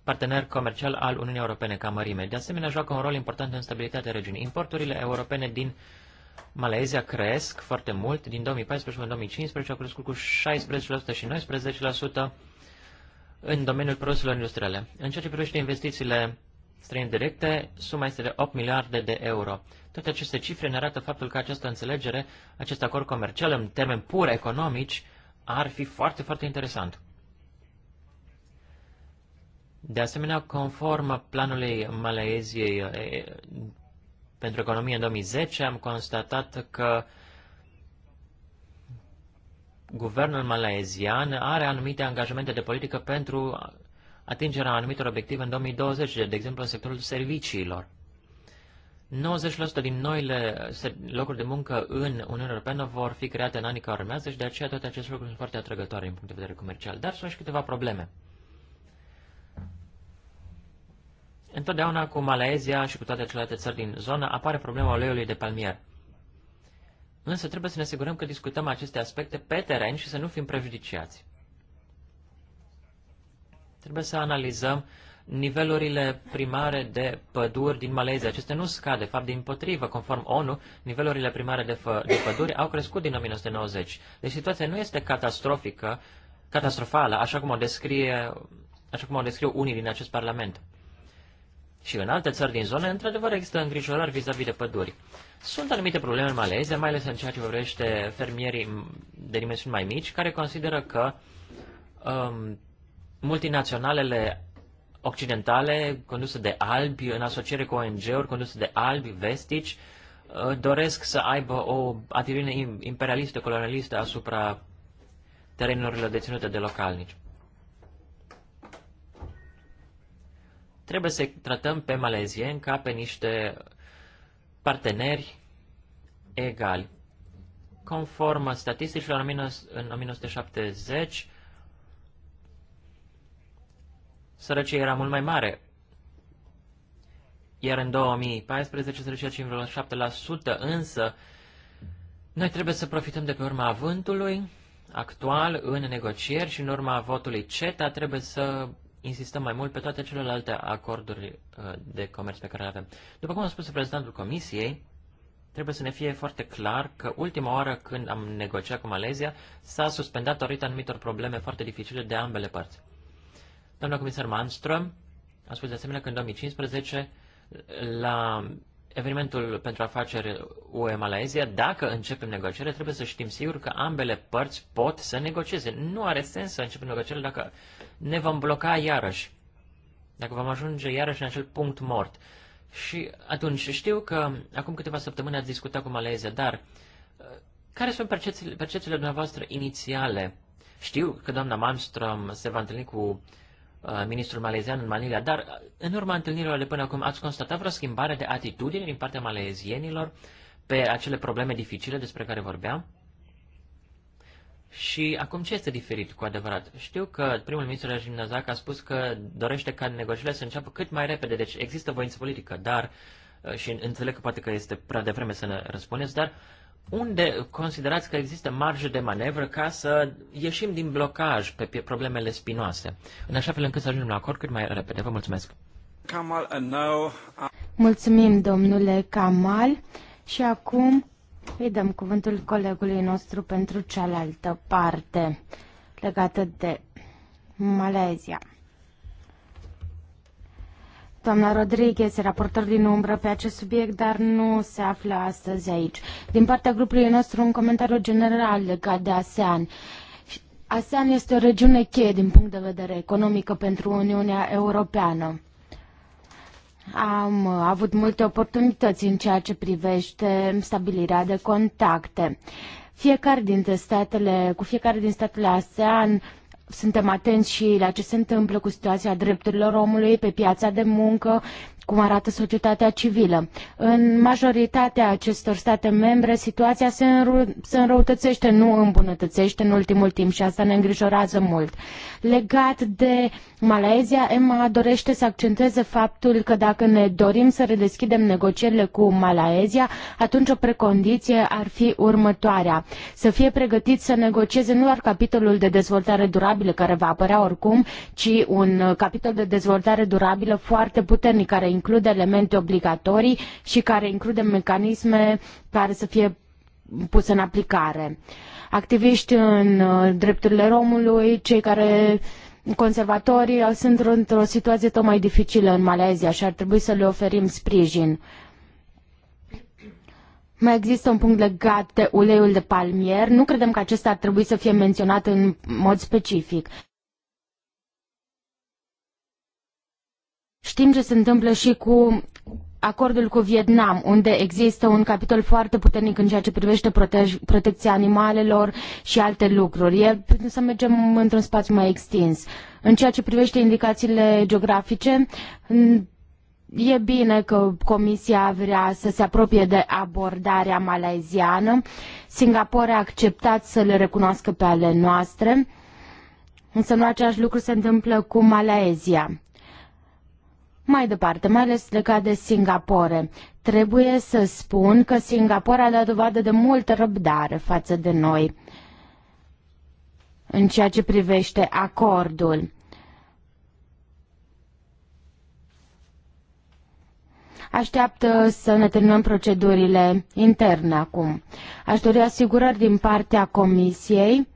partener comercial al Uniunii Europene ca mărime. De asemenea, joacă un rol important în stabilitatea regiunii. Importurile europene din Malezia cresc foarte mult. Din 2014 până în 2015 au crescut cu 16% și 19% în domeniul produselor industriale. În ceea ce privește investițiile străine directe, suma este de 8 miliarde de euro. Toate aceste cifre ne arată faptul că această înțelegere, acest acord comercial în termeni pur economici, ar fi foarte, foarte interesant. De asemenea, conform planului Malaeziei pentru economie în 2010, am constatat că guvernul malaezian are anumite angajamente de politică pentru atingerea anumitor obiective în 2020, de exemplu în sectorul serviciilor. 90% din noile locuri de muncă în Uniunea Europeană vor fi create în anii care urmează și de aceea toate aceste lucruri sunt foarte atrăgătoare din punct de vedere comercial. Dar sunt și câteva probleme. Întotdeauna cu Malaezia și cu toate celelalte țări din zonă apare problema uleiului de palmier. Însă trebuie să ne asigurăm că discutăm aceste aspecte pe teren și să nu fim prejudiciați. Trebuie să analizăm nivelurile primare de păduri din Malezia. Acestea nu scad, de fapt, din potrivă. Conform ONU, nivelurile primare de, fă, de păduri au crescut din 1990. Deci situația nu este catastrofică, catastrofală, așa cum o descrie, așa cum o descriu unii din acest parlament. Și în alte țări din zonă, într-adevăr, există îngrijorări vis-a-vis -vis de păduri. Sunt anumite probleme în Malezia, mai ales în ceea ce privește fermierii de dimensiuni mai mici, care consideră că um, multinaționalele occidentale, conduse de albi, în asociere cu ONG-uri, conduse de albi, vestici, uh, doresc să aibă o atitudine imperialistă, colonialistă asupra terenurilor deținute de localnici. Trebuie să tratăm pe malezieni ca pe niște parteneri egali. Conform statisticilor, în 1970, sărăcia era mult mai mare. Iar în 2014, sărăcia 5,7%, însă noi trebuie să profităm de pe urma avântului actual în negocieri și în urma votului CETA trebuie să insistăm mai mult pe toate celelalte acorduri uh, de comerț pe care le avem. După cum a spus reprezentantul Comisiei, trebuie să ne fie foarte clar că ultima oară când am negociat cu Malezia s-a suspendat orită anumitor probleme foarte dificile de ambele părți. Doamna comisar Manström a spus de asemenea că în 2015 la evenimentul pentru afaceri UE Malaezia, dacă începem negocierile, trebuie să știm sigur că ambele părți pot să negocieze. Nu are sens să începem negocierile dacă ne vom bloca iarăși, dacă vom ajunge iarăși în acel punct mort. Și atunci știu că acum câteva săptămâni ați discutat cu Malaezia, dar uh, care sunt percepțiile, percepțiile dumneavoastră inițiale? Știu că doamna Malmström se va întâlni cu Uh, ministrul malezian în Manila, dar uh, în urma întâlnirilor de până acum ați constatat vreo schimbare de atitudine din partea malezienilor pe acele probleme dificile despre care vorbeam? Și acum ce este diferit cu adevărat? Știu că primul ministru Rajim Nazak a spus că dorește ca negocierile să înceapă cât mai repede, deci există voință politică, dar uh, și înțeleg că poate că este prea devreme să ne răspundeți, dar unde considerați că există marjă de manevră ca să ieșim din blocaj pe problemele spinoase, în așa fel încât să ajungem la acord cât mai repede. Vă mulțumesc! Uh, Mulțumim, domnule Kamal, și acum îi dăm cuvântul colegului nostru pentru cealaltă parte legată de Malezia. Doamna Rodriguez, raportor din umbră pe acest subiect, dar nu se află astăzi aici. Din partea grupului nostru, un comentariu general legat de ASEAN. ASEAN este o regiune cheie din punct de vedere economică pentru Uniunea Europeană. Am avut multe oportunități în ceea ce privește stabilirea de contacte. Fiecare dintre statele, cu fiecare din statele ASEAN suntem atenți și la ce se întâmplă cu situația drepturilor omului pe piața de muncă, cum arată societatea civilă. În majoritatea acestor state membre, situația se, înr- se înrăutățește, nu îmbunătățește în ultimul timp și asta ne îngrijorează mult. Legat de Malaezia, Emma dorește să accenteze faptul că dacă ne dorim să redeschidem negocierile cu Malaezia, atunci o precondiție ar fi următoarea. Să fie pregătit să negocieze nu doar capitolul de dezvoltare durabilă care va apărea oricum, ci un capitol de dezvoltare durabilă foarte puternic care include elemente obligatorii și care include mecanisme care să fie puse în aplicare. Activiști în uh, drepturile romului, cei care conservatorii uh, sunt într-o situație tot mai dificilă în Malezia și ar trebui să le oferim sprijin. Mai există un punct legat de uleiul de palmier. Nu credem că acesta ar trebui să fie menționat în mod specific. Știm ce se întâmplă și cu acordul cu Vietnam, unde există un capitol foarte puternic în ceea ce privește protej, protecția animalelor și alte lucruri. E să mergem într-un spațiu mai extins. În ceea ce privește indicațiile geografice, e bine că Comisia vrea să se apropie de abordarea maleziană. Singapore a acceptat să le recunoască pe ale noastre, însă nu același lucru se întâmplă cu Malaezia. Mai departe, mai ales legat de Singapore, trebuie să spun că Singapore a dat dovadă de multă răbdare față de noi în ceea ce privește acordul. Așteaptă să ne terminăm procedurile interne acum. Aș dori asigurări din partea Comisiei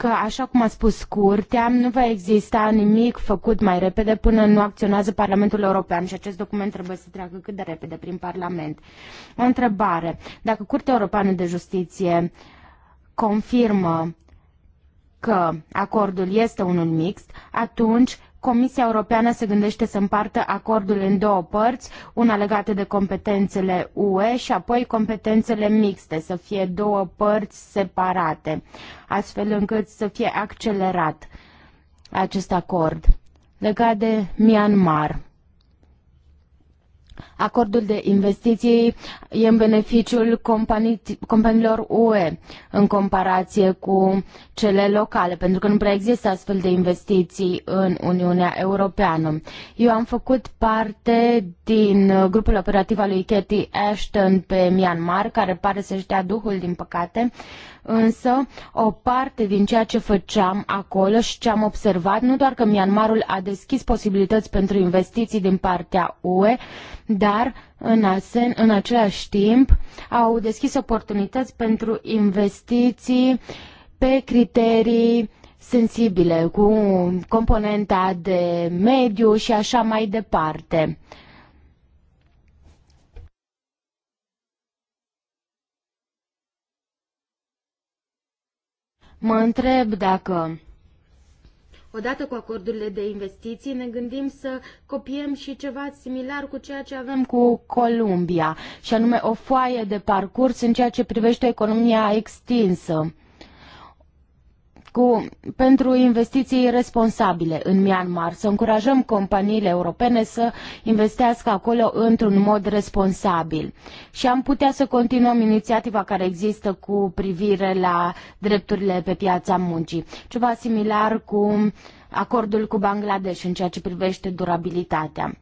că, așa cum a spus curtea, nu va exista nimic făcut mai repede până nu acționează Parlamentul European și acest document trebuie să treacă cât de repede prin Parlament. O întrebare. Dacă Curtea Europeană de Justiție confirmă că acordul este unul mixt, atunci Comisia Europeană se gândește să împartă acordul în două părți, una legată de competențele UE și apoi competențele mixte, să fie două părți separate, astfel încât să fie accelerat acest acord. Legat de Myanmar. Acordul de investiții e în beneficiul companii, companiilor UE în comparație cu cele locale, pentru că nu prea există astfel de investiții în Uniunea Europeană. Eu am făcut parte din grupul operativ al lui Katie Ashton pe Myanmar, care pare să-și dea duhul, din păcate, însă o parte din ceea ce făceam acolo și ce am observat, nu doar că Myanmarul a deschis posibilități pentru investiții din partea UE, dar în, asen, în același timp au deschis oportunități pentru investiții pe criterii sensibile, cu componenta de mediu și așa mai departe. Mă întreb dacă Odată cu acordurile de investiții, ne gândim să copiem și ceva similar cu ceea ce avem cu Columbia, și anume o foaie de parcurs în ceea ce privește economia extinsă cu, pentru investiții responsabile în Myanmar, să încurajăm companiile europene să investească acolo într-un mod responsabil. Și am putea să continuăm inițiativa care există cu privire la drepturile pe piața muncii. Ceva similar cu acordul cu Bangladesh în ceea ce privește durabilitatea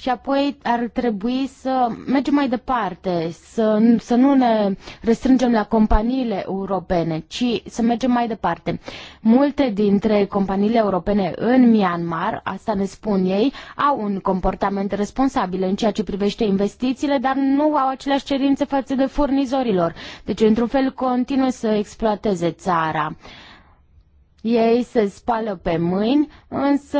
și apoi ar trebui să mergem mai departe, să, să nu ne restrângem la companiile europene, ci să mergem mai departe. Multe dintre companiile europene în Myanmar, asta ne spun ei, au un comportament responsabil în ceea ce privește investițiile, dar nu au aceleași cerințe față de furnizorilor. Deci, într-un fel, continuă să exploateze țara. Ei se spală pe mâini, însă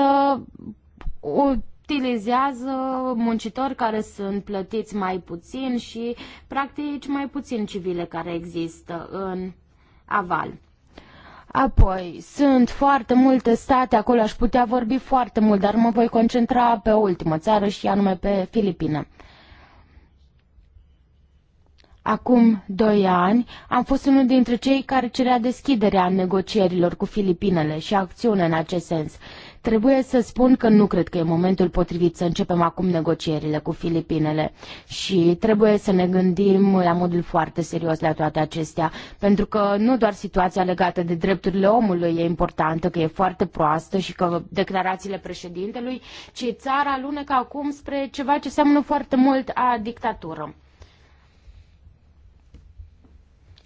utilizează muncitori care sunt plătiți mai puțin și practici mai puțin civile care există în aval. Apoi, sunt foarte multe state, acolo aș putea vorbi foarte mult, dar mă voi concentra pe o ultimă țară și anume pe Filipine. Acum doi ani am fost unul dintre cei care cerea deschiderea negocierilor cu Filipinele și acțiune în acest sens. Trebuie să spun că nu cred că e momentul potrivit să începem acum negocierile cu Filipinele și trebuie să ne gândim la modul foarte serios la toate acestea, pentru că nu doar situația legată de drepturile omului e importantă, că e foarte proastă și că declarațiile președintelui, ci țara lunecă acum spre ceva ce seamănă foarte mult a dictatură.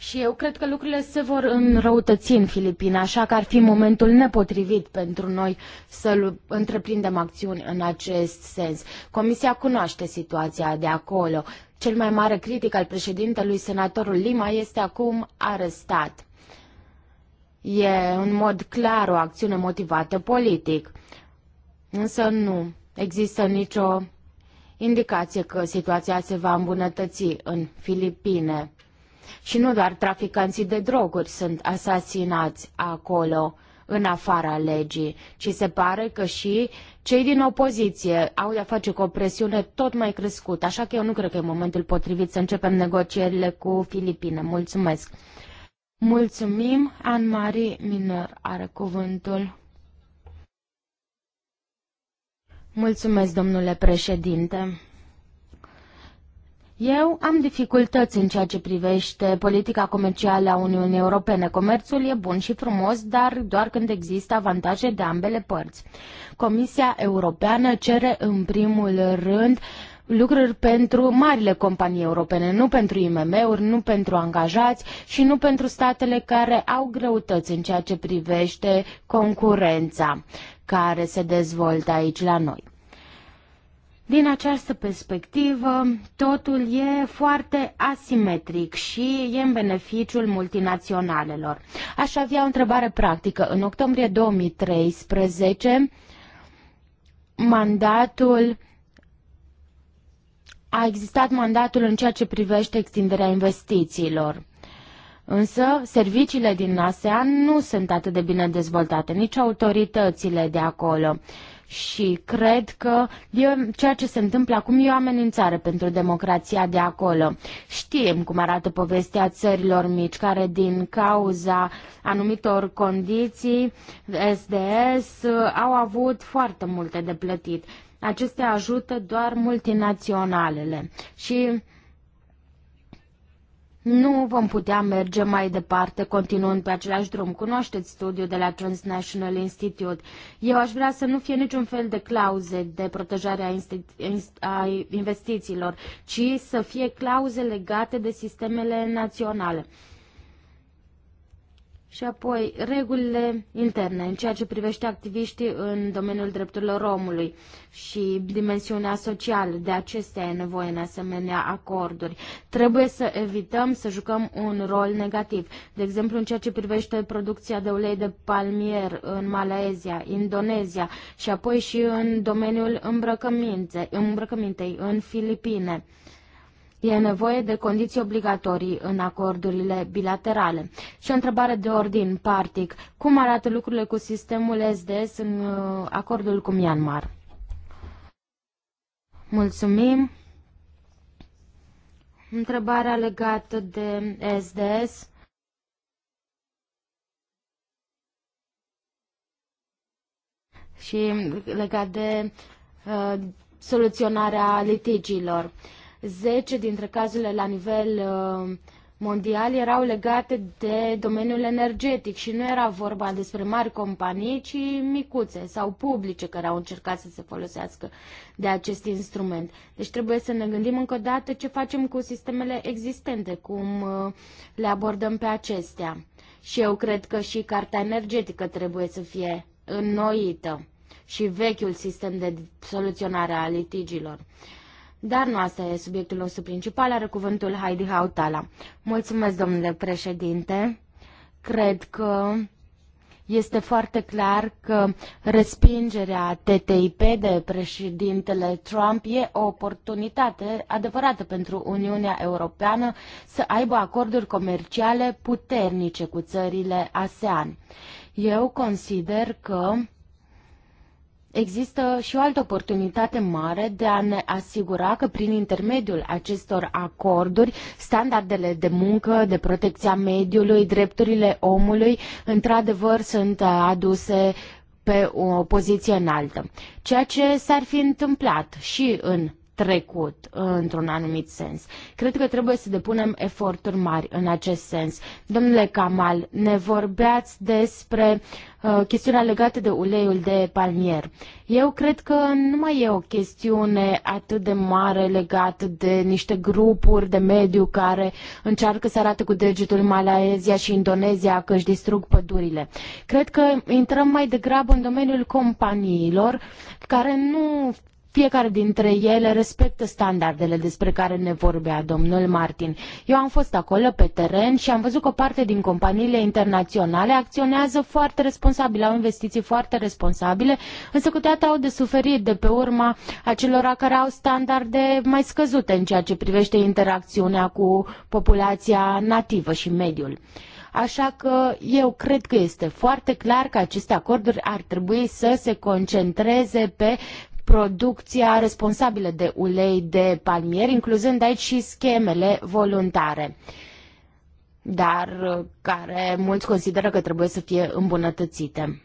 Și eu cred că lucrurile se vor înrăutăți în Filipine, așa că ar fi momentul nepotrivit pentru noi să întreprindem acțiuni în acest sens. Comisia cunoaște situația de acolo. Cel mai mare critic al președintelui, senatorul Lima, este acum arestat. E în mod clar o acțiune motivată politic. Însă nu există nicio indicație că situația se va îmbunătăți în Filipine. Și nu doar traficanții de droguri sunt asasinați acolo în afara legii, ci se pare că și cei din opoziție au de-a face cu o presiune tot mai crescută, așa că eu nu cred că e momentul potrivit să începem negocierile cu Filipine. Mulțumesc! Mulțumim! Anne-Marie Minor are cuvântul. Mulțumesc, domnule președinte! Eu am dificultăți în ceea ce privește politica comercială a Uniunii Europene. Comerțul e bun și frumos, dar doar când există avantaje de ambele părți. Comisia Europeană cere în primul rând lucruri pentru marile companii europene, nu pentru IMM-uri, nu pentru angajați și nu pentru statele care au greutăți în ceea ce privește concurența care se dezvoltă aici la noi. Din această perspectivă, totul e foarte asimetric și e în beneficiul multinaționalelor. Aș avea o întrebare practică. În octombrie 2013, mandatul a existat mandatul în ceea ce privește extinderea investițiilor. Însă, serviciile din ASEAN nu sunt atât de bine dezvoltate, nici autoritățile de acolo. Uh, și cred că eu, ceea ce se întâmplă acum e o amenințare pentru democrația de acolo. Știm cum arată povestea țărilor mici care din cauza anumitor condiții SDS au avut foarte multe de plătit. Acestea ajută doar multinaționalele și nu vom putea merge mai departe continuând pe același drum. Cunoașteți studiul de la Transnational Institute. Eu aș vrea să nu fie niciun fel de clauze de protejare a, investițiilor, ci să fie clauze legate de sistemele naționale și apoi regulile interne în ceea ce privește activiștii în domeniul drepturilor omului și dimensiunea socială. De acestea e nevoie în asemenea acorduri. Trebuie să evităm să jucăm un rol negativ. De exemplu, în ceea ce privește producția de ulei de palmier în Malaezia, Indonezia și apoi și în domeniul îmbrăcăminte, îmbrăcămintei în Filipine. E nevoie de condiții obligatorii în acordurile bilaterale. Și o întrebare de ordin partic. Cum arată lucrurile cu sistemul SDS în uh, acordul cu Myanmar? Mulțumim. Întrebarea legată de SDS. și legat de uh, soluționarea litigiilor. Uh, 10 dintre cazurile la nivel uh, mondial erau legate de domeniul energetic și nu era vorba despre mari companii, ci micuțe sau publice care au încercat să se folosească de acest instrument. Deci trebuie să ne gândim încă o dată ce facem cu sistemele existente, cum uh, le abordăm pe acestea. Și eu cred că și cartea energetică trebuie să fie înnoită și vechiul sistem de soluționare a litigilor. Dar nu asta e subiectul nostru principal, are cuvântul Heidi Hautala. Mulțumesc, domnule președinte. Cred că este foarte clar că respingerea TTIP de președintele Trump e o oportunitate adevărată pentru Uniunea Europeană să aibă acorduri comerciale puternice cu țările ASEAN. Eu consider că există și o altă oportunitate mare de a ne asigura că prin intermediul acestor acorduri, standardele de muncă, de protecția mediului, drepturile omului, într-adevăr sunt aduse pe o poziție înaltă, ceea ce s-ar fi întâmplat și în trecut uh, într-un anumit sens. Cred că trebuie să depunem eforturi mari în acest sens. Domnule Kamal, ne vorbeați despre uh, chestiunea legată de uleiul de palmier. Eu cred că nu mai e o chestiune atât de mare legată de niște grupuri de mediu care încearcă să arate cu degetul Malaezia și Indonezia că își distrug pădurile. Cred că intrăm mai degrabă în domeniul companiilor care nu fiecare dintre ele respectă standardele despre care ne vorbea domnul Martin. Eu am fost acolo pe teren și am văzut că o parte din companiile internaționale acționează foarte responsabil, au investiții foarte responsabile, însă câteodată au de suferit de pe urma acelora care au standarde mai scăzute în ceea ce privește interacțiunea cu populația nativă și mediul. Așa că eu cred că este foarte clar că aceste acorduri ar trebui să se concentreze pe producția responsabilă de ulei de palmier, incluzând aici și schemele voluntare, dar uh, care mulți consideră că trebuie să fie îmbunătățite.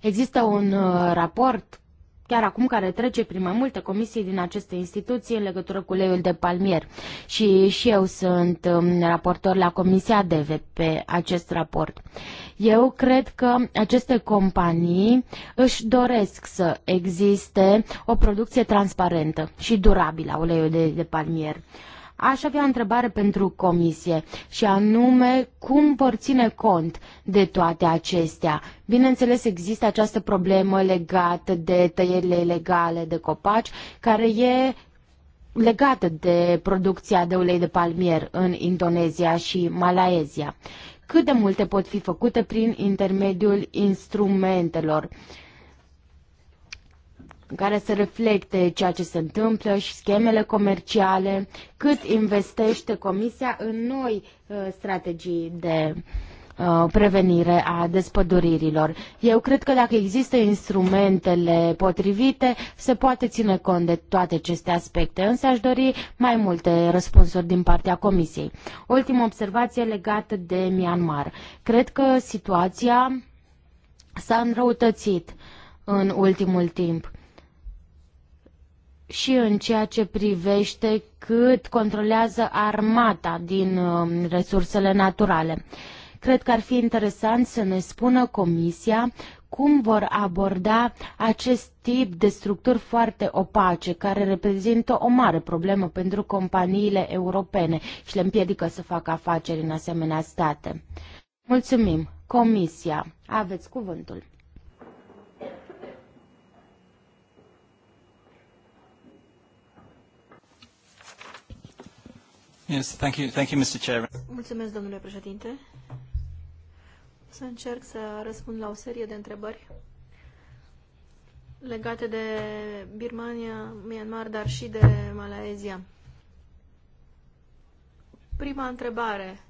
Există un uh, raport chiar acum care trece prin mai multe comisii din aceste instituții în legătură cu uleiul de palmier. Și, și eu sunt um, raportor la Comisia DEVE pe acest raport. Uh, eu cred că aceste companii își doresc să existe o producție transparentă și durabilă a uleiului de palmier. Aș avea întrebare pentru comisie și anume cum vor ține cont de toate acestea. Bineînțeles, există această problemă legată de tăierile ilegale de copaci, care e legată de producția de ulei de palmier în Indonezia și Malaezia cât de multe pot fi făcute prin intermediul instrumentelor care să reflecte ceea ce se întâmplă și schemele comerciale, cât investește Comisia în noi uh, strategii de Uh, prevenire a despăduririlor. Eu cred că dacă există instrumentele potrivite, se poate ține cont de toate aceste aspecte, însă aș dori mai multe răspunsuri din partea Comisiei. Ultima observație legată de Myanmar. Cred că situația s-a înrăutățit în ultimul timp și în ceea ce privește cât controlează armata din uh, resursele naturale. Uh, Cred că ar fi interesant să ne spună Comisia cum vor aborda acest tip de structuri foarte opace, care reprezintă o mare problemă pentru companiile europene și le împiedică să facă afaceri în asemenea state. Mulțumim! Comisia, aveți cuvântul. Yes, thank you, thank you, Mr. Chair. Mulțumesc, domnule președinte. să încerc să răspund la o serie de întrebări legate de Birmania, Myanmar, dar și de Malaezia. Prima întrebare.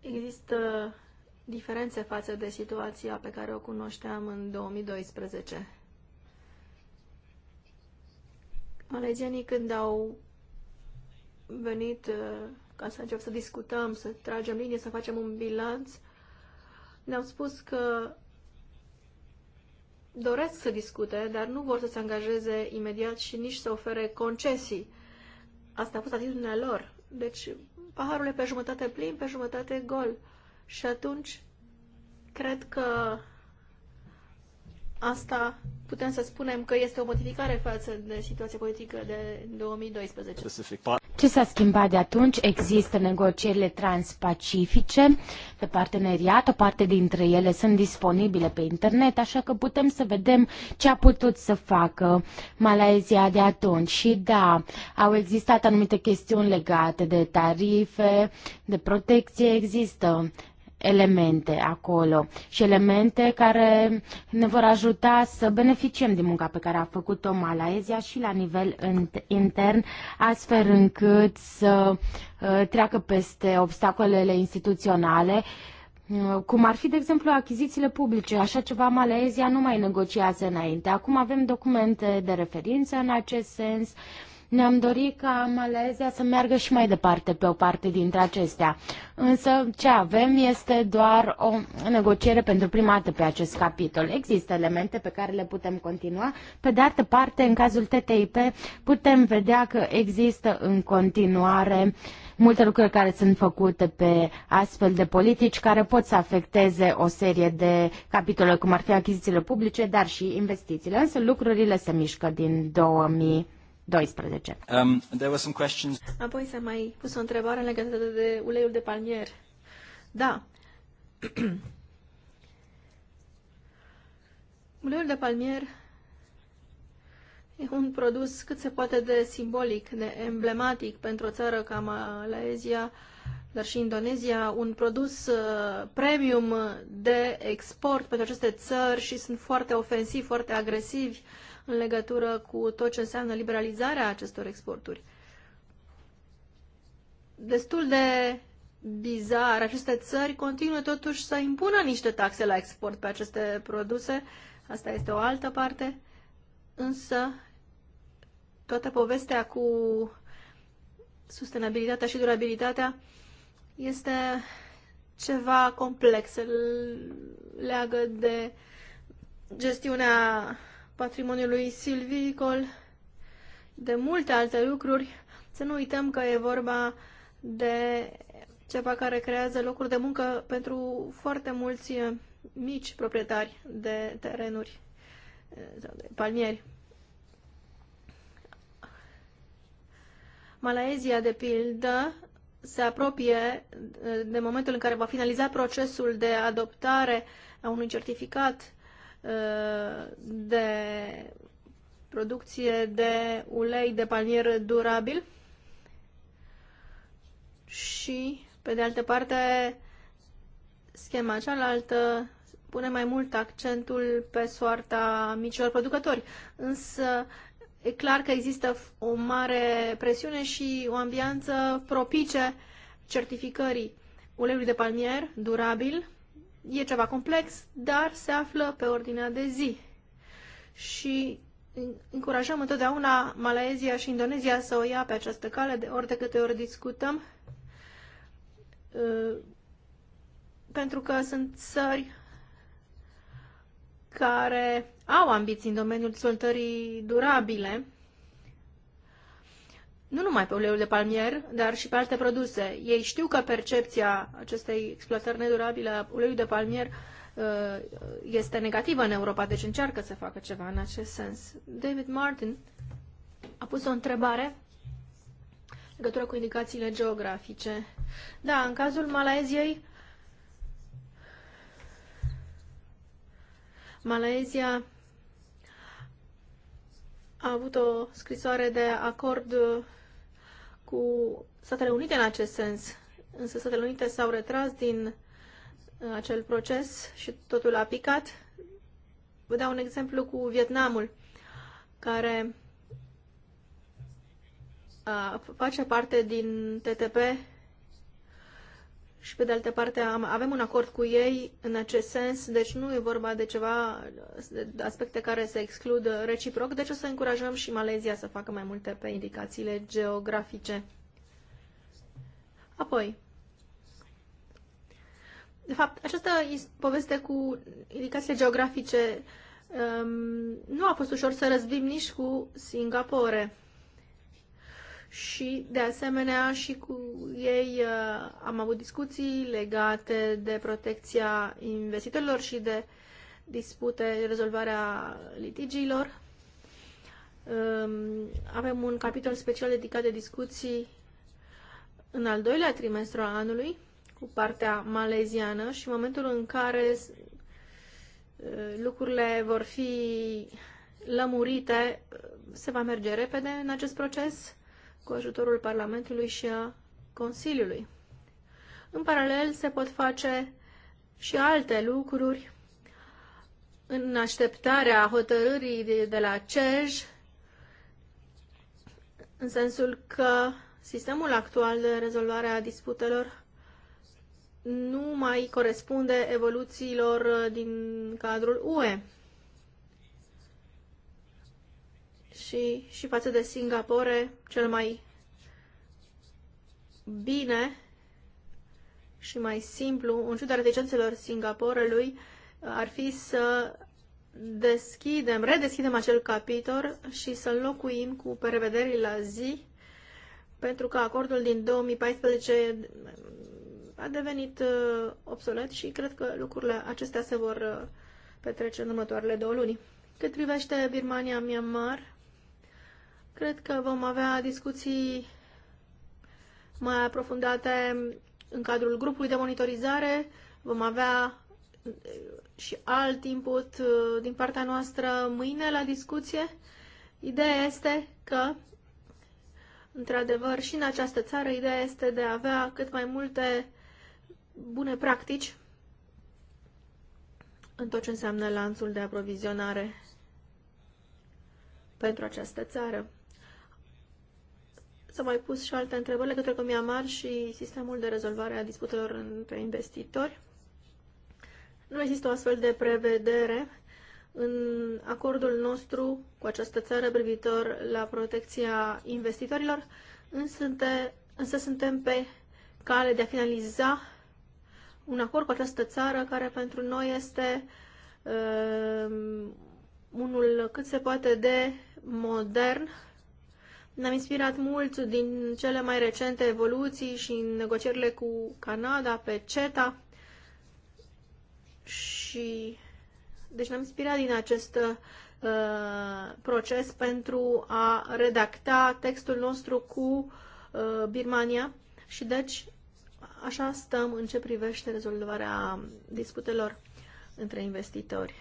Există diferențe față de situația pe care o cunoșteam în 2012. Malezienii când au venit uh, ca să încep să discutăm, să tragem linie, să facem un bilanț, ne-au spus că doresc să discute, dar nu vor să se angajeze imediat și nici să ofere concesii. Asta a fost atitudinea lor. Deci, paharul e pe jumătate plin, pe jumătate gol. Și atunci, cred că asta putem să spunem că este o modificare față de situația politică de 2012. Specific. Ce s-a schimbat de atunci? Există negocierile transpacifice pe parteneriat, o parte dintre ele sunt disponibile pe internet, așa că putem să vedem ce a putut să facă Malaezia de atunci. Și da, au existat anumite chestiuni legate de tarife, de protecție, există elemente acolo și elemente care ne vor ajuta să beneficiem din munca pe care a făcut-o Malaezia și la nivel intern, astfel încât să uh, treacă peste obstacolele instituționale uh, cum ar fi, de exemplu, achizițiile publice. Așa ceva Malaezia nu mai negociază înainte. Acum avem documente de referință în acest sens. Uh, ne-am dorit ca Malezia să meargă și mai departe pe o parte dintre acestea. Însă ce avem este doar o negociere pentru prima dată pe acest capitol. Există elemente pe care le putem continua. Pe de altă parte, în cazul TTIP, putem vedea că există în continuare multe lucruri care sunt făcute pe astfel de politici care pot să afecteze o serie de capitole, cum ar fi achizițiile publice, dar și investițiile. Însă lucrurile se mișcă din 2000. 12. Um, there were some questions. Apoi s-a mai pus o întrebare legată de uleiul de palmier. Da. uleiul de palmier e un produs cât se poate de simbolic, de emblematic pentru o țară ca Malaezia, dar și Indonezia, un produs uh, premium de export pentru aceste țări și sunt foarte ofensivi, foarte agresivi. Uh, în legătură cu tot ce înseamnă liberalizarea acestor exporturi. Destul de bizar, aceste țări continuă totuși să impună niște taxe la export pe aceste produse, asta este o altă parte, însă toată povestea cu sustenabilitatea și durabilitatea este ceva complex, leagă de gestiunea patrimoniului silvicol, de multe alte lucruri. Să nu uităm că e vorba de ceva care creează locuri de muncă pentru foarte mulți mici proprietari de terenuri sau de palmieri. Malaezia, de pildă, se apropie de momentul în care va finaliza procesul de adoptare a unui certificat de producție de ulei de palmier durabil și, pe de altă parte, schema cealaltă pune mai mult accentul pe soarta micilor producători. Însă, e clar că există o mare presiune și o ambianță propice certificării uleiului de palmier durabil E ceva complex, dar se află pe ordinea de zi. Și încurajăm întotdeauna Malaezia și Indonezia să o ia pe această cale de ori de câte ori discutăm, uh, pentru că sunt țări care au ambiții în domeniul dezvoltării durabile nu numai pe uleiul de palmier, dar și pe alte produse. Ei știu că percepția acestei exploatări nedurabile a uleiului de palmier uh, este negativă în Europa, deci încearcă să facă ceva în acest sens. David Martin a pus o întrebare legătură cu indicațiile geografice. Da, în cazul Malaeziei, Malaezia a avut o scrisoare de acord cu Statele Unite în acest sens. Însă Statele Unite s-au retras din uh, acel proces și totul a picat. Vă dau un exemplu cu Vietnamul, care uh, face parte din TTP și pe de altă parte am, avem un acord cu ei în acest sens, deci nu e vorba de ceva, de aspecte care se exclud reciproc, deci o să încurajăm și Malezia să facă mai multe pe indicațiile geografice. Apoi, de fapt, această poveste cu indicațiile geografice um, nu a fost ușor să răzbim nici cu Singapore și, de asemenea, și cu ei uh, am avut discuții legate de protecția investitorilor și de dispute, rezolvarea litigiilor. Um, avem un capitol special dedicat de discuții în al doilea trimestru al anului cu partea maleziană și în momentul în care uh, lucrurile vor fi lămurite, uh, se va merge repede în acest proces cu ajutorul Parlamentului și a Consiliului. În paralel se pot face și alte lucruri în așteptarea hotărârii de la CEJ, în sensul că sistemul actual de rezolvare a disputelor nu mai corespunde evoluțiilor din cadrul UE. și, și față de Singapore cel mai bine și mai simplu, în ciuda reticențelor Singaporelui, ar fi să deschidem, redeschidem acel capitol și să înlocuim cu prevederi la zi, pentru că acordul din 2014 a devenit uh, obsolet și cred că lucrurile acestea se vor uh, petrece în următoarele două luni. Cât privește Birmania, Myanmar, Cred că vom avea discuții mai aprofundate în cadrul grupului de monitorizare. Vom avea eh, și alt input eh, din partea noastră mâine la discuție. Ideea este că, într-adevăr, și în această țară, ideea este de a avea cât mai multe bune practici în tot ce înseamnă lanțul de aprovizionare pentru această țară s mai pus și alte întrebări legătură cu Myanmar și sistemul de rezolvare a disputelor între investitori. Nu există o astfel de prevedere în acordul nostru cu această țară privitor la protecția investitorilor, însă, însă suntem pe cale de a finaliza un acord cu această țară care pentru noi este uh, unul cât se poate de modern ne-am inspirat mult din cele mai recente evoluții și în negocierile cu Canada pe CETA și deci ne-am inspirat din acest uh, proces pentru a redacta textul nostru cu uh, Birmania și deci așa stăm în ce privește rezolvarea disputelor între investitori.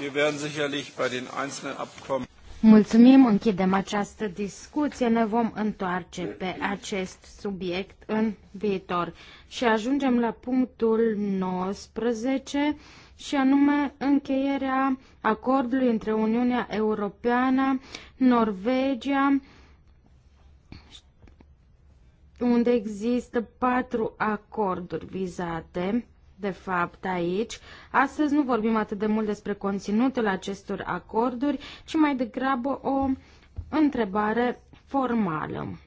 Wir werden sicherlich bei den einzelnen Abkommen Mulțumim, închidem această discuție, ne vom întoarce pe acest subiect în viitor. Și ajungem la punctul 19 și anume încheierea acordului între Uniunea Europeană, Norvegia, unde există patru acorduri vizate de fapt, aici. Astăzi nu vorbim atât de mult despre conținutul acestor acorduri, ci mai degrabă o întrebare formală.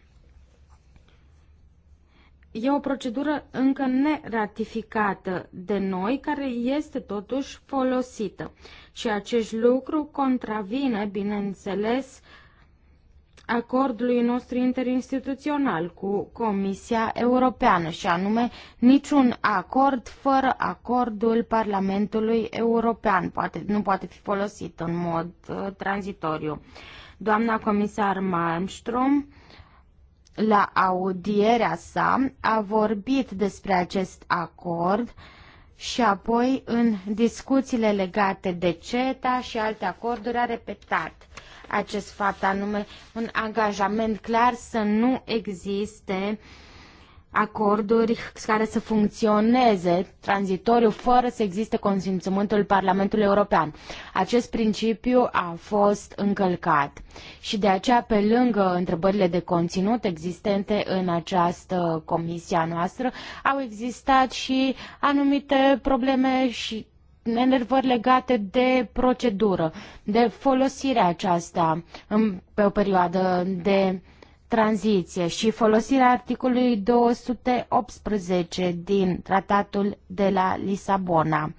E o procedură încă neratificată de noi, care este totuși folosită. Și acest lucru contravine, bineînțeles, uh, acordului nostru interinstituțional cu Comisia Europeană și anume niciun acord fără acordul Parlamentului European poate, nu poate fi folosit în mod uh, tranzitoriu. Doamna comisar Malmström la audierea sa a vorbit despre acest acord și apoi în discuțiile legate de CETA și alte acorduri a repetat acest fapt, anume un angajament clar să nu existe acorduri care să funcționeze tranzitoriu fără să existe consimțământul Parlamentului European. Acest principiu a fost încălcat și de aceea, pe lângă întrebările de conținut existente în această comisie noastră, au existat și anumite probleme și enervări legate de procedură, de folosirea aceasta în, pe o perioadă de tranziție și folosirea articolului 218 din Tratatul de la Lisabona.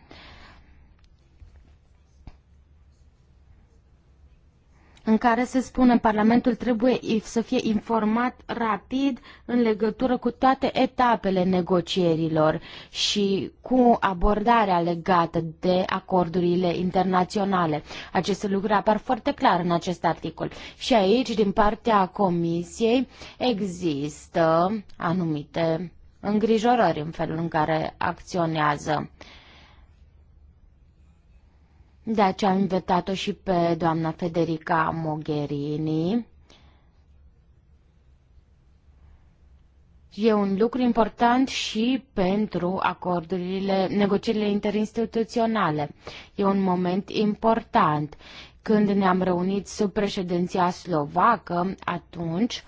în care se spune Parlamentul trebuie să fie informat rapid în legătură cu toate etapele negocierilor și cu abordarea legată de acordurile internaționale. Aceste lucruri apar foarte clar în acest articol. Și aici, din partea Comisiei, există anumite îngrijorări în felul în care acționează. Uh, de aceea am invitat-o și pe doamna Federica Mogherini. E un lucru important și pentru acordurile, negocierile interinstituționale. E un moment important. Când ne-am reunit sub președinția slovacă, atunci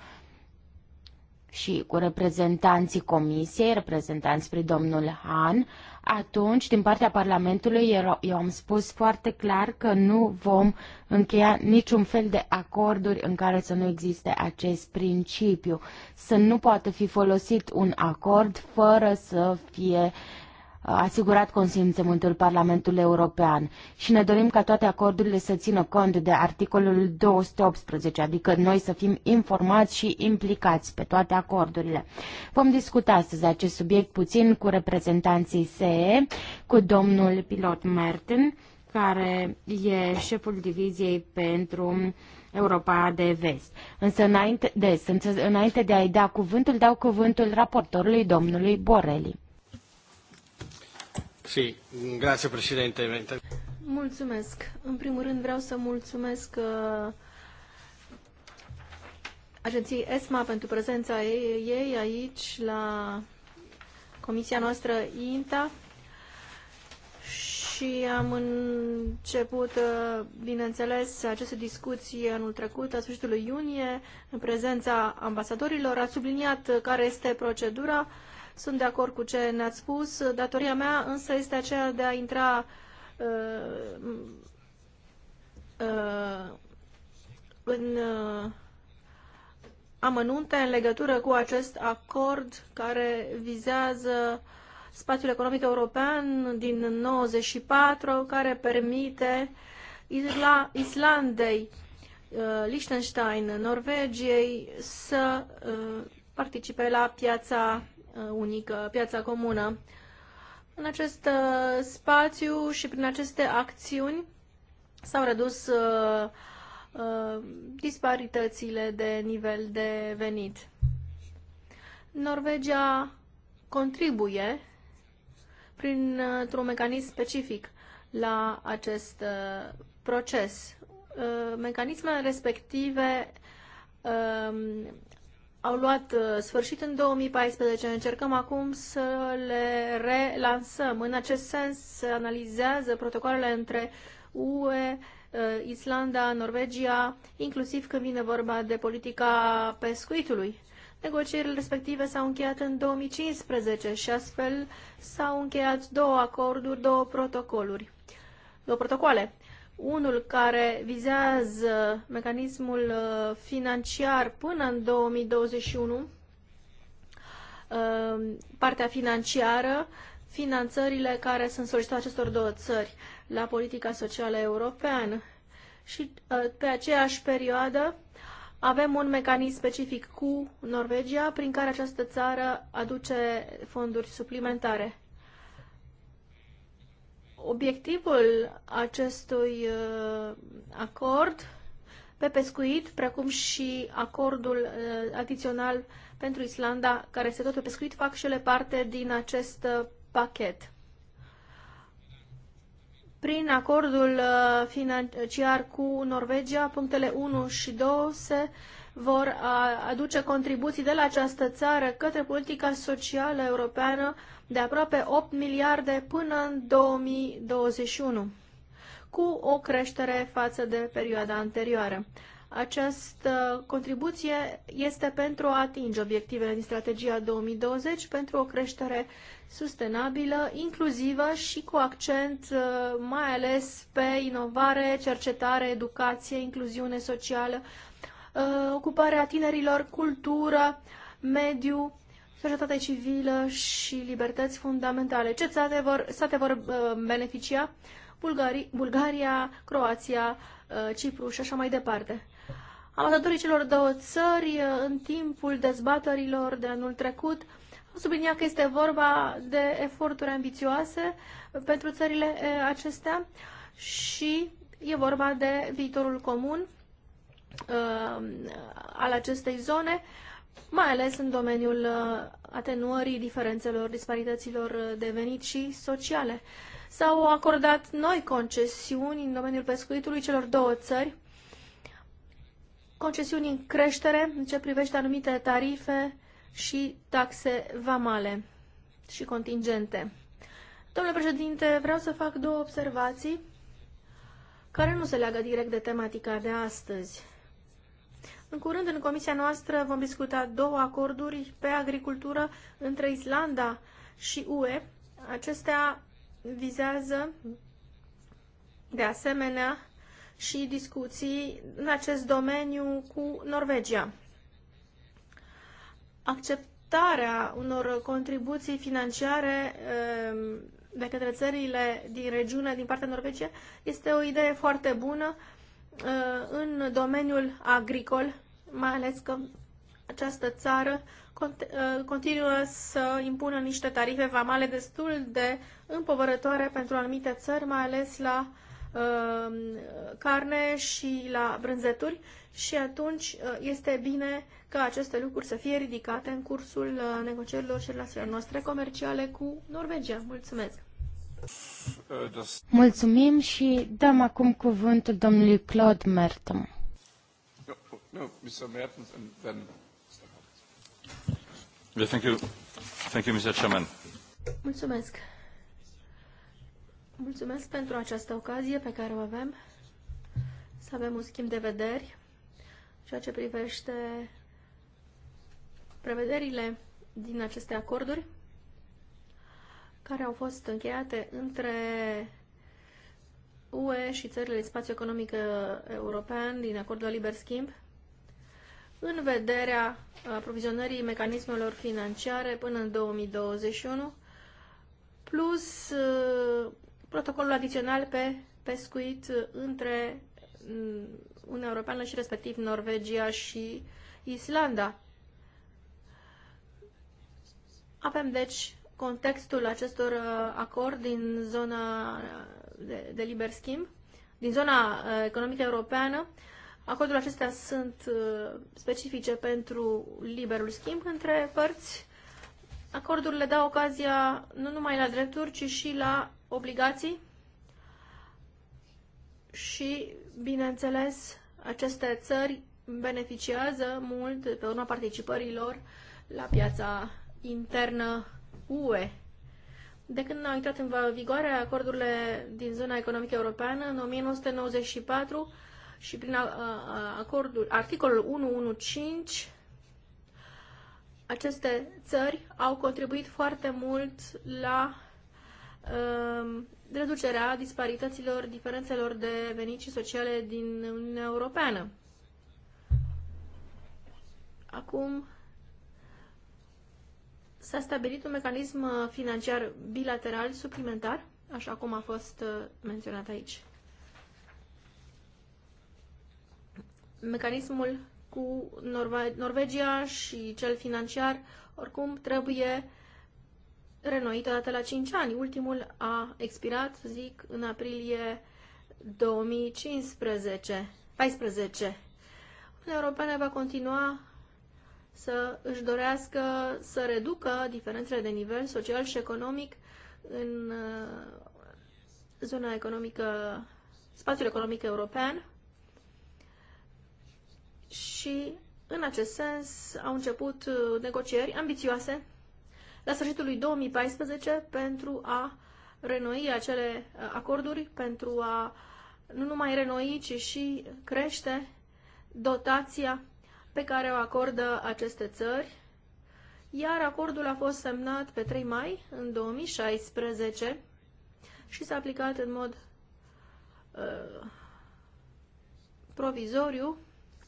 și cu reprezentanții comisiei, reprezentanți prin domnul Han, atunci, din partea Parlamentului, eu am spus foarte clar că nu vom încheia niciun fel de acorduri în care să nu existe acest principiu, să nu poată fi folosit un acord fără să fie uh, asigurat consimțământul Parlamentului European și ne dorim ca toate acordurile să țină cont de articolul 218, adică noi să fim informați și implicați pe toate acordurile. Vom discuta astăzi acest subiect puțin cu reprezentanții SE, cu domnul pilot Martin, care e șeful diviziei pentru Europa de Vest. Însă înainte de, înainte de a-i da cuvântul, dau cuvântul raportorului domnului Borelli. Sí, grazie, președinte. Mulțumesc. În primul rând vreau să mulțumesc uh, agenției ESMA pentru prezența ei, ei aici la comisia noastră INTA și am început, uh, bineînțeles, aceste discuții anul trecut, la sfârșitul iunie, în prezența ambasadorilor. A subliniat care este procedura uh, sunt de acord cu ce ne-ați spus. Datoria mea însă este aceea de a intra uh, uh, în uh, amănunte în legătură cu acest acord care vizează spațiul economic european din 94 care permite Islandei, uh, Liechtenstein, Norvegiei să uh, participe la piața Uh, unică, piața comună. În acest uh, spațiu și prin aceste acțiuni s-au redus uh, disparitățile de nivel de venit. Norvegia contribuie printr-un mecanism specific la acest proces. Mecanismele respective um, au luat uh, sfârșit în 2014. Încercăm acum să le relansăm. În acest sens se analizează protocoalele între UE, uh, Islanda, Norvegia, inclusiv când vine vorba de politica pescuitului. Negocierile respective s-au încheiat în 2015 și astfel s-au încheiat două acorduri, două protocoluri, două protocoale unul care vizează mecanismul uh, financiar până în 2021, uh, partea financiară, finanțările care sunt solicitate acestor două țări la politica socială europeană. Și uh, pe aceeași perioadă avem un mecanism specific cu Norvegia prin care această țară aduce fonduri suplimentare. Obiectivul acestui uh, acord pe pescuit, precum și acordul uh, adițional pentru Islanda, care este tot pe pescuit, fac și ele parte din acest uh, pachet. Prin acordul financiar cu Norvegia, punctele 1 și 2 se vor aduce contribuții de la această țară către politica socială europeană de aproape 8 miliarde până în 2021, cu o creștere față de perioada anterioară. Această contribuție este pentru a atinge obiectivele din strategia 2020 pentru o creștere sustenabilă, inclusivă și cu accent uh, mai ales pe inovare, cercetare, educație, incluziune socială, uh, ocuparea tinerilor, cultură, mediu societate civilă și libertăți fundamentale. Ce state vor, state vor uh, beneficia? Bulgari, Bulgaria, Croația, uh, Cipru și așa mai departe. Ambasadorii celor două țări, uh, în timpul dezbaterilor de anul trecut, au subliniat că este vorba de eforturi ambițioase pentru țările acestea și e vorba de viitorul comun al acestei zone. Uh, mai ales în domeniul uh, atenuării diferențelor, disparităților uh, de venit și sociale. S-au acordat noi concesiuni în domeniul pescuitului celor două țări, concesiuni în creștere în ce privește anumite tarife și taxe vamale și contingente. Domnule președinte, vreau să fac două observații care nu se leagă direct de tematica de astăzi. În curând, în comisia noastră, vom discuta două acorduri pe agricultură între Islanda și UE. Acestea vizează, de asemenea, și discuții în acest domeniu cu Norvegia. Acceptarea unor contribuții financiare ehm, de către țările din regiune, din partea Norvegiei, este o idee foarte bună ehm, în domeniul agricol mai ales că această țară ă, continuă să impună niște tarife vamale destul de împovărătoare pentru anumite țări, mai ales la uh, carne și la brânzeturi și atunci ă, este bine ca aceste lucruri să fie ridicate în cursul negocierilor și relațiilor noastre comerciale cu Norvegia. Mulțumesc! Mulțumim și dăm acum cuvântul domnului Claude Merton. No, Mr. Mertens and then Mr. Yeah, thank you. Thank you, Mr. Chairman. Mulțumesc. Mulțumesc pentru această ocazie pe care o avem să avem un schimb de vederi ceea ce privește prevederile din aceste acorduri care au fost încheiate între UE și țările din spațiul economic uh, european din acordul de liber schimb în vederea aprovizionării mecanismelor financiare până în 2021, plus uh, protocolul adițional pe pescuit între mm, Uniunea Europeană și respectiv Norvegia și Islanda. Avem, deci, contextul acestor uh, acord din zona de, de liber schimb, din zona uh, economică europeană, Acordurile acestea sunt uh, specifice pentru liberul schimb între părți. Acordurile dau ocazia nu numai la drepturi, ci și la obligații și, bineînțeles, aceste țări beneficiază mult de pe urma participărilor lor la piața internă UE. De când au intrat în vigoare acordurile din zona economică europeană, în 1994, și prin acordul, articolul 115 aceste țări au contribuit foarte mult la uh, reducerea disparităților, diferențelor de venici sociale din Uniunea Europeană. Acum s-a stabilit un mecanism financiar bilateral suplimentar, așa cum a fost uh, menționat aici. mecanismul cu Norve- Norvegia și cel financiar, oricum, trebuie renoit odată la 5 ani. Ultimul a expirat, zic, în aprilie 2015. 14. Uniunea Europeană va continua să își dorească să reducă diferențele de nivel social și economic în uh, zona economică, spațiul economic european și în acest sens au început uh, negocieri ambițioase la sfârșitul lui 2014 pentru a renoi acele uh, acorduri, pentru a nu numai renoi, ci și crește dotația pe care o acordă aceste țări. Iar acordul a fost semnat pe 3 mai în 2016 și s-a aplicat în mod uh, provizoriu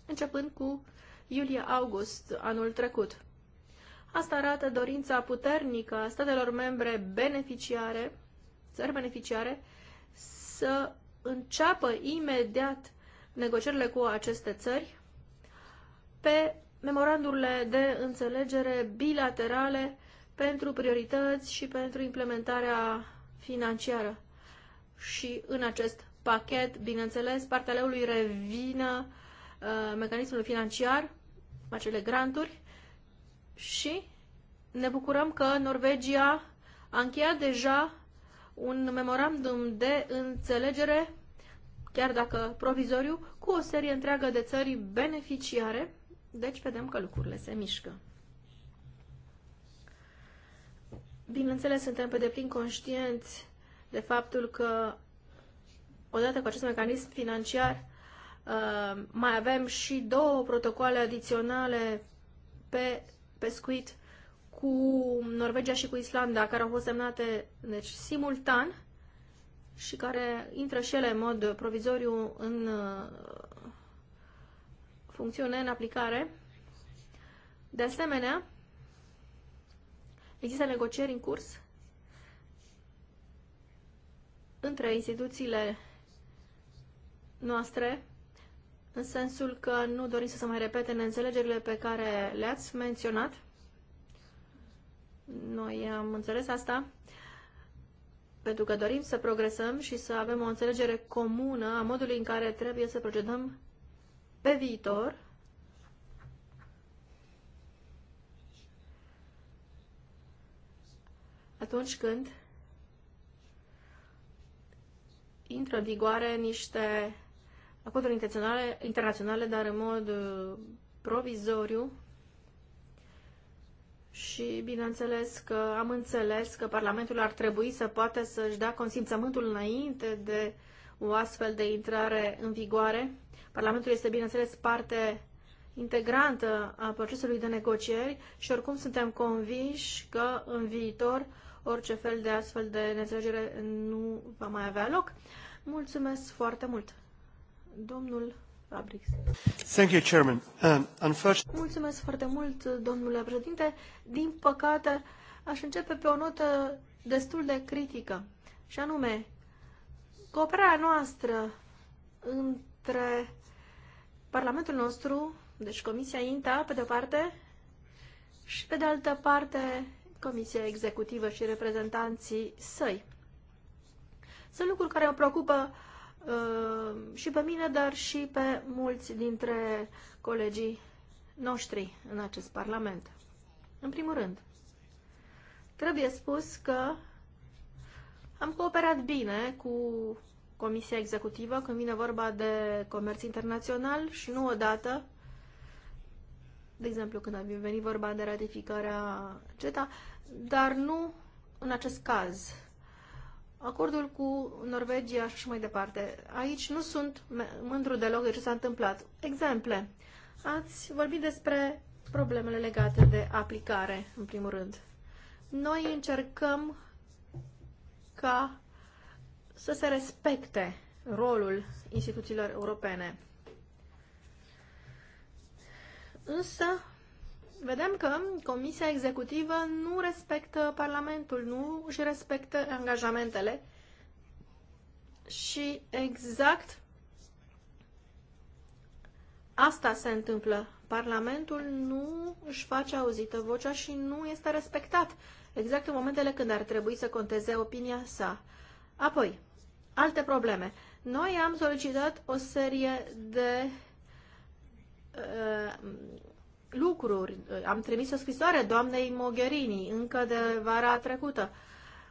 începând cu iulie-august anul trecut. Asta arată dorința puternică a statelor membre beneficiare, țări beneficiare, să înceapă imediat negocierile cu aceste țări pe memorandurile de înțelegere bilaterale pentru priorități și pentru implementarea financiară. Și în acest pachet, bineînțeles, partea leului revină Uh, mecanismul financiar, acele granturi și ne bucurăm că Norvegia a încheiat deja un memorandum de înțelegere, chiar dacă provizoriu, cu o serie întreagă de țări beneficiare, deci vedem că lucrurile se mișcă. Bineînțeles, suntem pe deplin conștienți de faptul că odată cu acest mecanism financiar Uh, mai avem și două protocoale adiționale pe pescuit cu Norvegia și cu Islanda, care au fost semnate deci, simultan și care intră și ele în mod provizoriu în uh, funcțiune, în aplicare. De asemenea, există negocieri în curs între instituțiile noastre în sensul că nu dorim să se mai repete neînțelegerile pe care le-ați menționat. Noi am înțeles asta pentru că dorim să progresăm și să avem o înțelegere comună a modului în care trebuie să procedăm pe viitor. Atunci când intră în vigoare niște acorduri internaționale, internaționale, dar în mod uh, provizoriu. Și bineînțeles că am înțeles că Parlamentul ar trebui să poată să-și dea consimțământul înainte de o astfel de intrare în vigoare. Parlamentul este, bineînțeles, parte integrantă a procesului de negocieri și oricum suntem convinși că în viitor orice fel de astfel de neînțelegere nu va mai avea loc. Mulțumesc foarte mult! Domnul Fabrics. Thank you, Chairman. Um, unfortunately... Mulțumesc foarte mult, domnule președinte. Din păcate, aș începe pe o notă destul de critică, și anume, cooperarea noastră între Parlamentul nostru, deci Comisia INTA, pe de-o parte, și pe de altă parte Comisia Executivă și reprezentanții săi. Sunt lucruri care mă preocupă Uh, și pe mine, dar și pe mulți dintre colegii noștri în acest Parlament. În primul rând, trebuie spus că am cooperat bine cu Comisia Executivă când vine vorba de comerț internațional și nu odată, de exemplu când a venit vorba de ratificarea CETA, dar nu în acest caz acordul cu Norvegia și mai departe. Aici nu sunt mândru deloc de ce s-a întâmplat. Exemple. Ați vorbit despre problemele legate de aplicare, în primul rând. Noi încercăm ca să se respecte rolul instituțiilor europene. Însă, vedem că Comisia Executivă nu respectă Parlamentul, nu își respectă angajamentele și exact asta se întâmplă. Parlamentul nu își face auzită vocea și nu este respectat exact în momentele când ar trebui să conteze opinia sa. Apoi, alte probleme. Noi am solicitat o serie de uh, lucruri. Am trimis o scrisoare doamnei Mogherini încă de vara trecută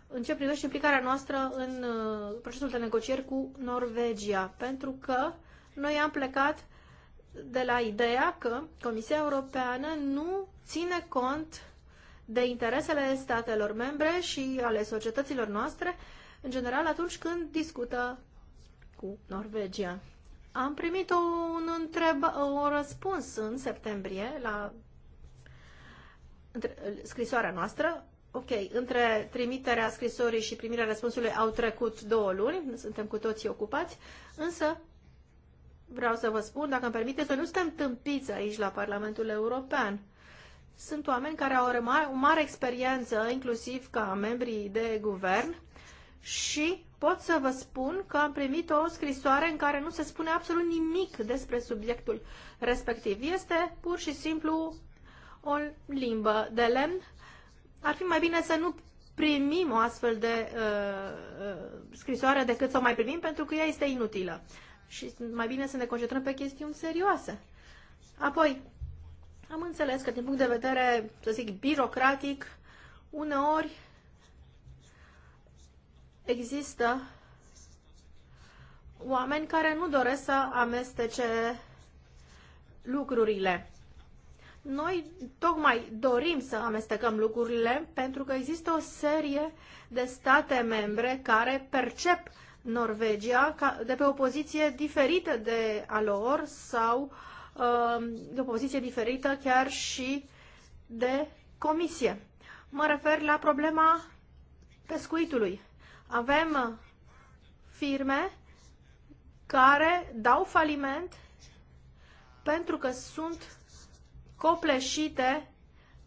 în ce privește implicarea noastră în uh, procesul de negocieri cu Norvegia, pentru că noi am plecat de la ideea că Comisia Europeană nu ține cont de interesele statelor membre și ale societăților noastre, în general atunci când discută cu Norvegia. Am primit o, un întreba, o răspuns în septembrie la între, scrisoarea noastră. Ok, între trimiterea scrisorii și primirea răspunsului au trecut două luni, suntem cu toții ocupați, însă vreau să vă spun, dacă îmi permiteți, să nu suntem tâmpiți aici la Parlamentul European. Sunt oameni care au o mare, o mare experiență, inclusiv ca membrii de guvern, și pot să vă spun că am primit o scrisoare în care nu se spune absolut nimic despre subiectul respectiv. Este pur și simplu o limbă de lemn. Ar fi mai bine să nu primim o astfel de uh, uh scrisoare decât să o mai primim pentru că ea este inutilă. Și mai bine să ne concentrăm pe chestiuni serioase. Apoi, am înțeles că din punct de vedere, să zic, birocratic, uneori există oameni care nu doresc să amestece lucrurile. Noi tocmai dorim să amestecăm lucrurile pentru că există o serie de state membre care percep Norvegia de pe o poziție diferită de a lor sau um, de o poziție diferită chiar și de comisie. Mă refer la problema pescuitului avem firme care dau faliment pentru că sunt copleșite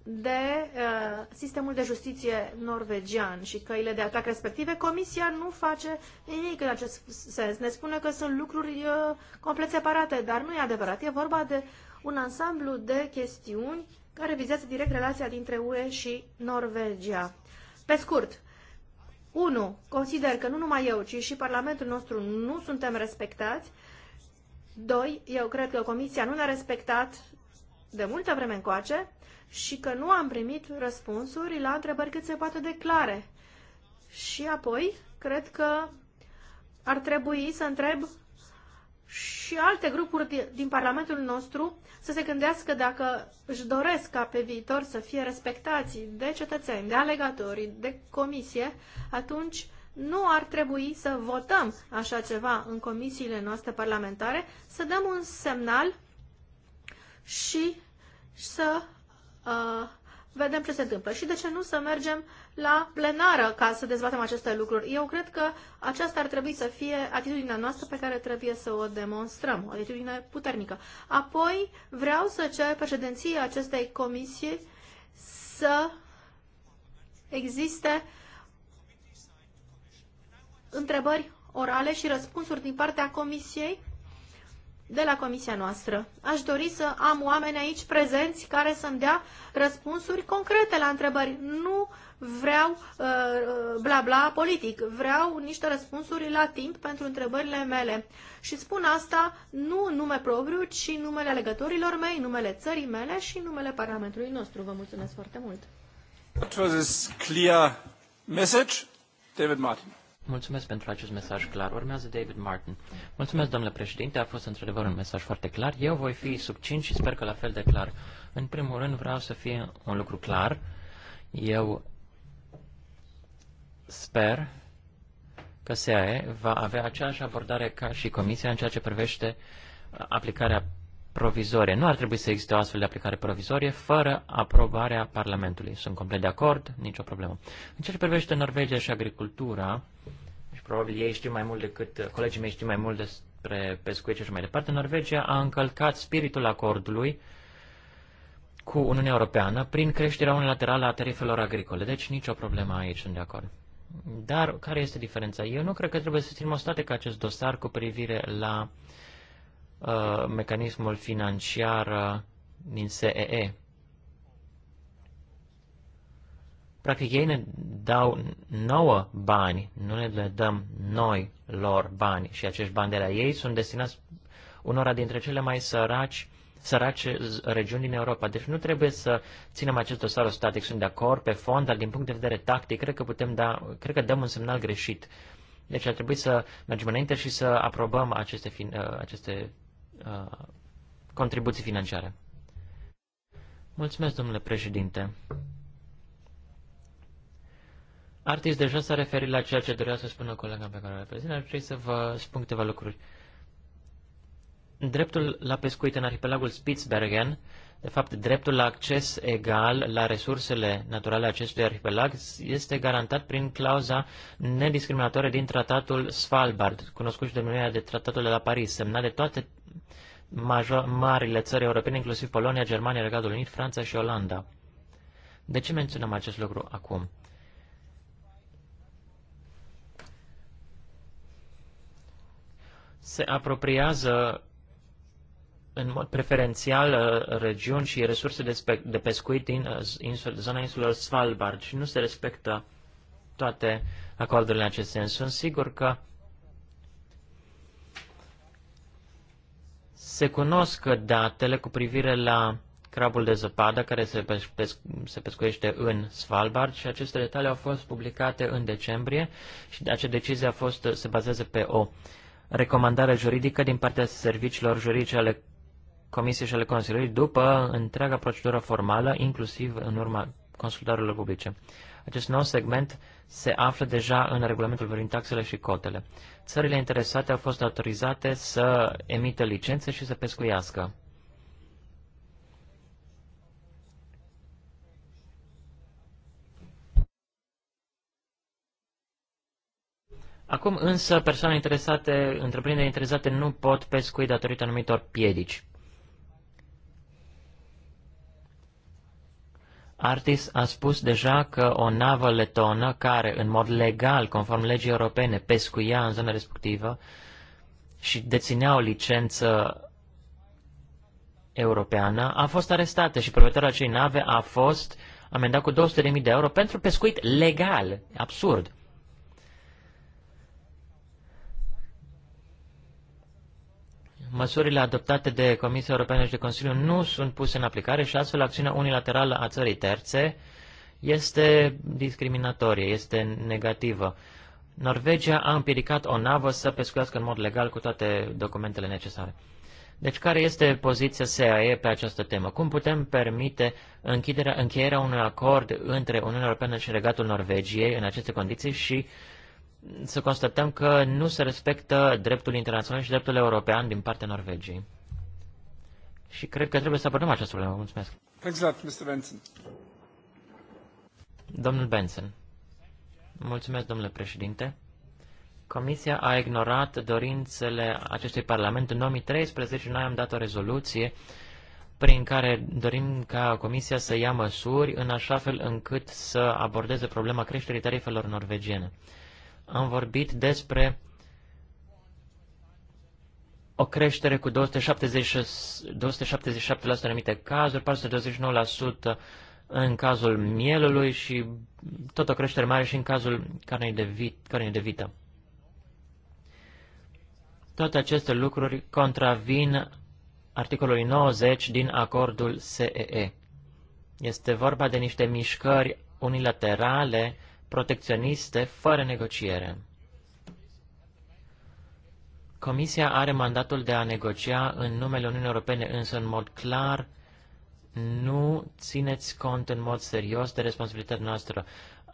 de uh, sistemul de justiție norvegian și căile de atac respective, Comisia nu face nimic în acest sens. Ne spune că sunt lucruri uh, complet separate, dar nu e adevărat. E vorba de un ansamblu de chestiuni care vizează direct relația dintre UE și Norvegia. Pe scurt, 1. Consider că nu numai eu, ci și Parlamentul nostru nu suntem respectați. 2. Eu cred că Comisia nu ne-a respectat de multă vreme încoace și că nu am primit răspunsuri la întrebări cât se poate de clare. Și apoi, cred că ar trebui să întreb și alte grupuri din Parlamentul nostru să se gândească dacă își doresc ca pe viitor să fie respectați de cetățeni, de alegatori, de comisie, atunci nu ar trebui să votăm așa ceva în comisiile noastre parlamentare, să dăm un semnal și să uh, vedem ce se întâmplă. Și de ce nu să mergem uh, la plenară ca să dezbatem aceste lucruri. Eu cred că aceasta ar trebui să fie atitudinea noastră pe care trebuie să o demonstrăm, o atitudine puternică. Apoi vreau să cer președinției acestei comisii să existe întrebări orale și răspunsuri din partea comisiei de la comisia noastră. Aș dori să am oameni aici prezenți care să-mi dea răspunsuri concrete la întrebări, nu uh, vreau uh, bla bla politic, vreau niște răspunsuri la timp pentru întrebările mele. Și spun asta nu în nume propriu, ci în numele legătorilor mei, numele țării mele și numele Parlamentului nostru. Vă mulțumesc foarte mult! clear message, David Martin. Mulțumesc pentru acest mesaj clar. Urmează David Martin. Mulțumesc, domnule președinte, a fost într-adevăr un mesaj foarte clar. Eu voi fi subțin și sper că la fel de clar. În primul rând vreau să fie un lucru clar. Eu Sper că SEAE va avea aceeași abordare ca și Comisia în ceea ce privește aplicarea provizorie. Nu ar trebui să existe o astfel de aplicare provizorie fără aprobarea Parlamentului. Sunt complet de acord, nicio problemă. În ceea ce privește Norvegia și agricultura, și probabil ei știu mai mult decât, colegii mei știu mai mult despre pescuit și mai departe, Norvegia a încălcat spiritul acordului cu Uniunea Europeană prin creșterea unilaterală a tarifelor agricole. Deci nicio problemă aici, sunt de acord. Dar care este diferența? Eu nu cred că trebuie să ținem că acest dosar cu privire la uh, mecanismul financiar uh, din SEE. Practic ei ne dau nouă bani, nu ne le dăm noi lor bani și acești bani de la ei sunt destinați unora dintre cele mai săraci sărace regiuni din Europa. Deci nu trebuie să ținem acest dosar static. Sunt de acord pe fond, dar din punct de vedere tactic, cred că, putem da, cred că dăm un semnal greșit. Deci ar trebui să mergem înainte și să aprobăm aceste, fin, uh, aceste uh, contribuții financiare. Mulțumesc, domnule președinte. Artis deja s-a referit la ceea ce dorea să spună colega pe care o reprezintă. ar trebui să vă spun câteva lucruri. Uh, Dreptul la pescuit în arhipelagul Spitsbergen, de fapt dreptul la acces egal la resursele naturale acestui arhipelag, este garantat prin clauza nediscriminatorie din tratatul Svalbard, cunoscut și denumirea de tratatul de la Paris, semnat de toate major- marile țări europene, inclusiv Polonia, Germania, Regatul Unit, Franța și Olanda. De ce menționăm acest lucru acum? Se apropiază în mod preferențial uh, regiuni și resurse de, de pescuit din uh, zona insulelor Svalbard și nu se respectă toate acordurile în acest sens. Sunt sigur că se cunosc datele cu privire la crabul de zăpadă care se, pesc se pescuiește în Svalbard și aceste detalii au fost publicate în decembrie și acea decizie a fost, se bazează pe o recomandare juridică din partea serviciilor juridice ale Comisiei și ale Consiliului după întreaga procedură formală, inclusiv în urma consultărilor publice. Acest nou segment se află deja în regulamentul privind taxele și cotele. Țările interesate au fost autorizate să emită licențe și să pescuiască. Acum însă persoanele interesate, întreprinderi interesate nu pot pescui datorită anumitor piedici. Artis a spus deja că o navă letonă care, în mod legal, conform legii europene, pescuia în zona respectivă și deținea o licență europeană, a fost arestată și proprietarul acei nave a fost amendat cu 200.000 de euro pentru pescuit legal. Absurd. măsurile adoptate de Comisia Europeană și de Consiliu nu sunt puse în aplicare și astfel acțiunea unilaterală a țării terțe este discriminatorie, este negativă. Norvegia a împiedicat o navă să pescuiască în mod legal cu toate documentele necesare. Deci care este poziția SAE pe această temă? Cum putem permite închiderea, încheierea unui acord între Uniunea Europeană și Regatul Norvegiei în aceste condiții și uh, să constatăm că nu se respectă dreptul internațional și dreptul european din partea Norvegiei. Și cred că trebuie să abordăm această problemă. Mulțumesc. Exact, Mr. Benson. Domnul Benson. Mulțumesc, domnule președinte. Comisia a ignorat dorințele acestui Parlament. În 2013 noi am dat o rezoluție prin care dorim ca Comisia să ia măsuri în așa fel încât să abordeze problema creșterii tarifelor norvegiene am vorbit despre o creștere cu 270, 277% în anumite cazuri, 429% în cazul mielului și tot o creștere mare și în cazul carnei de, vit, carnei de vită. Toate aceste lucruri contravin articolului 90 din acordul SEE. Este vorba de niște mișcări unilaterale protecționiste fără negociere. Comisia are mandatul de a negocia în numele Uniunii Europene, însă în mod clar nu țineți cont în mod serios de responsabilitatea noastră.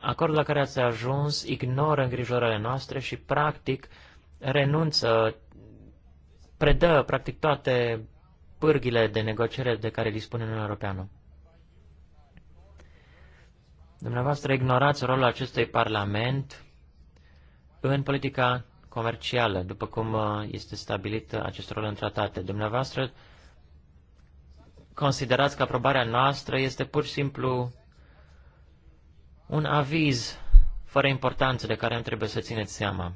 Acordul la care ați ajuns ignoră îngrijorările noastre și practic renunță, predă practic toate pârghile de negociere de care dispune Uniunea Europeană. Dumneavoastră ignorați rolul acestui parlament în politica comercială, după cum uh, este stabilit acest rol în tratate. Dumneavoastră considerați că aprobarea noastră este pur și simplu un aviz fără importanță de care nu trebuie să țineți seama.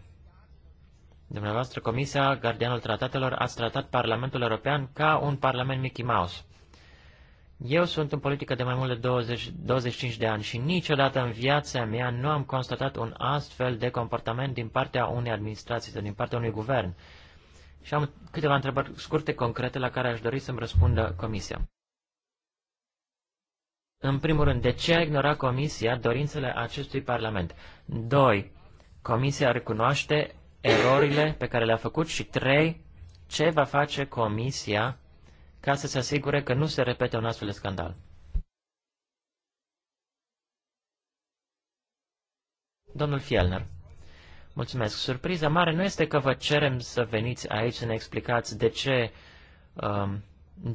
Dumneavoastră, Comisia, Gardianul Tratatelor, ați tratat Parlamentul European ca un Parlament Mickey Mouse. Eu sunt în politică de mai mult de 20, 25 de ani și niciodată în viața mea nu am constatat un astfel de comportament din partea unei administrații sau din partea unui guvern. Și am câteva întrebări scurte, concrete, la care aș dori să-mi răspundă Comisia. În primul rând, de ce a ignorat Comisia dorințele acestui Parlament? 2. Comisia recunoaște erorile pe care le-a făcut și 3. Ce va face Comisia ca să se asigure că nu se repete un astfel de scandal. Domnul Fielner. Mulțumesc. Surpriza mare nu este că vă cerem să veniți aici să ne explicați de ce, um,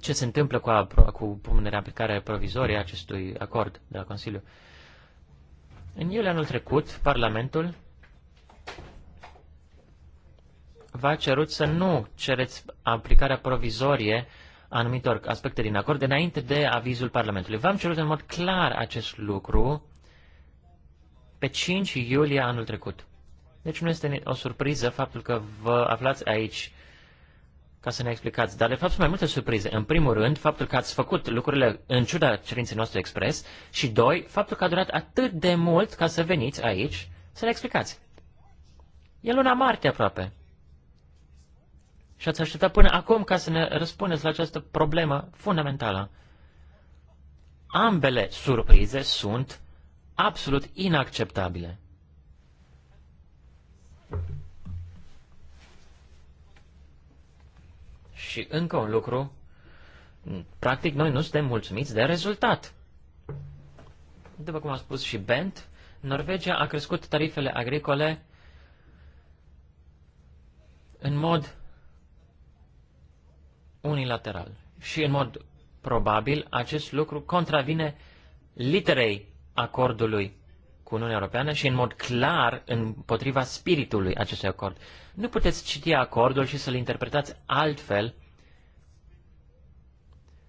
ce se întâmplă cu, a, cu punerea aplicare provizorie acestui acord de la Consiliu. În iulie anul trecut, Parlamentul v-a cerut să nu cereți aplicarea provizorie anumitor aspecte din acord înainte de avizul Parlamentului. V-am cerut în mod clar acest lucru pe 5 iulie anul trecut. Deci nu este o surpriză faptul că vă aflați aici ca să ne explicați. Dar, de fapt, sunt mai multe surprize. În primul rând, faptul că ați făcut lucrurile în ciuda cerinței noastre expres și, doi, faptul că a durat atât de mult ca să veniți aici să ne explicați. E luna martie aproape. Și ați așteptat până acum ca să ne răspundeți la această problemă fundamentală. Ambele surprize sunt absolut inacceptabile. Și încă un lucru, practic noi nu suntem mulțumiți de rezultat. După cum a spus și Bent, Norvegia a crescut tarifele agricole în mod unilateral. Și în mod probabil acest lucru contravine literei acordului cu Uniunea Europeană și în mod clar împotriva spiritului acestui acord. Nu puteți citi acordul și să-l interpretați altfel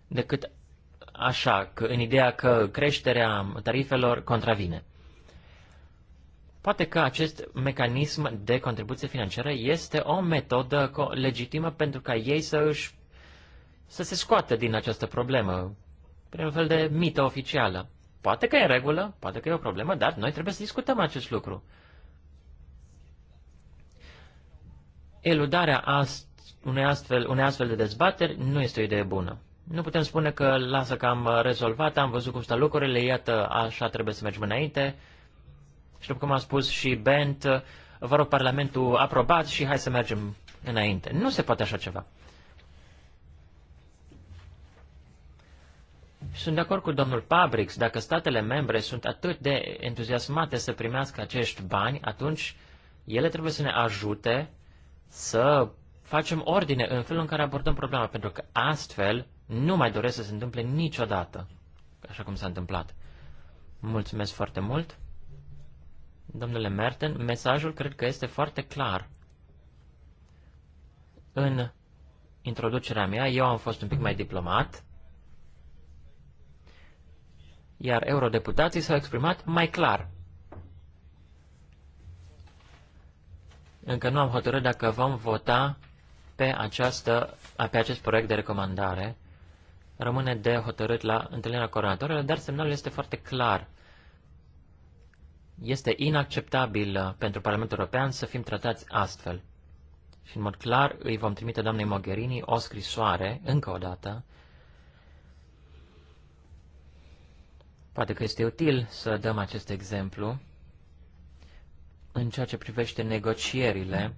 decât așa, că în ideea că creșterea tarifelor contravine. Poate că acest mecanism de contribuție financiară este o metodă legitimă pentru ca ei să își să se scoată din această problemă, prin un fel de mită oficială. Poate că e în regulă, poate că e o problemă, dar noi trebuie să discutăm acest lucru. Eludarea ast unei astfel, unei astfel de dezbateri nu este o idee bună. Nu putem spune că lasă că am rezolvat, am văzut cum stau lucrurile, iată, așa trebuie să mergem înainte. Și după cum a spus și Bent, vă rog Parlamentul aprobat și hai să mergem înainte. Nu se poate așa ceva. Sunt de acord cu domnul Pabrix, dacă statele membre sunt atât de entuziasmate să primească acești bani, atunci ele trebuie să ne ajute să facem ordine în felul în care abordăm problema, pentru că astfel nu mai doresc să se întâmple niciodată, așa cum s-a întâmplat. Mulțumesc foarte mult. Domnule Merten, mesajul cred că este foarte clar. În introducerea mea, eu am fost un pic mai diplomat, iar eurodeputații s-au exprimat mai clar. Încă nu am hotărât dacă vom vota pe, această, pe acest proiect de recomandare. Rămâne de hotărât la întâlnirea coordonatorilor, dar semnalul este foarte clar. Este inacceptabil pentru Parlamentul European să fim tratați astfel. Și în mod clar îi vom trimite doamnei Mogherini o scrisoare, încă o dată, Poate că este util să dăm acest exemplu în ceea ce privește negocierile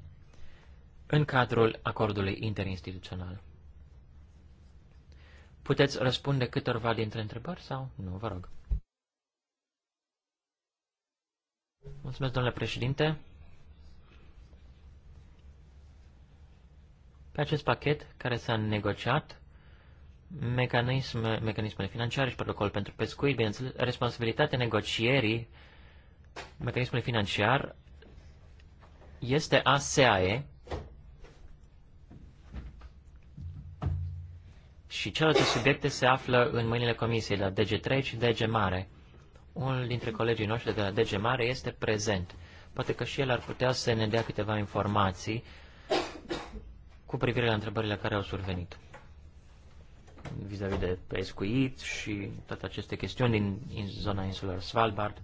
în cadrul acordului interinstituțional. Puteți răspunde câtorva dintre întrebări sau nu, vă rog. Mulțumesc, domnule președinte. Pe acest pachet care s-a negociat, mecanisme, mecanismele financiare și protocol pentru pescuit, bineînțeles, responsabilitatea negocierii mecanismului financiar este a SAE și celelalte subiecte se află în mâinile comisiei, la DG3 și DG Mare. Unul dintre colegii noștri de la DG Mare este prezent. Poate că și el ar putea să ne dea câteva informații cu privire la întrebările care au survenit vis-a-vis -vis de pescuit și toate aceste chestiuni din in zona insular Svalbard.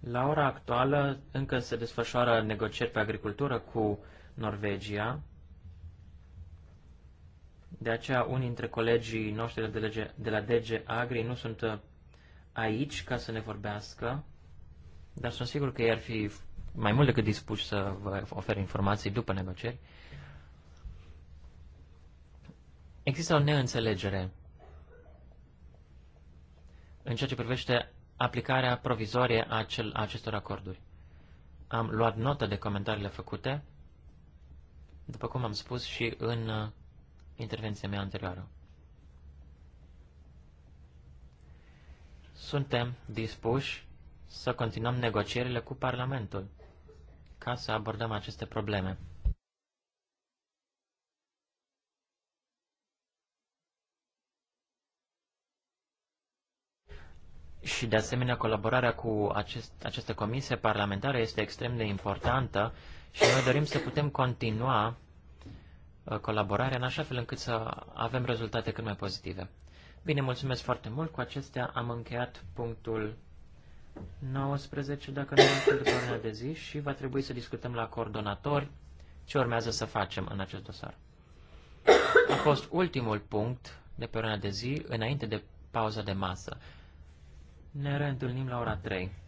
La ora actuală încă se desfășoară negocieri pe agricultură cu Norvegia. De aceea unii dintre colegii noștri de, lege, de la DG Agri nu sunt uh, aici ca să ne vorbească, dar sunt sigur că ei ar fi mai mult decât dispuși să vă ofere informații după negocieri. Există o neînțelegere în ceea ce privește aplicarea provizorie a, acestor acorduri. Am luat notă de comentariile făcute, după cum am spus și în uh, intervenția mea anterioară. Suntem dispuși să continuăm negocierile cu Parlamentul ca să abordăm aceste probleme. Și, de asemenea, colaborarea cu acest, această comisie parlamentară este extrem de importantă și noi dorim să putem continua uh, colaborarea în așa fel încât să avem rezultate cât mai pozitive. Bine, mulțumesc foarte mult. Cu acestea am încheiat punctul 19, dacă nu am după ordinea de zi, și va trebui să discutăm la coordonatori ce urmează să facem în acest dosar. A fost ultimul punct de pe ordinea de zi, înainte de pauza de masă. Ne reîntâlnim la ora 3.